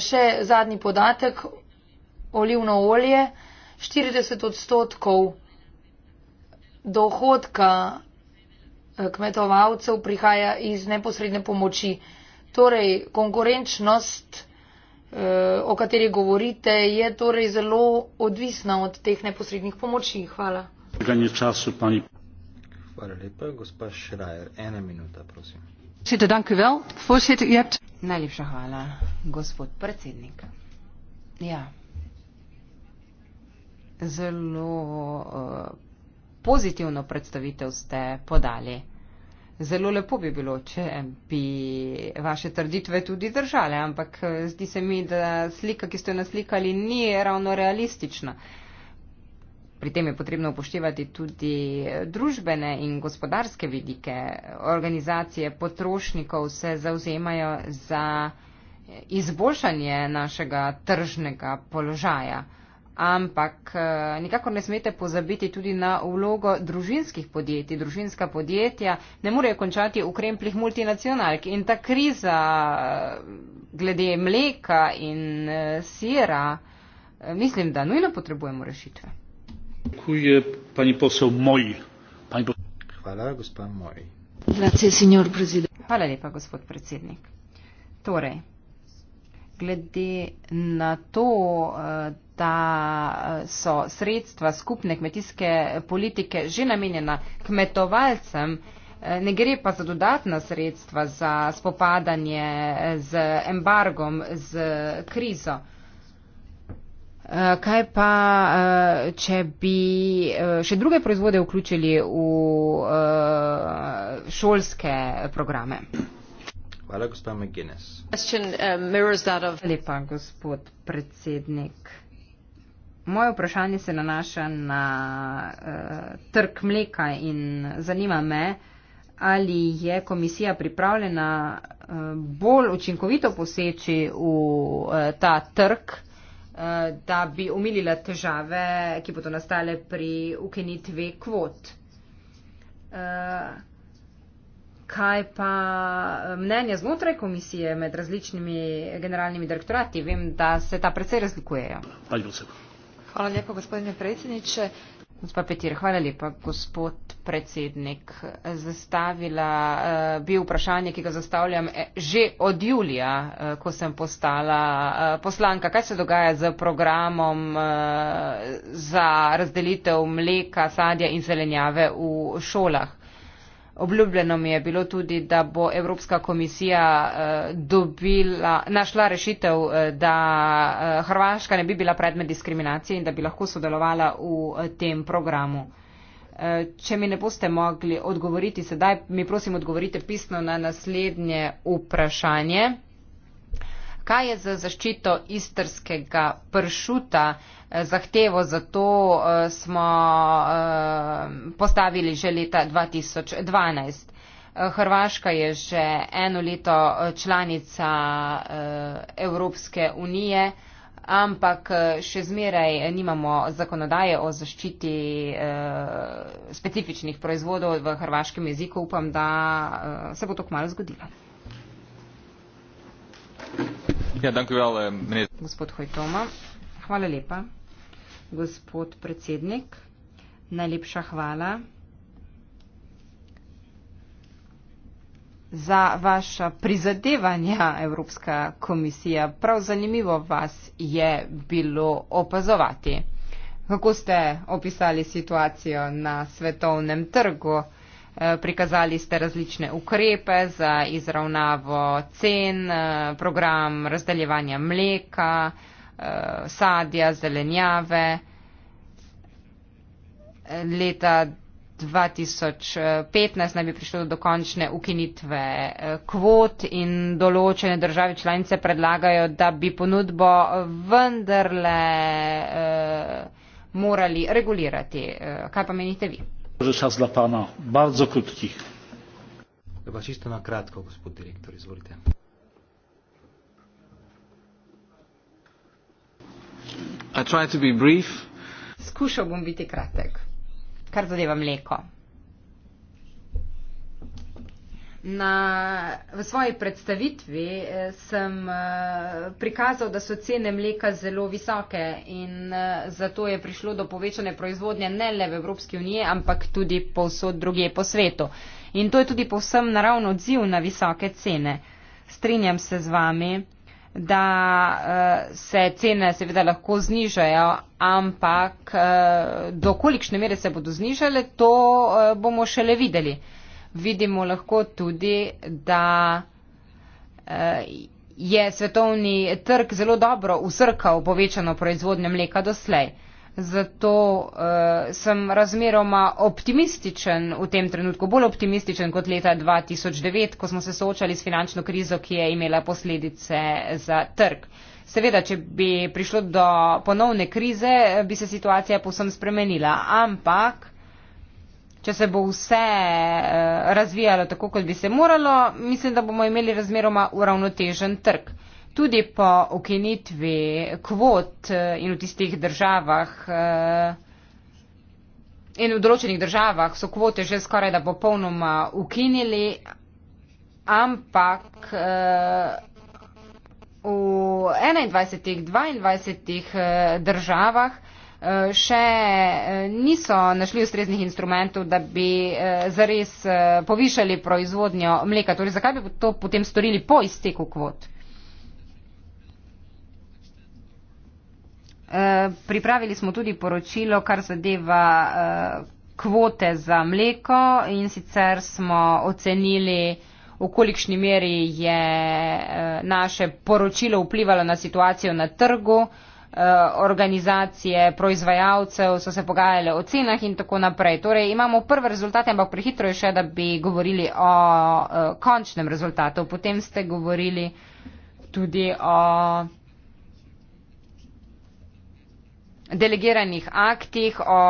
Še zadnji podatek, olivno olje, 40 odstotkov dohodka eh, kmetovalcev prihaja iz neposredne pomoči. Torej, konkurenčnost, eh, o kateri govorite, je torej zelo odvisna od teh neposrednih pomoči. Hvala. Hvala lepa, gospa Šrajer. Ena minuta, prosim. Najlepša hvala, gospod predsednik. Ja. Zelo uh, pozitivno predstavitev ste podali. Zelo lepo bi bilo, če bi vaše trditve tudi držale, ampak eh, zdi se mi, da slika, ki ste jo naslikali, ni ravno realistična. Pri tem je potrebno upoštevati tudi eh, družbene in gospodarske vidike. Organizacije potrošnikov se zauzemajo za eh, izboljšanje našega tržnega položaja ampak eh, nikakor ne smete pozabiti tudi na vlogo družinskih podjetij. Družinska podjetja ne morejo končati v kremplih multinacionalk in ta kriza eh, glede mleka in eh, sira, mislim, da nujno potrebujemo rešitve. Hvala, gospod Moj. Hvala lepa, gospod predsednik. Torej, glede na to, da eh, so sredstva skupne kmetijske politike že namenjena kmetovalcem, eh, ne gre pa za dodatna sredstva za spopadanje eh, z embargom, z krizo. Kaj pa, če bi še druge proizvode vključili v šolske programe? Hvala, gospod McGuinness. Hvala lepa, gospod predsednik. Moje vprašanje se nanaša na uh, trg mleka in zanima me, ali je komisija pripravljena uh, bolj učinkovito poseči v uh, ta trg, uh, da bi umilila težave, ki bodo nastale pri ukenitvi kvot. Uh, Kaj pa mnenja znotraj komisije med različnimi generalnimi direktorati? Vem, da se ta precej razlikujejo. Pa ljubce gospa Petir, hvala lepa, gospod predsednik. Zastavila eh, bi vprašanje, ki ga zastavljam eh, že od julija, eh, ko sem postala poslanka. Kaj se dogaja z programom za razdelitev mleka, sadja in zelenjave v šolah? Obljubljeno mi je bilo tudi, da bo Evropska komisija eh, dobila, našla rešitev, eh, da eh, Hrvaška ne bi bila predmet diskriminacije in da bi lahko sodelovala v tem programu. Če mi ne boste mogli odgovoriti sedaj, mi prosim odgovorite pisno na naslednje vprašanje. Kaj je za zaščito istrskega pršuta eh, zahtevo, zato eh, smo eh, postavili že leta 2012. Hrvaška je že eno leto članica Evropske unije, ampak še zmeraj nimamo zakonodaje o zaščiti specifičnih proizvodov v hrvaškem jeziku. Upam, da se bo to kmalo zgodilo. Ja, wel, eh, gospod Hojtoma, hvala lepa. Gospod predsednik, najlepša hvala za vaša prizadevanja, Evropska komisija. Prav zanimivo vas je bilo opazovati. Kako ste opisali situacijo na svetovnem trgu? Eh, prikazali ste različne ukrepe za izravnavo cen, eh, program razdaljevanja mleka, eh, sadja, zelenjave. Leta 2015 naj bi prišlo do končne ukinitve kvot in določene države članice predlagajo, da bi ponudbo vendarle morali regulirati. Kaj pa menite vi? może czas dla Pana, bardzo krótki. Chyba czysto na kratko, gospod dyrektor, zwolite. I try to be brief. Skušal bom biti kratek. Kar zadeva mleko. Na, v svoji predstavitvi eh, sem eh, prikazal, da so cene mleka zelo visoke in eh, zato je prišlo do povečane proizvodnje ne le v Evropski uniji, ampak tudi povsod druge po svetu. In to je tudi povsem naravno odziv na visoke cene. Strinjam se z vami, da se cene seveda lahko znižajo, ampak do kolikšne mere se bodo znižale, to bomo šele videli vidimo lahko tudi, da eh, je svetovni trg zelo dobro usrkal povečano proizvodnjo mleka doslej. Zato uh, sem razmeroma optimističen v tem trenutku, bolj optimističen kot leta 2009, ko smo se soočali s finančno krizo, ki je imela posledice za trg. Seveda, če bi prišlo do ponovne krize, bi se situacija povsem spremenila, ampak če se bo vse eh, razvijalo tako, kot bi se moralo, mislim, da bomo imeli razmeroma uravnotežen trg. Tudi po okenitvi kvot eh, in v tistih državah eh, in v določenih državah so kvote že skoraj da popolnoma ukinili, ampak v 21-22 državah Eh, še eh, niso našli ustreznih instrumentov, da bi eh, zares povišali proizvodnjo mleka. Torej, zakaj bi to potem storili po izteku kvot? Pripravili smo tudi poročilo, kar zadeva kvote za mleko in sicer smo ocenili, v kolikšni meri je naše poročilo vplivalo na situacijo na trgu. Eh, organizacije proizvajalcev so se pogajale o cenah in tako naprej. Torej imamo prve rezultate, ampak prehitro je še, da bi govorili o eh, končnem rezultatu. Potem ste govorili tudi o delegiranih aktih, o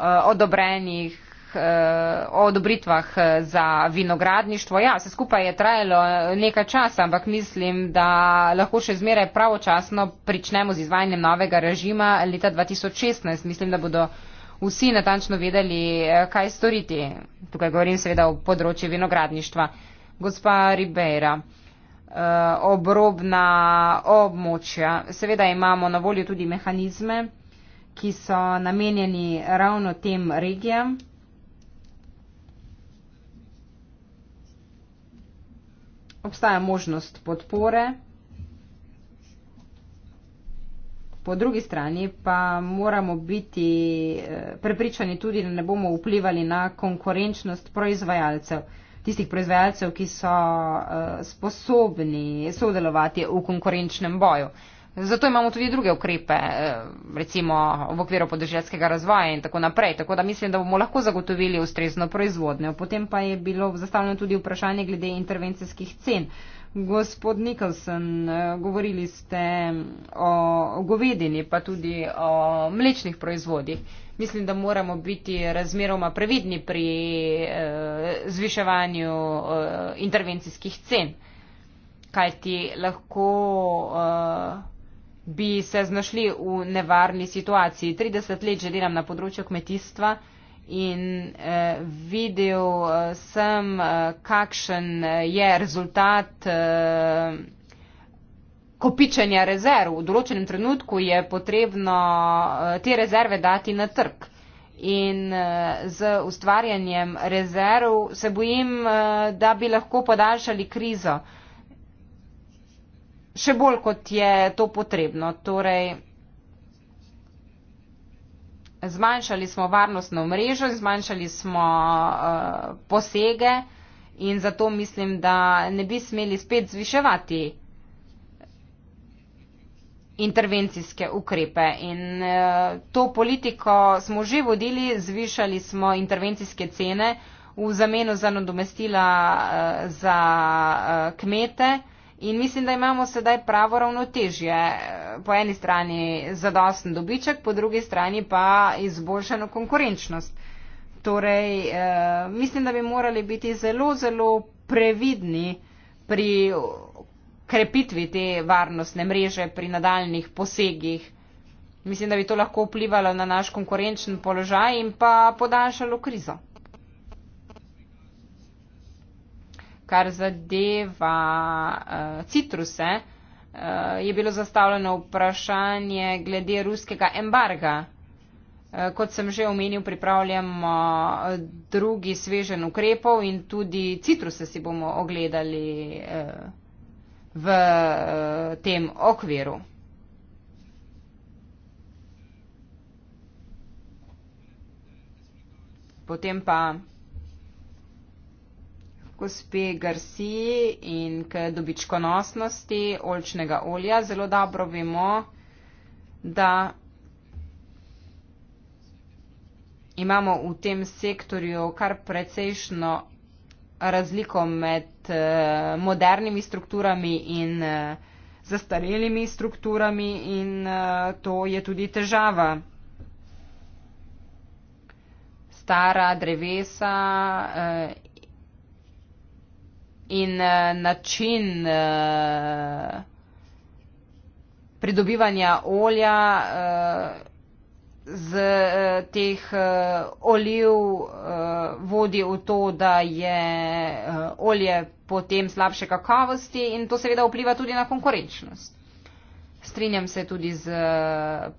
eh, odobrenih Eh, o odobritvah eh, za vinogradništvo. Ja, vse skupaj je trajalo eh, nekaj časa, ampak mislim, da lahko še zmeraj pravočasno pričnemo z izvajanjem novega režima leta 2016. Mislim, da bodo vsi natančno vedeli, kaj storiti. Tukaj govorim seveda o področju vinogradništva. Gospa Ribeira, obrobna območja. Seveda imamo na voljo tudi mehanizme ki so namenjeni ravno tem regijam. obstaja možnost podpore, po drugi strani pa moramo biti eh, prepričani tudi, da ne bomo vplivali na konkurenčnost proizvajalcev, tistih proizvajalcev, ki so eh, sposobni sodelovati v konkurenčnem boju. Zato imamo tudi druge ukrepe, eh, recimo v okviru podeželjskega razvoja in tako naprej. Tako da mislim, da bomo lahko zagotovili ustrezno proizvodnjo. Potem pa je bilo zastavljeno tudi vprašanje glede intervencijskih cen. Gospod Nikolsen, eh, govorili ste o govedini, pa tudi o mlečnih proizvodih. Mislim, da moramo biti razmeroma previdni pri eh, zviševanju eh, intervencijskih cen, kajti lahko eh, bi se znašli v nevarni situaciji. 30 let že delam na področju kmetijstva in eh, videl eh, sem, eh, kakšen eh, je rezultat eh, kopičenja rezerv. V določenem trenutku je potrebno eh, te rezerve dati na trg. In eh, z ustvarjanjem rezerv se bojim, eh, da bi lahko podaljšali krizo še bolj kot je to potrebno. Torej, zmanjšali smo varnostno mrežo, zmanjšali smo uh, posege in zato mislim, da ne bi smeli spet zviševati intervencijske ukrepe. In uh, to politiko smo že vodili, zvišali smo intervencijske cene v zameno za nadomestila uh, za uh, kmete. In mislim, da imamo sedaj pravo ravnotežje. Po eni strani zadosten dobiček, po drugi strani pa izboljšano konkurenčnost. Torej, eh, mislim, da bi morali biti zelo, zelo previdni pri krepitvi te varnostne mreže, pri nadaljnih posegih. Mislim, da bi to lahko vplivalo na naš konkurenčen položaj in pa podaljšalo krizo. kar zadeva uh, citruse, uh, je bilo zastavljeno vprašanje glede ruskega embarga. Eh, kot sem že omenil, pripravljamo drugi svežen ukrepov in tudi citruse si bomo ogledali v tem okviru. Potem pa gospe Garciji in k dobičkonosnosti olčnega olja. Zelo dobro vemo, da imamo v tem sektorju kar precejšno razliko med eh, modernimi strukturami in eh, zastarelimi strukturami in eh, to je tudi težava. Stara drevesa in uh, način uh, pridobivanja olja uh, z uh, teh uh, oliv uh, vodi v to, da je uh, olje potem slabše kakovosti in to seveda vpliva tudi na konkurenčnost. Strinjam se tudi z uh,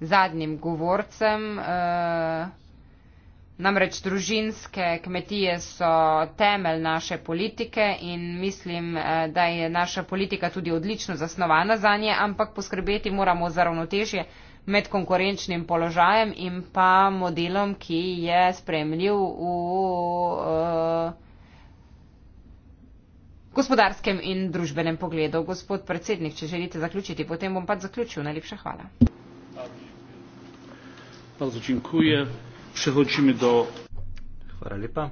zadnjim govorcem. Uh, Namreč družinske kmetije so temelj naše politike in mislim, eh, da je naša politika tudi odlično zasnovana za nje, ampak poskrbeti moramo za ravnotežje med konkurenčnim položajem in pa modelom, ki je spremljiv v uh, gospodarskem in družbenem pogledu. Gospod predsednik, če želite zaključiti, potem bom pa zaključil. Najlepša hvala. Hvala za učinkuje. Przechodzimy do. Hvala lepa.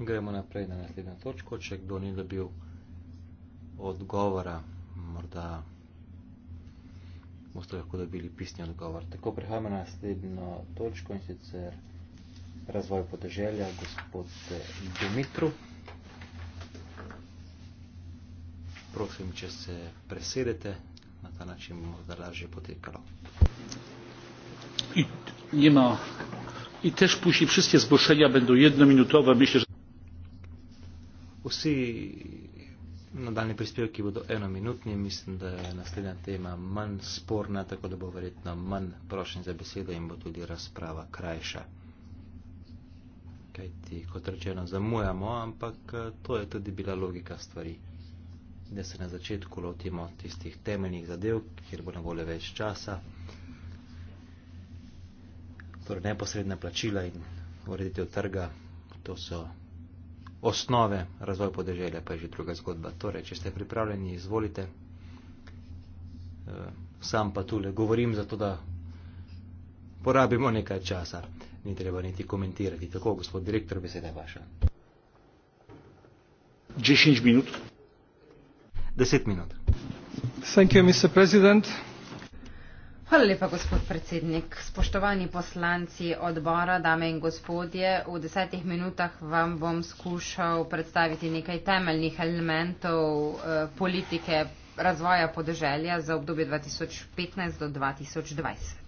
Gremo naprej na naslednjo točko. Če kdo ni dobil odgovora, morda boste lahko dobili pisni odgovor. Tako prehajamo na naslednjo točko in sicer razvoj podeželja, gospod Dimitru. Prosim, če se presedete, na ta način bomo zdaj lažje potekalo nie ma i też później wszystkie zgłoszenia będą jednominutowe myślę że Vsi nadaljni prispevki bodo enominutni, mislim, da je naslednja tema manj sporna, tako da bo verjetno manj prošen za besedo in bo tudi razprava krajša. Kaj ti, kot rečeno, zamujamo, ampak eh, to je tudi bila logika stvari, da se na začetku lotimo tistih temeljnih zadev, kjer bo na voljo več časa torej neposredna plačila in ureditev trga, to so osnove razvoja podeželja, pa je že druga zgodba. Torej, če ste pripravljeni, izvolite. Eh, sam pa tule govorim, zato da porabimo nekaj časa. Ni treba niti komentirati. Tako, gospod direktor, beseda je vaša. 10 minut. 10 minut. Thank you, Mr. President. Hvala lepa, gospod predsednik. Spoštovani poslanci odbora, dame in gospodje, v desetih minutah vam bom skušal predstaviti nekaj temeljnih elementov eh, politike razvoja podeželja za obdobje 2015 do 2020.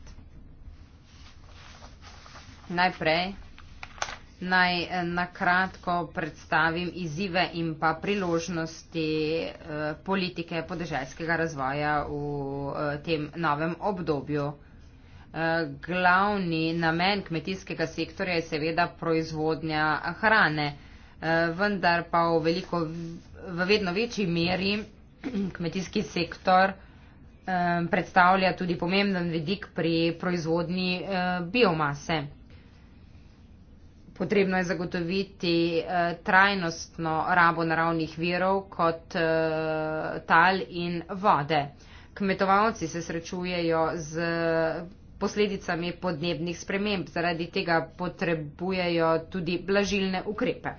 Najprej naj eh, na kratko predstavim izzive in pa priložnosti eh, politike podeželjskega razvoja v eh, tem novem obdobju. Glavni namen kmetijskega sektorja je seveda proizvodnja hrane, vendar pa v, veliko, v vedno večji meri kmetijski sektor predstavlja tudi pomemben vidik pri proizvodnji biomase potrebno je zagotoviti eh, trajnostno rabo naravnih virov kot eh, tal in vode. Kmetovalci se srečujejo z posledicami podnebnih sprememb, zaradi tega potrebujejo tudi blažilne ukrepe.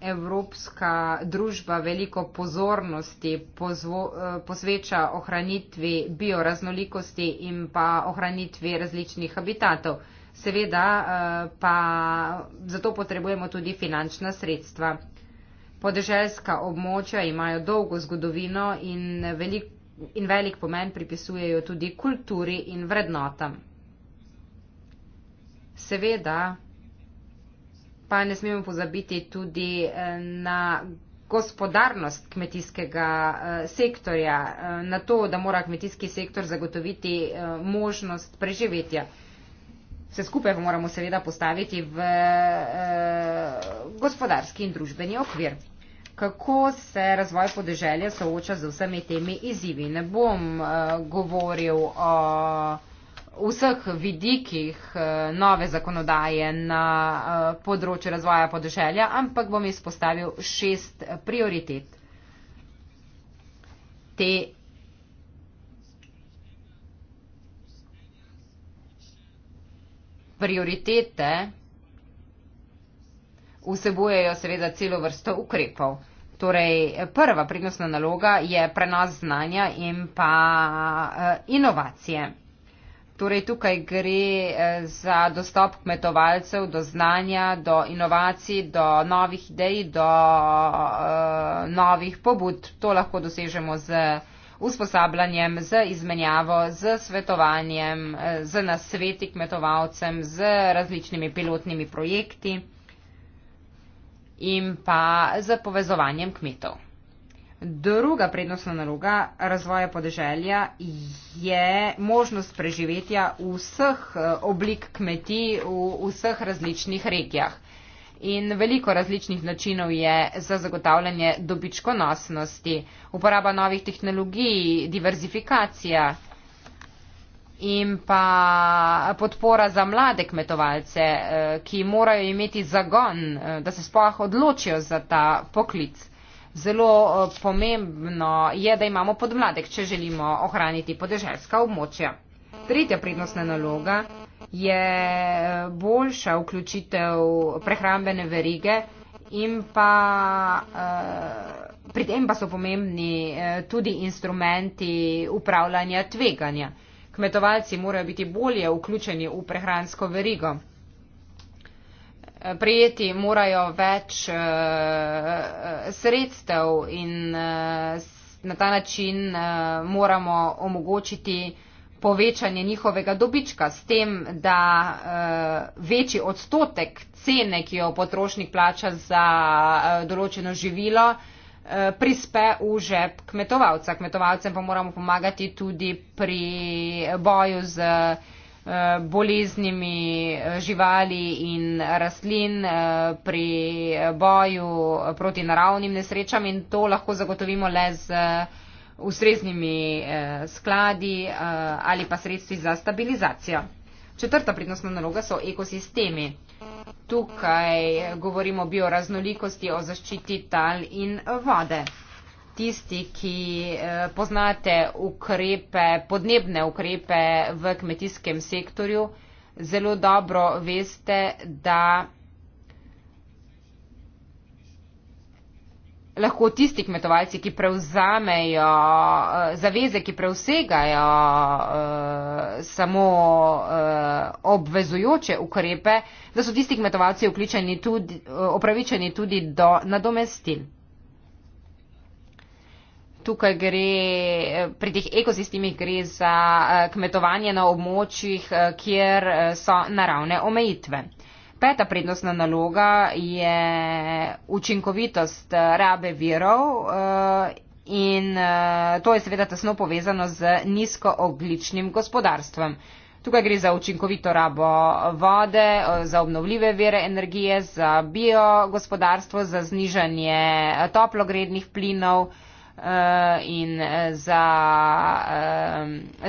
Evropska družba veliko pozornosti pozvo, eh, posveča ohranitvi bioraznolikosti in pa ohranitvi različnih habitatov. Seveda eh, pa zato potrebujemo tudi finančna sredstva. Podeželska območja imajo dolgo zgodovino in velik, in velik pomen pripisujejo tudi kulturi in vrednotam. Seveda pa ne smemo pozabiti tudi eh, na gospodarnost kmetijskega eh, sektorja, na to, da mora kmetijski sektor zagotoviti možnost preživetja se skupaj moramo seveda postaviti v eh, gospodarski in družbeni okvir. Kako se razvoj podeželja sooča z vsemi temi izzivi? Ne bom eh, govoril o vseh vidikih eh, nove zakonodaje na eh, področju razvoja podeželja, ampak bom izpostavil šest prioritet te prioritete vsebujejo seveda celo vrsto ukrepov. Torej, prva prednostna naloga je prenos znanja in pa eh, inovacije. Torej, tukaj gre eh, za dostop kmetovalcev do znanja, do inovacij, do novih idej, do uh, novih pobud. To lahko dosežemo z usposabljanjem, z izmenjavo, z svetovanjem, eh, z nasveti kmetovalcem, z različnimi pilotnimi projekti in pa z povezovanjem kmetov. Druga prednostna naloga razvoja podeželja je možnost preživetja vseh eh, oblik kmetij v vseh različnih regijah in veliko različnih načinov je za zagotavljanje dobičkonosnosti, uporaba novih tehnologij, diverzifikacija in pa podpora za mlade kmetovalce, eh, ki morajo imeti zagon, eh, da se sploh odločijo za ta poklic. Zelo eh, pomembno je, da imamo podmladek, če želimo ohraniti podeželska območja. Tretja prednostna naloga je boljša vključitev prehrambene verige in pa eh, pri tem pa so pomembni eh, tudi instrumenti upravljanja tveganja. Kmetovalci morajo biti bolje vključeni v prehransko verigo. Eh, Prijeti morajo več sredstev in na ta način moramo omogočiti, povečanje njihovega dobička s tem, da uh, večji odstotek cene, ki jo potrošnik plača za uh, določeno živilo, uh, prispe v žep kmetovalca. Kmetovalcem pa moramo pomagati tudi pri boju z boleznimi živali in rastlin pri boju proti naravnim nesrečam in to lahko zagotovimo le z ustreznimi eh, skladi eh, ali pa sredstvi za stabilizacijo. Četrta prednostna naloga so ekosistemi. Tukaj govorimo o bioraznolikosti, o zaščiti tal in vode. Tisti, ki eh, poznate ukrepe, podnebne ukrepe v kmetijskem sektorju, zelo dobro veste, da lahko tisti kmetovalci, ki prevzamejo eh, zaveze, ki prevsegajo eh, samo eh, obvezujoče ukrepe, da so tisti kmetovalci tudi, eh, opravičeni tudi do nadomestil. Tukaj gre eh, pri teh ekosistemih gre za kmetovanje na območjih, kjer so naravne omejitve. Peta prednostna naloga je učinkovitost eh, rabe virov eh, in eh, to je seveda tesno povezano z nizkoogličnim gospodarstvom. Tukaj gre za učinkovito rabo vode, za obnovljive vere energije, za biogospodarstvo, za znižanje toplogrednih plinov in za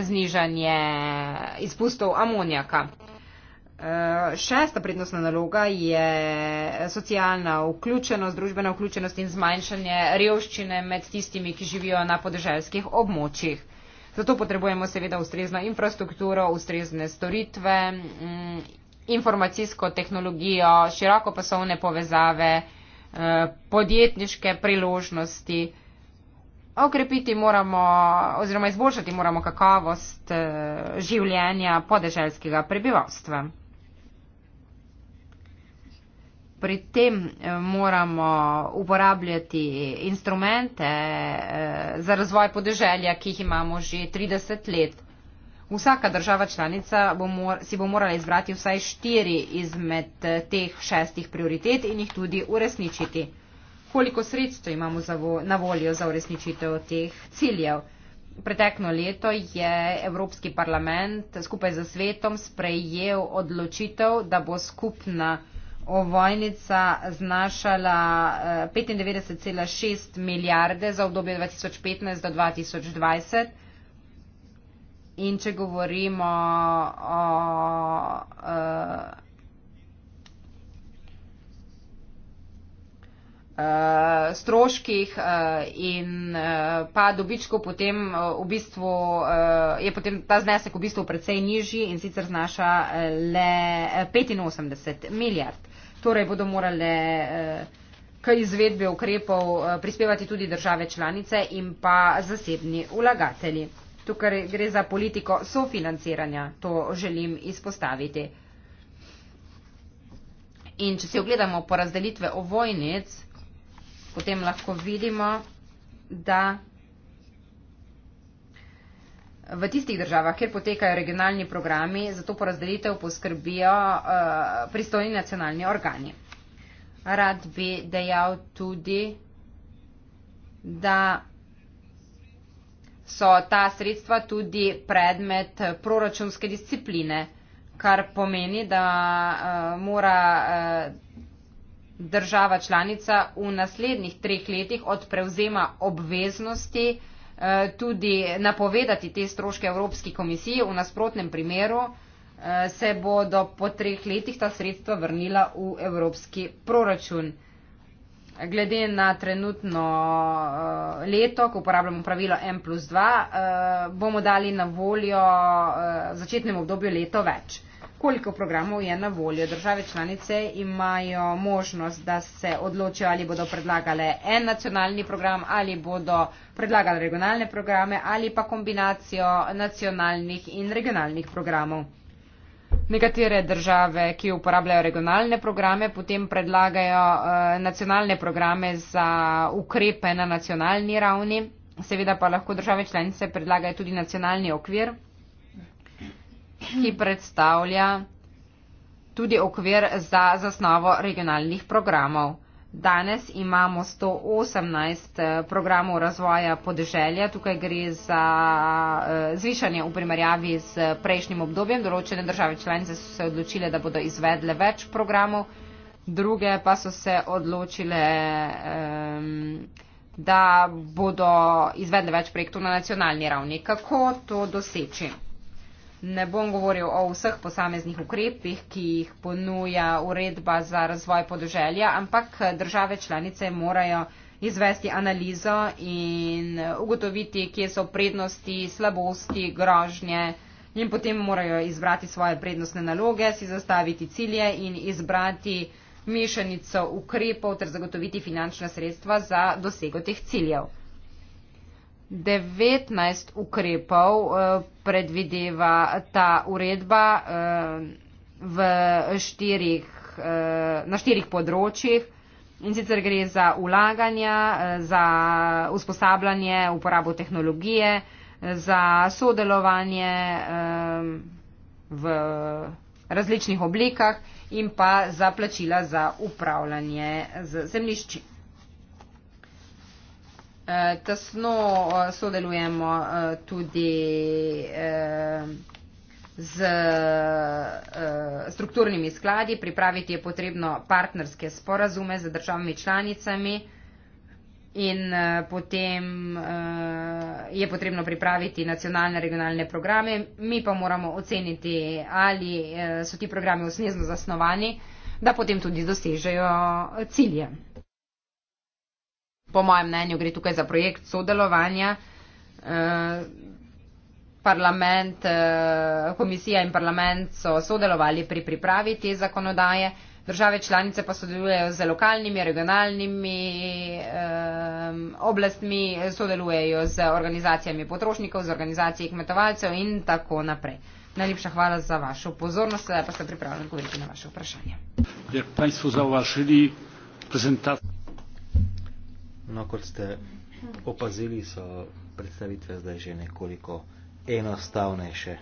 znižanje izpustov amonijaka. Eh, šesta prednostna naloga je socialna vključenost, družbena vključenost in zmanjšanje revščine med tistimi, ki živijo na podeželskih območjih. Zato potrebujemo seveda ustrezno infrastrukturo, ustrezne storitve, mm, informacijsko tehnologijo, široko pasovne povezave, eh, podjetniške priložnosti. Okrepiti moramo oziroma izboljšati moramo kakovost eh, življenja podeželskega prebivalstva pri tem eh, moramo uporabljati instrumente eh, za razvoj podeželja, ki jih imamo že 30 let. Vsaka država članica bo mor, si bo morala izbrati vsaj štiri izmed eh, teh šestih prioritet in jih tudi uresničiti. Koliko sredstv imamo vo, na voljo za uresničitev teh ciljev? Preteklo leto je Evropski parlament skupaj z svetom sprejel odločitev, da bo skupna ovojnica znašala 95,6 eh, milijarde za obdobje 2015 do 2020. In če govorimo o uh, Eh, stroških eh, in eh, pa dobičko potem v bistvu je potem ta znesek v bistvu precej nižji in sicer znaša le 85 milijard. Torej bodo morale k izvedbi ukrepov prispevati tudi države članice in pa zasebni vlagatelji. Tukaj gre za politiko sofinanciranja, to želim izpostaviti. In če si ogledamo porazdelitve ovojnic, potem lahko vidimo, da v tistih državah, kjer potekajo regionalni programi, za to porazdelitev poskrbijo uh, pristojni nacionalni organi. Rad bi dejal tudi, da so ta sredstva tudi predmet proračunske discipline, kar pomeni, da uh, mora. Uh, država članica v naslednjih treh letih od prevzema obveznosti eh, tudi napovedati te stroške Evropski komisiji, v nasprotnem primeru eh, se bodo po treh letih ta sredstva vrnila v Evropski proračun. Glede na trenutno eh, leto, ko uporabljamo pravilo M plus 2, bomo dali na voljo začetnem obdobju leto več koliko programov je na voljo. Države članice imajo možnost, da se odločijo, ali bodo predlagale en nacionalni program, ali bodo predlagale regionalne programe, ali pa kombinacijo nacionalnih in regionalnih programov. Nekatere države, ki uporabljajo regionalne programe, potem predlagajo uh, nacionalne programe za ukrepe na nacionalni ravni. Seveda pa lahko države članice predlagajo tudi nacionalni okvir ki predstavlja tudi okvir za zasnovo regionalnih programov. Danes imamo 118 eh, programov razvoja podeželja. Tukaj gre za eh, zvišanje v primerjavi z prejšnjim obdobjem. Določene države članice so se odločile, da bodo izvedle več programov, druge pa so se odločile, da bodo izvedle več projektov na nacionalni ravni. Kako to doseči? Ne bom govoril o vseh posameznih ukrepih, ki jih ponuja uredba za razvoj podoželja, ampak države članice morajo izvesti analizo in ugotoviti, kje so prednosti, slabosti, grožnje in potem morajo izbrati svoje prednostne naloge, si zastaviti cilje in izbrati mešanico ukrepov ter zagotoviti finančna sredstva za dosego teh ciljev. 19 ukrepov eh, predvideva ta uredba eh, v štirih, eh, na štirih področjih. In sicer gre za ulaganja, za usposabljanje, uporabo tehnologije, za sodelovanje v različnih oblikah in pa za plačila za upravljanje z zemljišči. Eh, tesno eh, sodelujemo eh, tudi z strukturnimi skladi. Pripraviti je potrebno partnerske sporazume z državami članicami in potem je potrebno pripraviti nacionalne regionalne programe. Mi pa moramo oceniti, ali so ti programe usnezno zasnovani, da potem tudi dosežejo cilje po mojem mnenju gre tukaj za projekt sodelovanja. Eh, parlament, eh, komisija in parlament so sodelovali pri pripravi te zakonodaje. Države članice pa sodelujejo z lokalnimi, regionalnimi eh, oblastmi, sodelujejo z organizacijami potrošnikov, z organizacijami kmetovalcev in tako naprej. Najlepša hvala za vašo pozornost, sedaj pa sem pripravljen odgovoriti na vaše vprašanje. Ja, No, kot ste opazili, so predstavitve zdaj že nekoliko enostavnejše,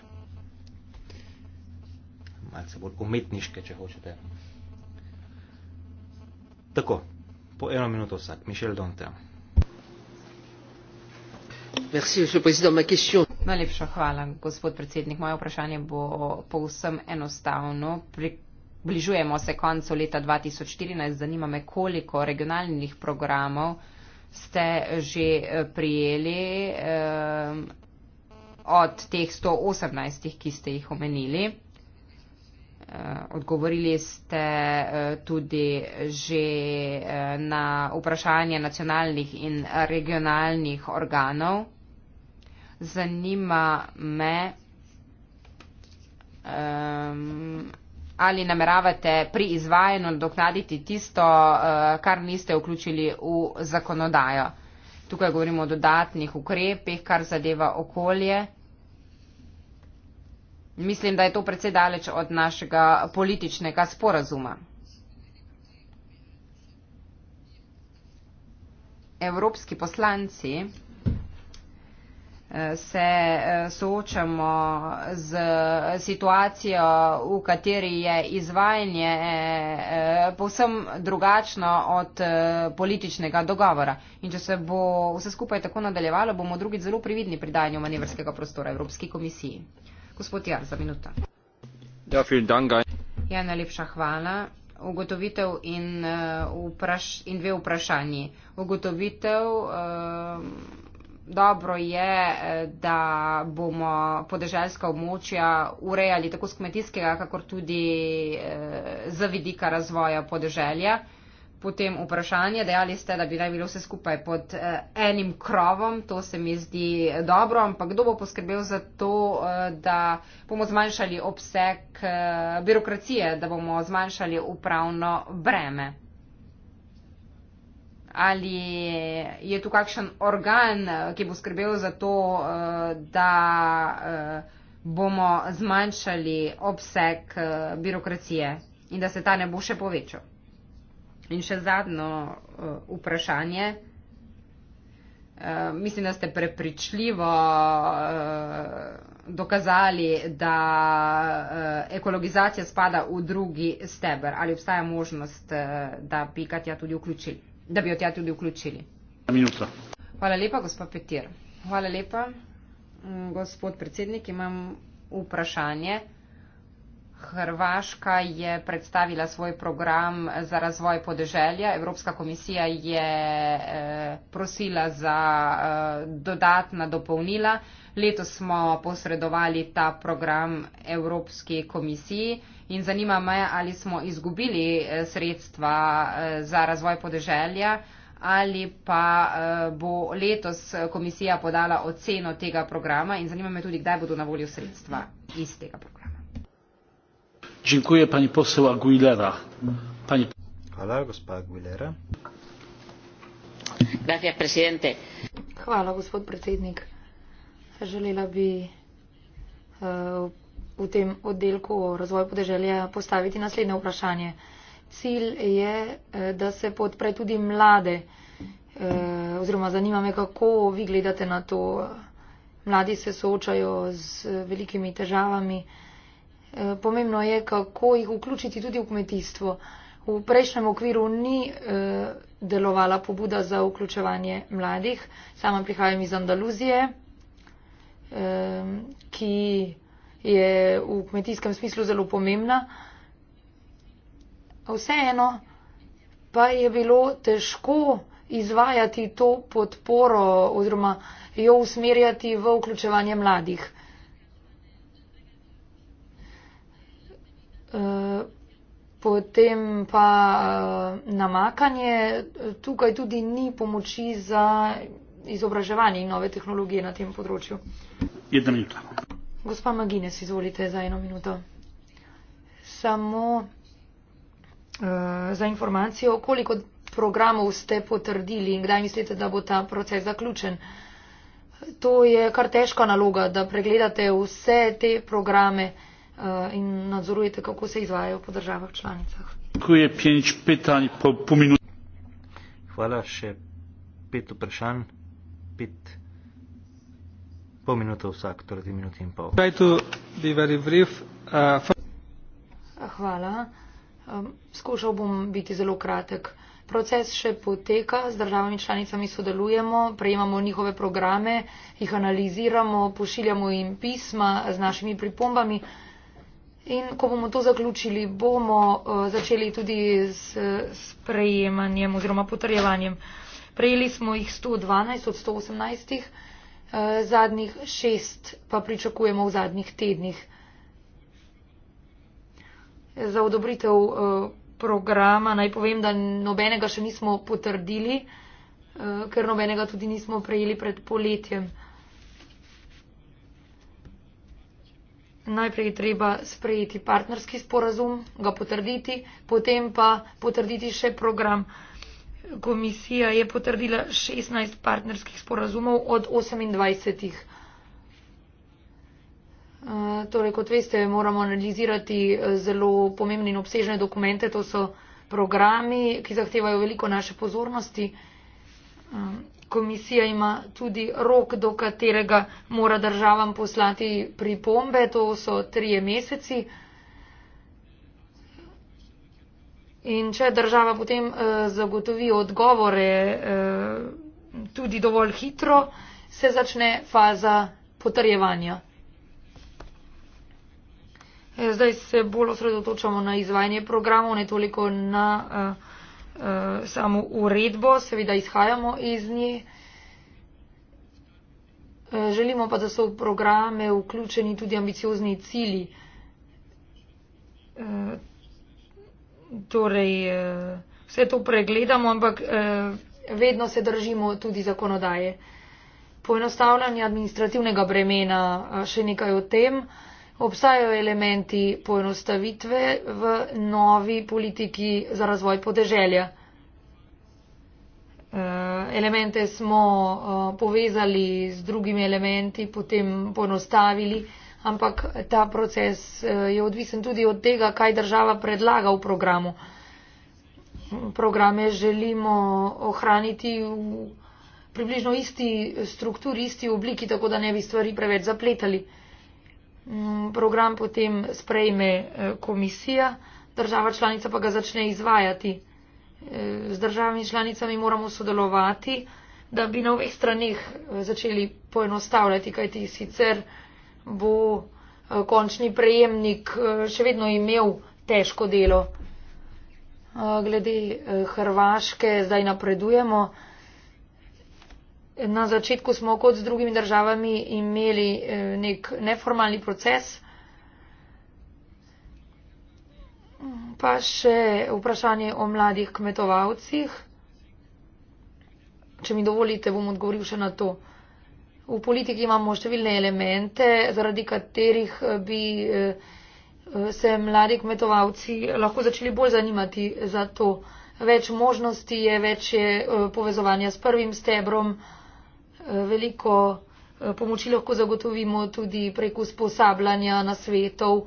malce bolj umetniške, če hočete. Tako, po eno minuto vsak, Mišel Donte. Najlepša hvala, gospod predsednik. Moje vprašanje bo povsem enostavno. Približujemo se koncu leta 2014. Zanima me, koliko regionalnih programov ste že eh, prijeli eh, od teh 118, ki ste jih omenili. Eh, odgovorili ste eh, tudi že eh, na vprašanje nacionalnih in regionalnih organov. Zanima me. Eh, ali nameravate pri izvajanju nadoknaditi tisto, eh, kar niste vključili v zakonodajo. Tukaj govorimo o dodatnih ukrepih, kar zadeva okolje. Mislim, da je to predvsej daleč od našega političnega sporazuma. Evropski poslanci se eh, soočamo z situacijo, v kateri je izvajanje eh, eh, povsem drugačno od političnega dogovora. In če se bo vse skupaj tako nadaljevalo, bomo drugi zelo prividni pri danju manevrskega prostora Evropski komisiji. Gospod Jar, za minuto. Ja, dank, ja najlepša hvala. Ugotovitev in, vpraš in dve vprašanji. Ugotovitev. Uh, Dobro je, eh, da bomo podeželjska območja urejali tako z kmetijskega, kakor tudi eh, z vidika razvoja podeželja. Potem vprašanje, dejali ste, da bi naj bilo vse skupaj pod eh, enim krovom, to se mi zdi dobro, ampak kdo bo poskrbel za to, da bomo zmanjšali obseg birokracije, da bomo zmanjšali upravno breme? ali je tu kakšen organ, ki bo skrbel za to, eh, da eh, bomo zmanjšali obseg eh, birokracije in da se ta ne bo še povečal. In še zadnjo vprašanje. Mislim, da ste prepričljivo dokazali, da ekologizacija spada v drugi steber. Ali obstaja možnost, da bi Katja tudi vključili? da bi jo tja tudi vključili. Minuto. Hvala lepa, gospod Petir. Hvala lepa, mm, gospod predsednik. Imam vprašanje. Hrvaška je predstavila svoj program za razvoj podeželja. Evropska komisija je eh, prosila za eh, dodatna dopolnila. Leto smo posredovali ta program Evropski komisiji in zanima me, ali smo izgubili eh, sredstva za razvoj podeželja ali pa bo letos komisija podala oceno tega programa in zanima me tudi, kdaj bodo na voljo sredstva iz tega programa. Dziękuję pani poseł Aguilera. Pani... Hvala, gospa Aguilera. Gracias, presidente. Hvala, gospod predsednik. Želela bi uh, v tem oddelku o razvoju podeželja postaviti naslednje vprašanje. Cilj je, uh, da se podpre tudi mlade. Uh, oziroma zanima me, kako vi gledate na to. Mladi se soočajo z velikimi težavami. Uh, Eh, pomembno je, kako jih vključiti tudi v kmetijstvo. V prejšnjem okviru ni eh, delovala pobuda za vključevanje mladih. Sama prihajam iz Andaluzije, eh, ki je v kmetijskem smislu zelo pomembna. Vseeno pa je bilo težko izvajati to podporo oziroma jo usmerjati v vključevanje mladih. Eh, potem pa eh, namakanje. Tukaj tudi ni pomoči za izobraževanje in nove tehnologije na tem področju. Jedna minuta. Gospa Magines, izvolite za eno minuto. Samo uh, za informacijo, koliko programov ste potrdili in kdaj mislite, da bo ta proces zaključen. To je kar težka naloga, da pregledate vse te programe. Eh, in nadzorujete kako se izvajajo po državah članicah. Hvala, še pet vprašanj, pet, pol minuto vsak, torej dve minuti in pol. Uh, Hvala. Um, skušal bom biti zelo kratek. Proces še poteka, z državami članicami sodelujemo, prejemamo njihove programe, jih analiziramo, pošiljamo jim pisma z našimi pripombami. In ko bomo to zaključili, bomo eh, začeli tudi s sprejemanjem oziroma potrjevanjem. Prejeli smo jih 112 od 118, eh, zadnjih šest pa pričakujemo v zadnjih tednih. Za odobritev eh, programa naj povem, da nobenega še nismo potrdili, ker nobenega tudi nismo prejeli pred poletjem. najprej treba sprejeti partnerski sporazum, ga potrditi, potem pa potrditi še program. Komisija je potrdila 16 partnerskih sporazumov od 28. Eh, torej, kot veste, moramo analizirati eh, zelo pomembne in obsežne dokumente. To so programi, ki zahtevajo veliko naše pozornosti eh, komisija ima tudi rok, do katerega mora državam poslati pripombe, to so trije meseci. In če država potem eh, zagotovi odgovore eh, tudi dovolj hitro, se začne faza potrjevanja. Eh, zdaj se bolj osredotočamo na izvajanje programov, ne toliko na. Eh, Eh, samo uredbo, seveda izhajamo iz nje. Eh, želimo pa, da so v programe vključeni tudi ambiciozni cili. Eh, torej, vse to pregledamo, ampak vedno se držimo tudi zakonodaje. Poenostavljanje administrativnega bremena, še nekaj o tem obstajajo elementi poenostavitve v novi politiki za razvoj podeželja. Eh, elemente smo eh, povezali z drugimi elementi, potem poenostavili, ampak ta proces eh, je odvisen tudi od tega, kaj država predlaga v programu. Programe želimo ohraniti v približno isti strukturi, isti obliki, tako da ne bi stvari preveč zapletali. Mm, program potem sprejme eh, komisija, država članica pa ga začne izvajati. Eh, z državami članicami moramo sodelovati, da bi na obeh stranih eh, začeli poenostavljati, kajti sicer bo končni prejemnik še vedno imel težko delo. Glede Hrvaške zdaj napredujemo na začetku smo kot z drugimi državami imeli eh, nek neformalni proces. Pa še vprašanje o mladih kmetovalcih. Če mi dovolite, bom odgovoril še na to. V politiki imamo številne elemente, zaradi katerih eh, bi eh, se mladi kmetovalci lahko začeli bolj zanimati za to. Več možnosti je, več je povezovanja s prvim stebrom veliko eh, pomoči lahko zagotovimo tudi prek usposabljanja na svetov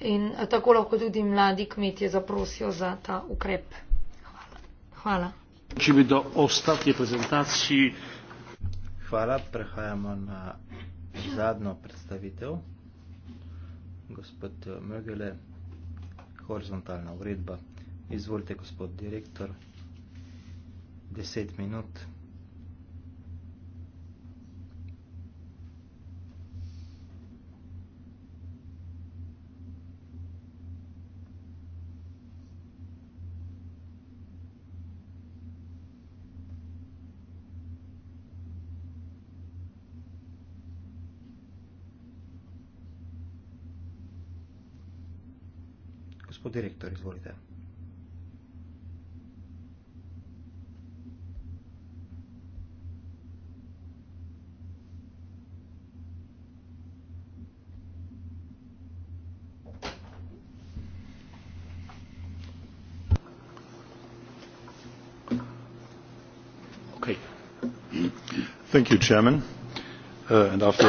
in eh, tako lahko tudi mladi kmetje zaprosijo za ta ukrep. Hvala. Hvala. Če bi do ostatke prezentacije. Hvala, prehajamo na zadnjo predstavitev. Gospod eh, Mögele, horizontalna uredba. Izvolite, gospod direktor, deset minut. gospod direktor, izvolite. Thank you, Chairman. Uh, and after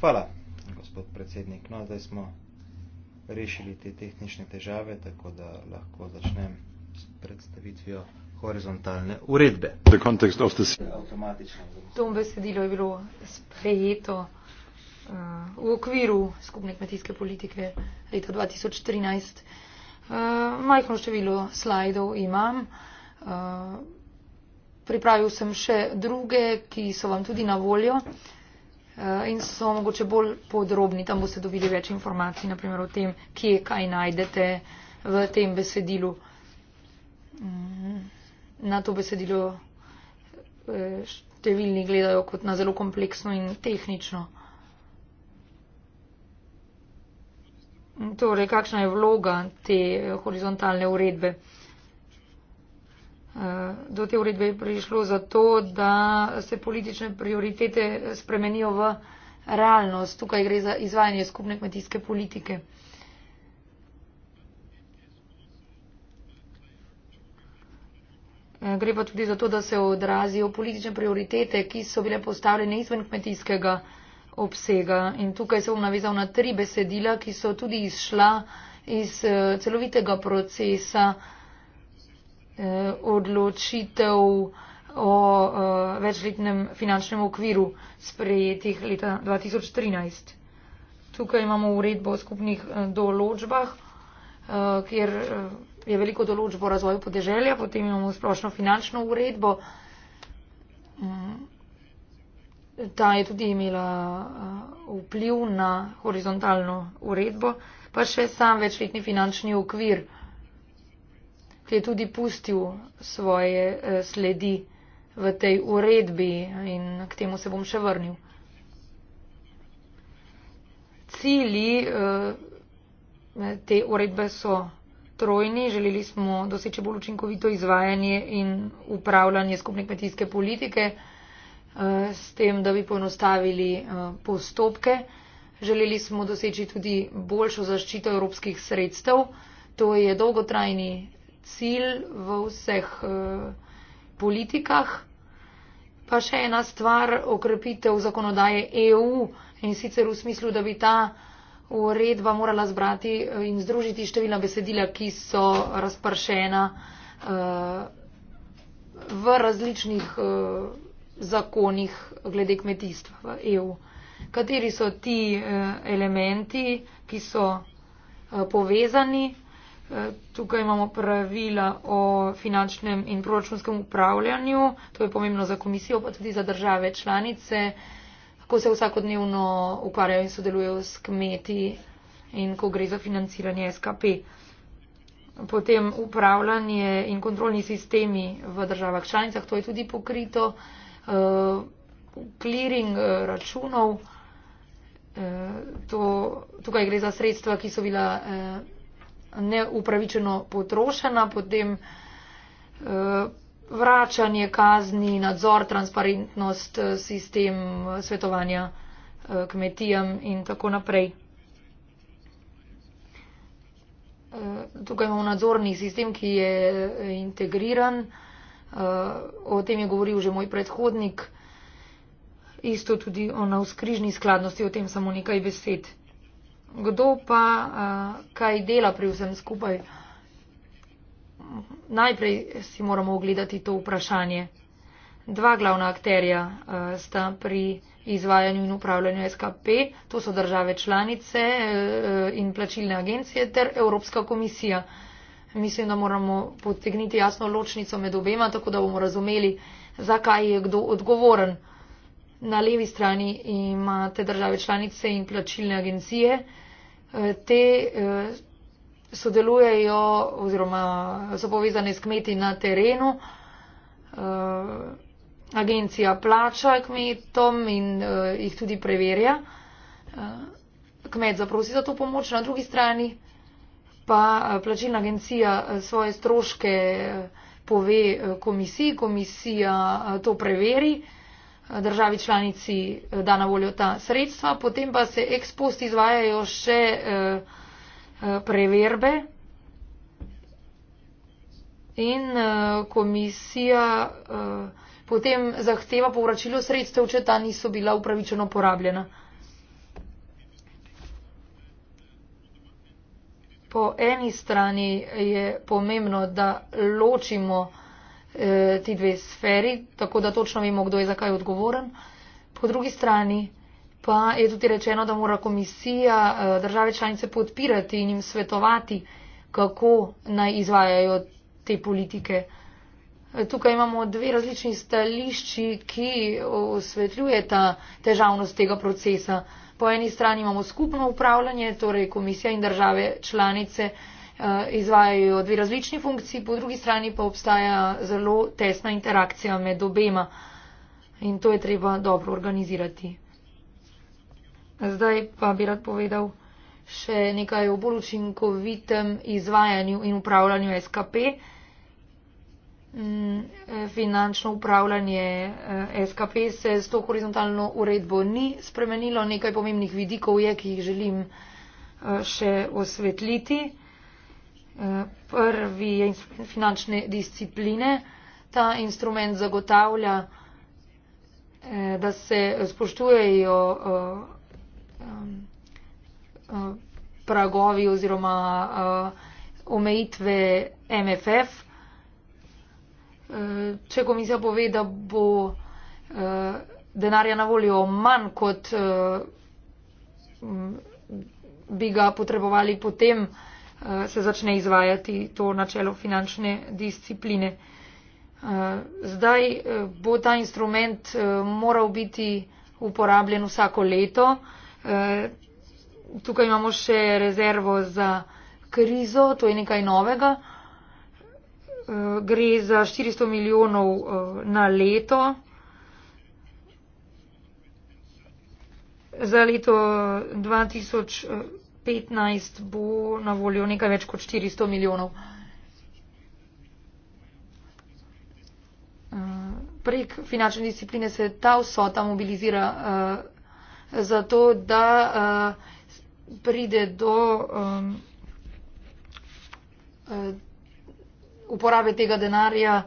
Hvala, gospod predsednik. No, zdaj smo rešili te tehnične težave, tako da lahko začnem s predstavitvijo horizontalne uredbe. To besedilo je bilo sprejeto uh, v okviru skupne kmetijske politike leta 2013. Uh, eh, majhno število slajdov imam. Uh, pripravil sem še druge, ki so vam tudi na voljo. Uh, Eh, in so mogoče bolj podrobni. Tam boste dobili več informacij, naprimer o tem, kje kaj najdete v tem besedilu. Mm, na to besedilo eh, številni gledajo kot na zelo kompleksno in tehnično. Torej, kakšna je vloga te horizontalne uredbe? Eh, do te uredbe prišlo zato, da se politične prioritete spremenijo v realnost. Tukaj gre za izvajanje skupne kmetijske politike. Eh, gre pa tudi za to, da se odrazijo politične prioritete, ki so bile postavljene izven kmetijskega obsega. In tukaj se bom navezal na tri besedila, ki so tudi izšla iz eh, celovitega procesa Eh, odločitev o eh, večletnem finančnem okviru sprejetih leta 2013. Tukaj imamo uredbo o skupnih eh, določbah, kjer je veliko določb o razvoju podeželja, potem imamo splošno finančno uredbo. Mm, ta je tudi imela vpliv na horizontalno uredbo, pa še sam večletni finančni okvir ki je tudi pustil svoje eh, sledi v tej uredbi in k temu se bom še vrnil. Cili eh, te uredbe so trojni. Želeli smo doseči bolj učinkovito izvajanje in upravljanje skupne kmetijske politike eh, s tem, da bi ponostavili postopke. Želeli smo doseči tudi boljšo zaščito evropskih sredstev. To je dolgotrajni cilj v vseh eh, politikah. Pa še ena stvar, okrepitev zakonodaje EU in sicer v smislu, da bi ta uredba morala zbrati eh, in združiti številna besedila, ki so razpršena eh, v različnih zakonih glede kmetijstva v EU. Kateri so ti elementi, ki so povezani? Eh, tukaj imamo pravila o finančnem in proračunskem upravljanju, to je pomembno za komisijo, pa tudi za države članice, kako se vsakodnevno ukvarjajo in sodelujejo s kmeti in ko gre za financiranje SKP. Potem upravljanje in kontrolni sistemi v državah članicah, to je tudi pokrito, eh, clearing eh, računov, to, tukaj gre za sredstva, ki so bila neupravičeno potrošena, potem eh, vračanje kazni, nadzor, transparentnost, eh, sistem eh, svetovanja kmetijam in tako naprej. Tukaj imamo nadzorni sistem, ki je integriran. O tem je govoril že moj predhodnik. Isto tudi o navskrižni skladnosti, o tem samo nekaj besed kdo pa uh, kaj dela pri vsem skupaj. Najprej si moramo ogledati to vprašanje. Dva glavna akterja uh, sta pri izvajanju in upravljanju SKP, to so države članice uh, in plačilne agencije ter Evropska komisija. Mislim, da moramo potegniti jasno ločnico med obema, tako da bomo razumeli, zakaj je kdo odgovoren. Na levi strani imate države članice in plačilne agencije, uh, Eh, te eh, sodelujejo oziroma so povezane s kmeti na terenu. Eh, agencija plača kmetom in jih tudi preverja. Kmet zaprosi za to pomoč, na drugi strani pa plačilna agencija svoje stroške pove komisiji, komisija to preveri državi članici eh, da na voljo ta sredstva, potem pa se ex post izvajajo še eh, eh, preverbe in komisija potem zahteva povračilo sredstev, če ta niso bila upravičeno porabljena. Po eni strani je pomembno, da ločimo Eh, ti dve sferi, tako da točno vemo, kdo je za kaj odgovoren. Po drugi strani pa je tudi rečeno, da mora komisija eh, države članice podpirati in jim svetovati, kako naj izvajajo te politike. Eh, tukaj imamo dve različni stališči, ki osvetljujeta težavnost tega procesa. Po eni strani imamo skupno upravljanje, torej komisija in države članice. Eh, izvajajo dve različni funkciji, po drugi strani pa obstaja zelo tesna interakcija med obema in to je treba dobro organizirati. Zdaj pa bi rad povedal še nekaj o bolj učinkovitem izvajanju in upravljanju SKP. Mm, finančno upravljanje eh, SKP se s to horizontalno uredbo ni spremenilo. Nekaj pomembnih vidikov je, ki jih želim eh, še osvetliti prvi je finančne discipline. Ta instrument zagotavlja, eh, da se spoštujejo eh, eh, pragovi oziroma omejitve MFF. Če komisija pove, da bo denarja na voljo manj, kot bi ga potrebovali potem, Eh, se začne izvajati to načelo finančne discipline. Eh, zdaj eh, bo ta instrument moral biti uporabljen vsako leto. Tukaj imamo še rezervo za krizo, to je nekaj novega. Gre za 400 milijonov na leto. Za leto 2000. 2015 bo na voljo nekaj več kot 400 milijonov. Eh, prek finančne discipline se ta vsota mobilizira uh, zato, da uh, pride do um, uh, uporabe tega denarja.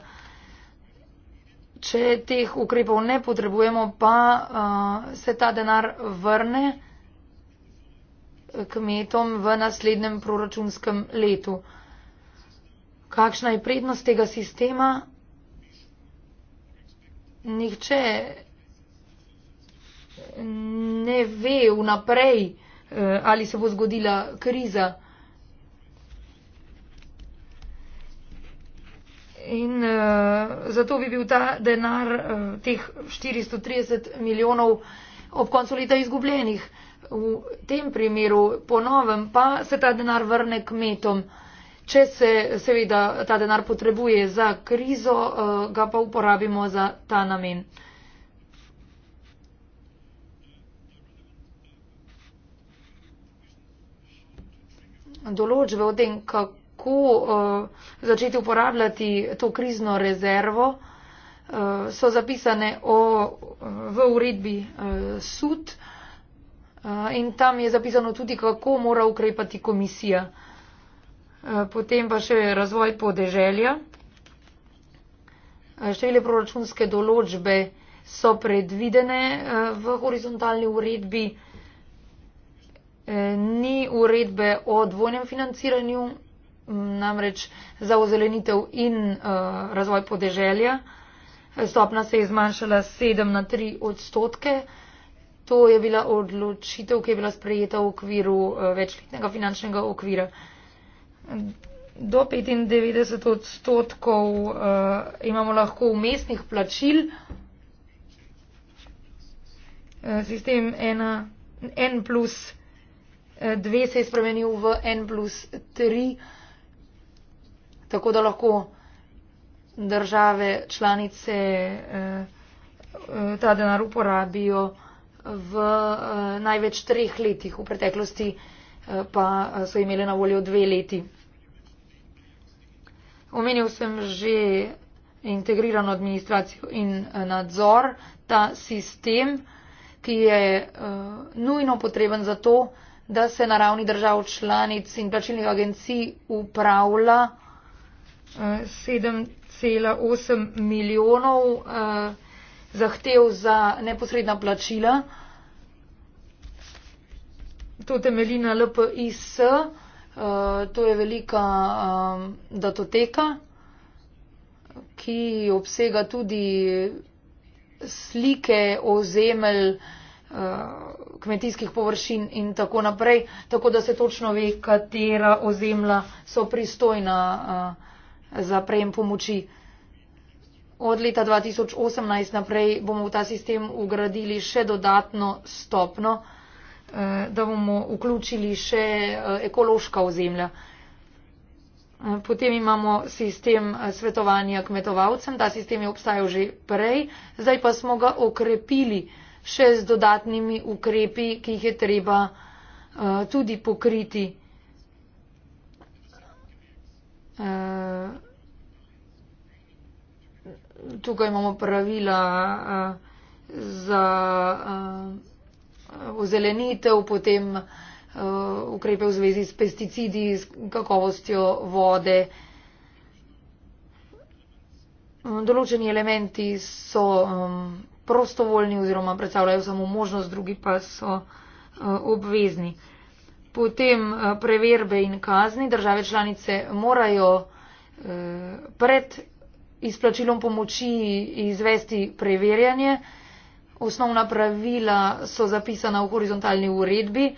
Če teh ukrepov ne potrebujemo, pa uh, se ta denar vrne kmetom v naslednjem proračunskem letu. Kakšna je prednost tega sistema? Nihče ne ve vnaprej, eh, ali se bo zgodila kriza. In uh, zato bi bil ta denar uh, teh 430 milijonov ob koncu leta izgubljenih. Uh, v tem primeru ponovem, pa se ta denar vrne kmetom. Če se seveda ta denar potrebuje za krizo, eh, ga pa uporabimo za ta namen. Določbe o tem, kako eh, začeti uporabljati to krizno rezervo, eh, so zapisane v uredbi SUD in tam je zapisano tudi, kako mora ukrepati komisija. Potem pa še razvoj podeželja. Števile proračunske določbe so predvidene v horizontalni uredbi. E, ni uredbe o dvojnem financiranju, namreč za ozelenitev in razvoj podeželja. Stopna se je zmanjšala 7 na 3 odstotke. To je bila odločitev, ki je bila sprejeta v okviru eh, večletnega finančnega okvira. Do 95 odstotkov eh, imamo lahko umestnih plačil. Eh, sistem 1, N plus 2 se je spremenil v N plus 3, tako da lahko države članice ta denar uporabijo v eh, največ treh letih, v preteklosti eh, pa eh, so imeli na voljo dve leti. Omenil sem že integrirano administracijo in nadzor, ta sistem, ki je nujno potreben za to, da se na ravni držav članic in plačilnih agencij upravlja 7,8 milijonov zahtev za neposredna plačila projektu temelji na LPIS, eh, to je velika eh, datoteka, ki obsega tudi slike o zemelj, eh, kmetijskih površin in tako naprej, tako da se točno ve, katera ozemlja so pristojna za prejem pomoči. Od leta 2018 naprej bomo v ta sistem ugradili še dodatno stopno. Eh, da bomo vključili še eh, ekološka ozemlja. Eh, potem imamo sistem svetovanja kmetovalcem, ta sistem je obstajal že prej, zdaj pa smo ga okrepili še z dodatnimi ukrepi, ki jih je treba tudi pokriti. Tukaj imamo pravila za Eh, ozelenitev, potem eh, ukrepe v zvezi s pesticidi, s kakovostjo vode. Mm, določeni elementi so mm, prostovoljni oziroma predstavljajo samo možnost, drugi pa so eh, obvezni. Potem preverbe in kazni. Države članice morajo pred izplačilom pomoči izvesti preverjanje. Osnovna pravila so zapisana v horizontalni uredbi,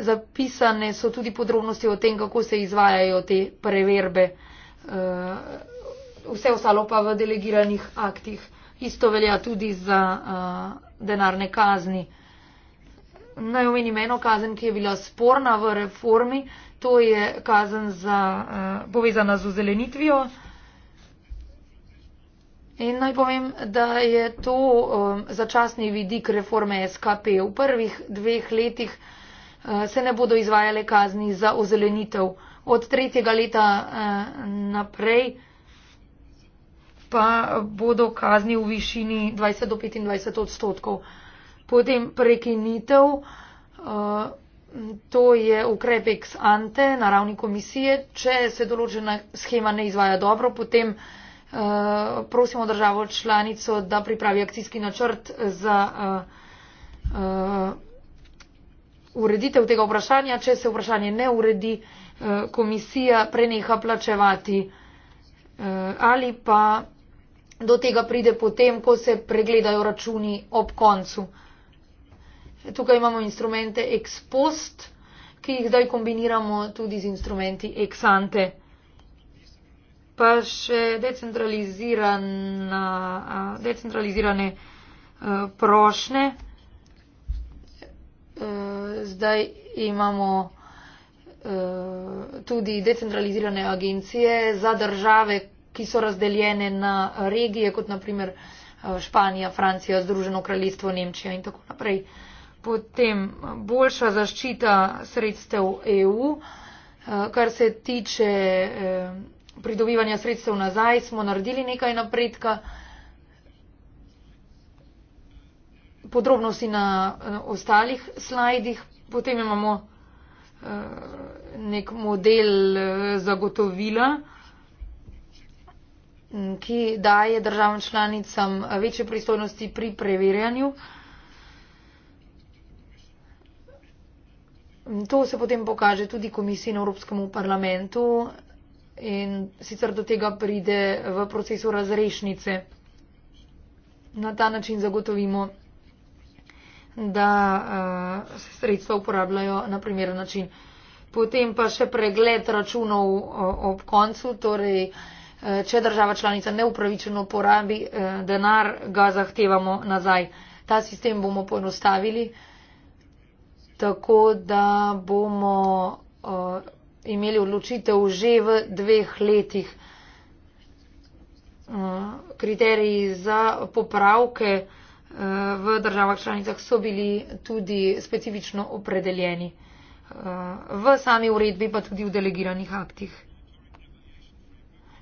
zapisane so tudi podrobnosti o tem, kako se izvajajo te preverbe, eh, vse ostalo pa v delegiranih aktih. Isto velja tudi za eh, denarne kazni. Naj omenim eno kazen, ki je bila sporna v reformi, to je kazen za, eh, povezana z ozelenitvijo. In naj povem, da je to um, začasni vidik reforme SKP. V prvih dveh letih uh, se ne bodo izvajale kazni za ozelenitev. Od tretjega leta uh, naprej pa bodo kazni v višini 20 do 25 odstotkov. Potem prekinitev, uh, to je ukrep ex ante na ravni komisije. Če se določena schema ne izvaja dobro, potem. Uh, Eh, prosimo državo članico, da pripravi akcijski načrt za eh, eh, ureditev tega vprašanja. Če se vprašanje ne uredi, komisija preneha plačevati ali pa do tega pride potem, ko se pregledajo računi ob koncu. Tukaj imamo instrumente ex post, ki jih zdaj kombiniramo tudi z instrumenti ex ante pa še decentralizirana, uh, decentralizirane uh, prošne. Zdaj imamo tudi decentralizirane agencije za države, ki so razdeljene na regije, kot naprimer Španija, Francija, Združeno kraljestvo, Nemčija in tako naprej. Potem boljša zaščita sredstev EU, kar se tiče pridobivanja sredstev nazaj, smo naredili nekaj napredka. Podrobnosti na eh, ostalih slajdih, potem imamo eh, nek model eh, zagotovila, ki daje državam članicam večje pristojnosti pri preverjanju. To se potem pokaže tudi komisiji na Evropskem parlamentu, in sicer do tega pride v procesu razrešnice. Na ta način zagotovimo, da eh, se uh, sredstva uporabljajo na primeren način. Potem pa še pregled računov uh, ob koncu, torej uh, če država članica neupravičeno porabi uh, denar, ga zahtevamo nazaj. Ta sistem bomo poenostavili, tako da bomo. Uh, imeli odločitev že v dveh letih. Uh, kriteriji za popravke uh, v državah članicah so bili tudi specifično opredeljeni uh, v sami uredbi, pa tudi v delegiranih aktih.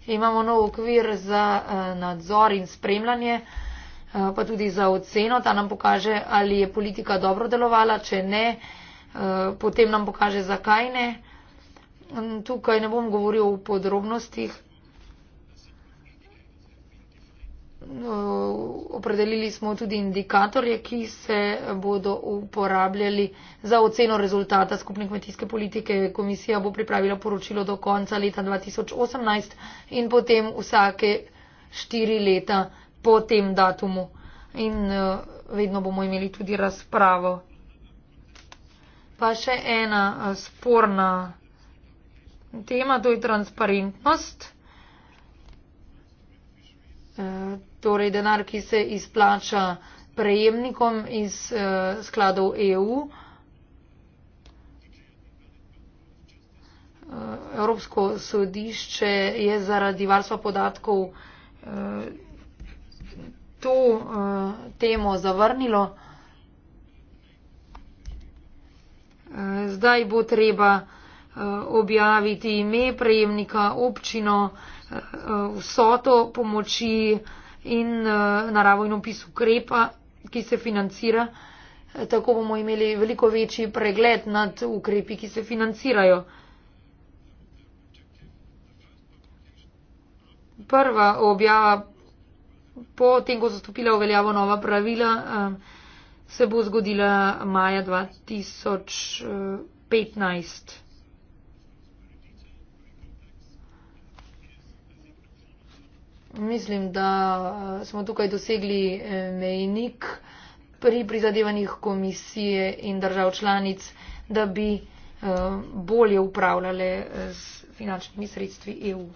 Imamo nov okvir za nadzor in spremljanje, pa tudi za oceno. Ta nam pokaže, ali je politika dobro delovala, če ne, potem nam pokaže, zakaj ne tukaj ne bom govoril o podrobnostih. No, opredelili smo tudi indikatorje, ki se bodo uporabljali za oceno rezultata skupne kmetijske politike. Komisija bo pripravila poročilo do konca leta 2018 in potem vsake štiri leta po tem datumu. In e, vedno bomo imeli tudi razpravo. Pa še ena e, sporna tema, to je transparentnost. E, torej, denar, ki se izplača prejemnikom iz e, skladov EU. E, Evropsko sodišče je zaradi varstva podatkov to temo zavrnilo. Zdaj bo treba. Eh, objaviti ime prejemnika, občino, eh, eh, vsoto pomoči in naravo in opis ukrepa, ki se financira. Tako bomo imeli veliko večji pregled nad ukrepi, ki se financirajo. Prva objava, potem ko so stopila v veljavo nova pravila, se bo zgodila maja 2015. Mislim, da eh, smo tukaj dosegli eh, mejnik pri prizadevanjih komisije in držav članic, da bi eh, bolje upravljale z finančnimi sredstvi EU.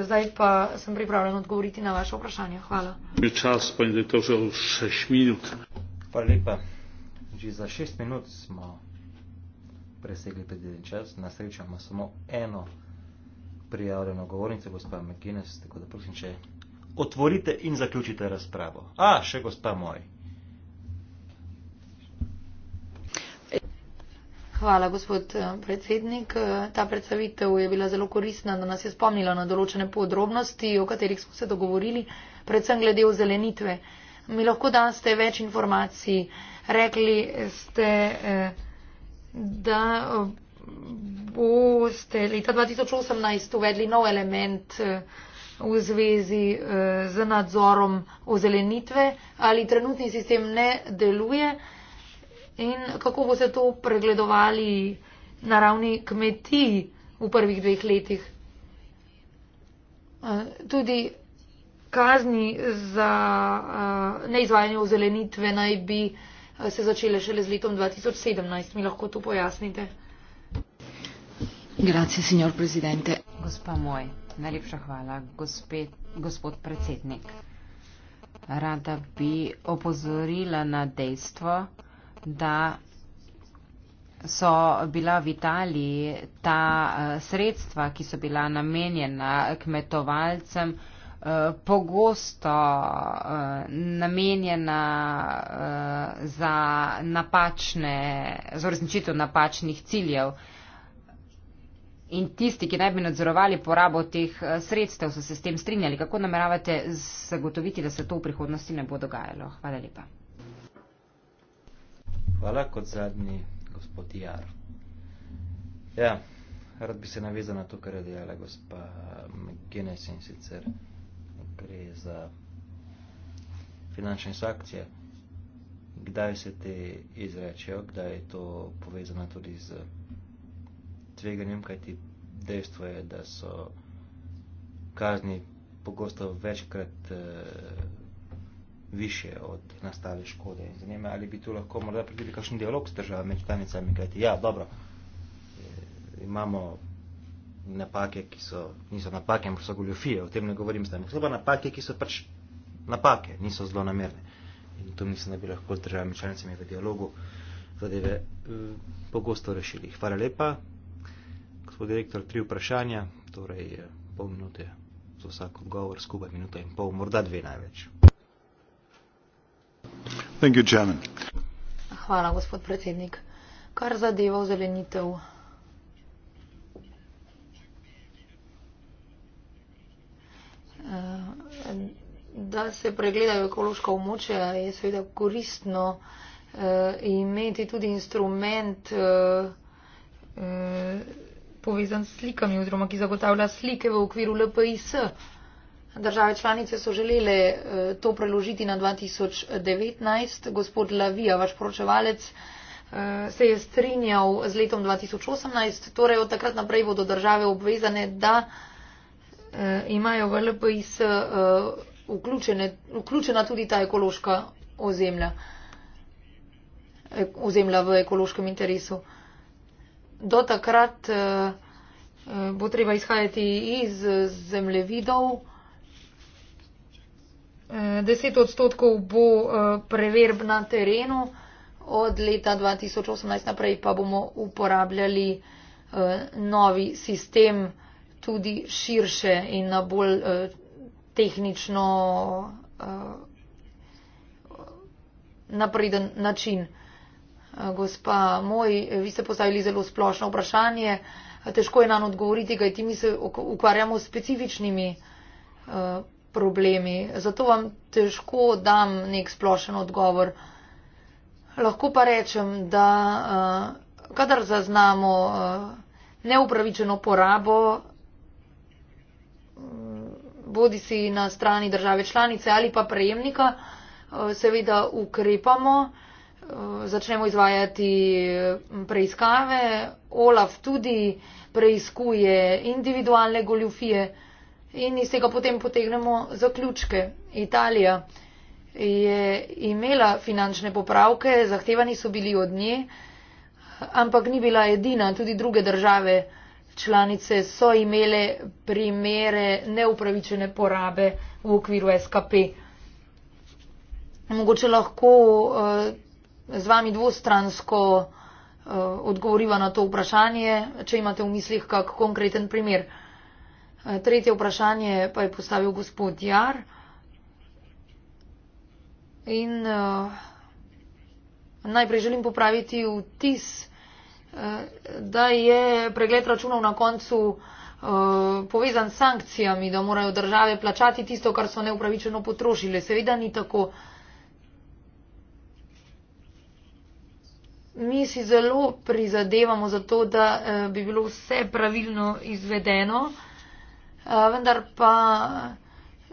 Zdaj pa sem pripravljen odgovoriti na vaše vprašanje. Hvala. Čas pa je to že 6 minut. Hvala lepa. Že za 6 minut smo presegli predviden čas. Na srečo ima samo eno prijavljeno govornico, gospod McGuinness, tako da prosim, če otvorite in zaključite razpravo. A, še gospa moj. Hvala, gospod eh, predsednik. Eh, ta predstavitev je bila zelo koristna, da nas je spomnila na določene podrobnosti, o katerih smo se dogovorili, predvsem glede ozelenitve. Mi lahko daste več informacij. Rekli ste, eh, da boste leta 2018 uvedli nov element v zvezi eh, z nadzorom ozelenitve, ali trenutni sistem ne deluje in kako bo se to pregledovali na ravni kmetij v prvih dveh letih. Eh, tudi kazni za eh, neizvajanje ozelenitve naj bi se začele šele z letom 2017. Mi lahko to pojasnite. Grazie signor Presidente. Gospa moj. Najlepša hvala, gospet, gospod predsednik. Rada bi opozorila na dejstvo, da so bila v Italiji ta eh, sredstva, ki so bila namenjena kmetovalcem, eh, pogosto eh, namenjena za napačne, za uresničitev napačnih ciljev in tisti, ki naj bi nadzorovali porabo teh eh, sredstev, so se s tem strinjali. Kako nameravate zagotoviti, da se to v prihodnosti ne bo dogajalo? Hvala lepa. Hvala kot zadnji gospod Jar. Ja, rad bi se navezal na to, kar je dejala gospa Genes in sicer gre za finančne sankcije. Kdaj se te izrečejo, kdaj je to povezano tudi z tveganjem, kajti dejstvo je, da so kazni pogosto večkrat uh, eh, više od nastale škode. Zanima ali bi tu lahko morda predili kakšen dialog s državami članicami, kajti ja, dobro, e, imamo napake, ki so, niso napake, ampak so goljofije, o tem ne govorim zdaj, so pa napake, ki so pač napake, niso zelo namerne. In tu mislim, da bi lahko z državami članicami v dialogu zadeve uh, pogosto rešili. Hvala lepa gospod direktor, tri vprašanja, torej eh, pol minute za vsak odgovor, skupaj minuta in pol, morda dve največ. Thank you, Hvala, gospod predsednik. Kar zadeva v zelenitev eh, da se pregledajo ekološko območje, je seveda koristno eh, imeti tudi instrument povezan s slikami oziroma ki zagotavlja slike v okviru LPIS. Države članice so želele eh, to preložiti na 2019. Gospod Lavija, vaš poročevalec, eh, se je strinjal z letom 2018. Torej od takrat naprej bodo države obvezane, da eh, imajo v LPIS vključena tudi ta ekološka ozemlja, e, ozemlja v ekološkem interesu do takrat eh, eh, bo treba izhajati iz zemljevidov. Eh, deset odstotkov bo preverb na terenu, od leta 2018 naprej pa bomo uporabljali novi sistem tudi širše in na bolj tehnično napreden način. Eh, gospa moj, eh, vi ste postavili zelo splošno vprašanje, eh, težko je nam odgovoriti, kaj ti mi se ukvarjamo s specifičnimi problemi. Zato vam težko dam nek splošen odgovor. Lahko pa rečem, da kadar zaznamo neupravičeno porabo, mm, bodi si na strani države članice ali pa prejemnika, seveda ukrepamo začnemo izvajati mm, preiskave. Olaf tudi preiskuje individualne goljufije in iz tega potem potegnemo zaključke. Italija je imela finančne popravke, zahtevani so bili od nje, ampak ni bila edina, tudi druge države članice so imele primere neupravičene porabe v okviru SKP. Mogoče lahko uh, z vami dvostransko eh, odgovoriva na to vprašanje, če imate v mislih kak konkreten primer. Eh, tretje vprašanje pa je postavil gospod Jar. In uh, najprej želim popraviti vtis, uh, da je pregled računov na koncu uh, povezan s sankcijami, da morajo države plačati tisto, kar so neupravičeno potrošile. Seveda ni tako. Uh, mi si zelo prizadevamo za to, da uh, bi bilo vse pravilno izvedeno, uh, vendar pa,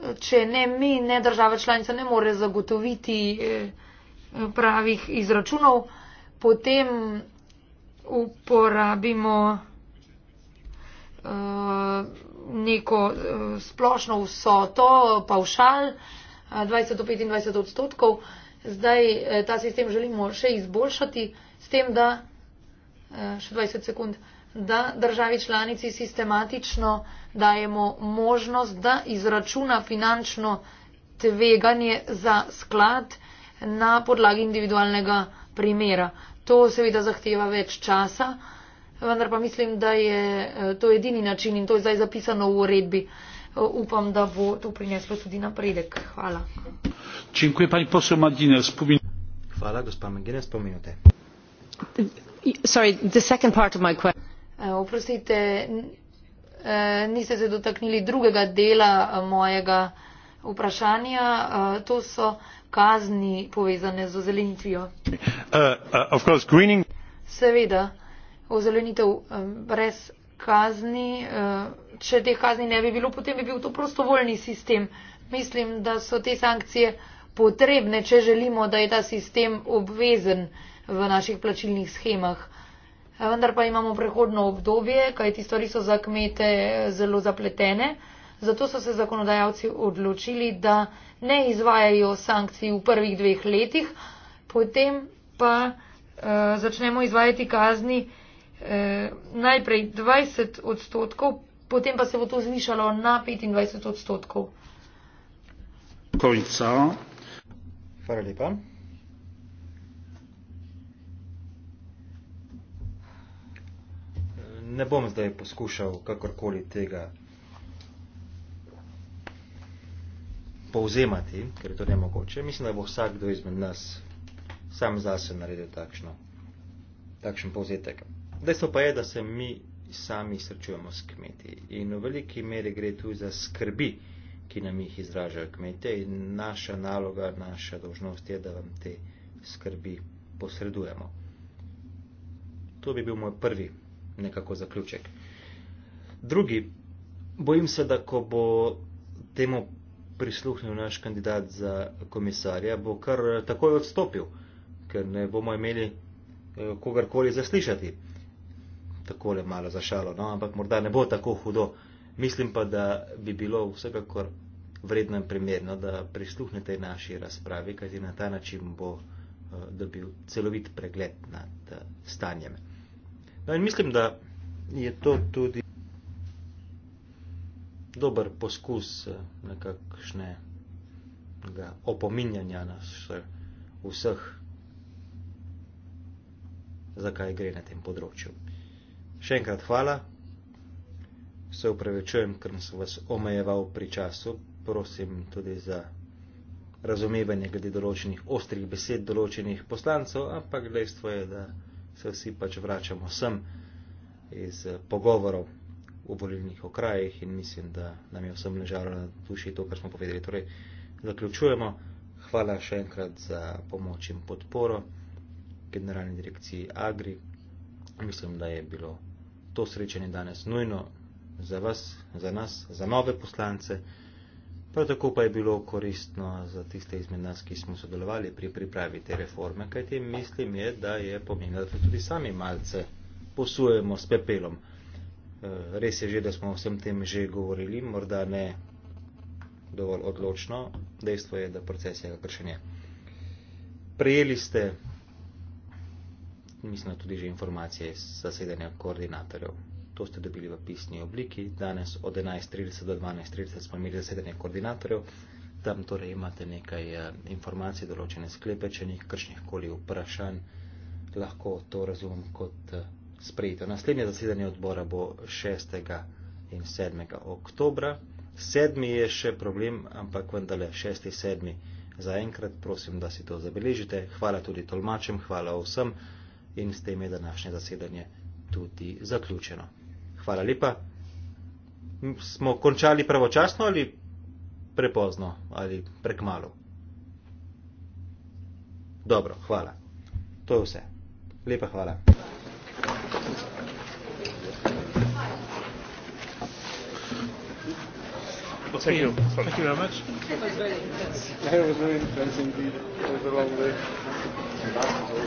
eh, če ne mi, ne država članica ne more zagotoviti uh, pravih izračunov, potem uporabimo uh, neko uh, splošno vsoto, paušal uh, 20 do 25 odstotkov. Zdaj ta sistem želimo še izboljšati, tem, da eh, še 20 sekund, da državi članici sistematično dajemo možnost, da izračuna finančno tveganje za sklad na podlagi individualnega primera. To seveda zahteva več časa, vendar pa mislim, da je eh, to edini način in to je zdaj zapisano v uredbi. Eh, upam, da bo to prineslo tudi napredek. Hvala. Hvala, gospa Magine, spominjate. E, oprostite e, niste se dotaknili drugega dela e, mojega vprašanja to so kazni povezane z ozelenitvijo seveda ozelenitev brez kazni če teh kazni ne bi bilo potem bi bil to prostovoljni sistem mislim da so te sankcije potrebne če želimo da je ta sistem obvezen v naših plačilnih schemah. Eh, vendar pa imamo prehodno obdobje, kajti stvari so za kmete eh, zelo zapletene. Zato so se zakonodajalci odločili, da ne izvajajo sankcij v prvih dveh letih, potem pa eh, začnemo izvajati kazni eh, najprej 20 odstotkov, potem pa se bo to zvišalo na 25 odstotkov. Konica. Hvala lepa. ne bom zdaj poskušal kakorkoli tega povzemati, ker je to nemogoče. Mislim, da bo vsakdo izmed nas sam zase naredil takšno, takšen povzetek. Dejstvo pa je, da se mi sami srečujemo s kmeti in v veliki meri gre tu za skrbi, ki nam jih izražajo kmete in naša naloga, naša dožnost je, da vam te skrbi posredujemo. To bi bil moj prvi nekako zaključek. Drugi, bojim se, da ko bo temu prisluhnil naš kandidat za komisarja, bo kar takoj odstopil, ker ne bomo imeli eh, kogarkoli zaslišati. Takole malo zašalo, no, ampak morda ne bo tako hudo. Mislim pa, da bi bilo vsekakor vredno in primerno, da prisluhnete naši razpravi, kajti na ta način bo eh, dobil celovit pregled nad eh, stanjem. No in mislim, da je to tudi dober poskus eh, nekakšnega opominjanja nas vseh, zakaj gre na tem področju. Še enkrat hvala, se upravičujem, ker sem vas omejeval pri času, prosim tudi za razumevanje glede določenih ostrih besed določenih poslancov, ampak dejstvo je, da se vsi pač vračamo sem iz eh, pogovorov v volilnih okrajih in mislim, da nam je vsem ležalo na duši to, kar smo povedali. Torej, zaključujemo. Hvala še enkrat za pomoč in podporo generalni direkciji Agri. Mislim, da je bilo to srečanje danes nujno za vas, za nas, za nove poslance. Prav tako pa je bilo koristno za tiste izmed nas, ki smo sodelovali pri pripravi te reforme, kajti mislim je, da je pomenilo, da tudi sami malce posujemo s pepelom. E, res je že, da smo o vsem tem že govorili, morda ne dovolj odločno, dejstvo je, da proces je kakršen je. Prijeli ste, mislim, tudi že informacije z zasedanja koordinatorjev to ste dobili v pisni obliki. Danes od 11.30 do 12.30 smo imeli zasedanje koordinatorjev. Tam torej imate nekaj eh, informacij, določene sklepe, če ni kakršnih koli vprašanj, lahko to razumem kot eh, sprejeto. Naslednje zasedanje odbora bo 6. in 7. oktobra. 7. je še problem, ampak vendarle 6. in 7. zaenkrat prosim, da si to zabeležite. Hvala tudi tolmačem, hvala vsem in s tem je današnje zasedanje tudi zaključeno. Hvala lepa. Smo končali pravočasno ali prepozno ali prekmalo? Dobro, hvala. To je vse. Lepa hvala. Thank you. Thank you very much. It was very intense. It was a long day.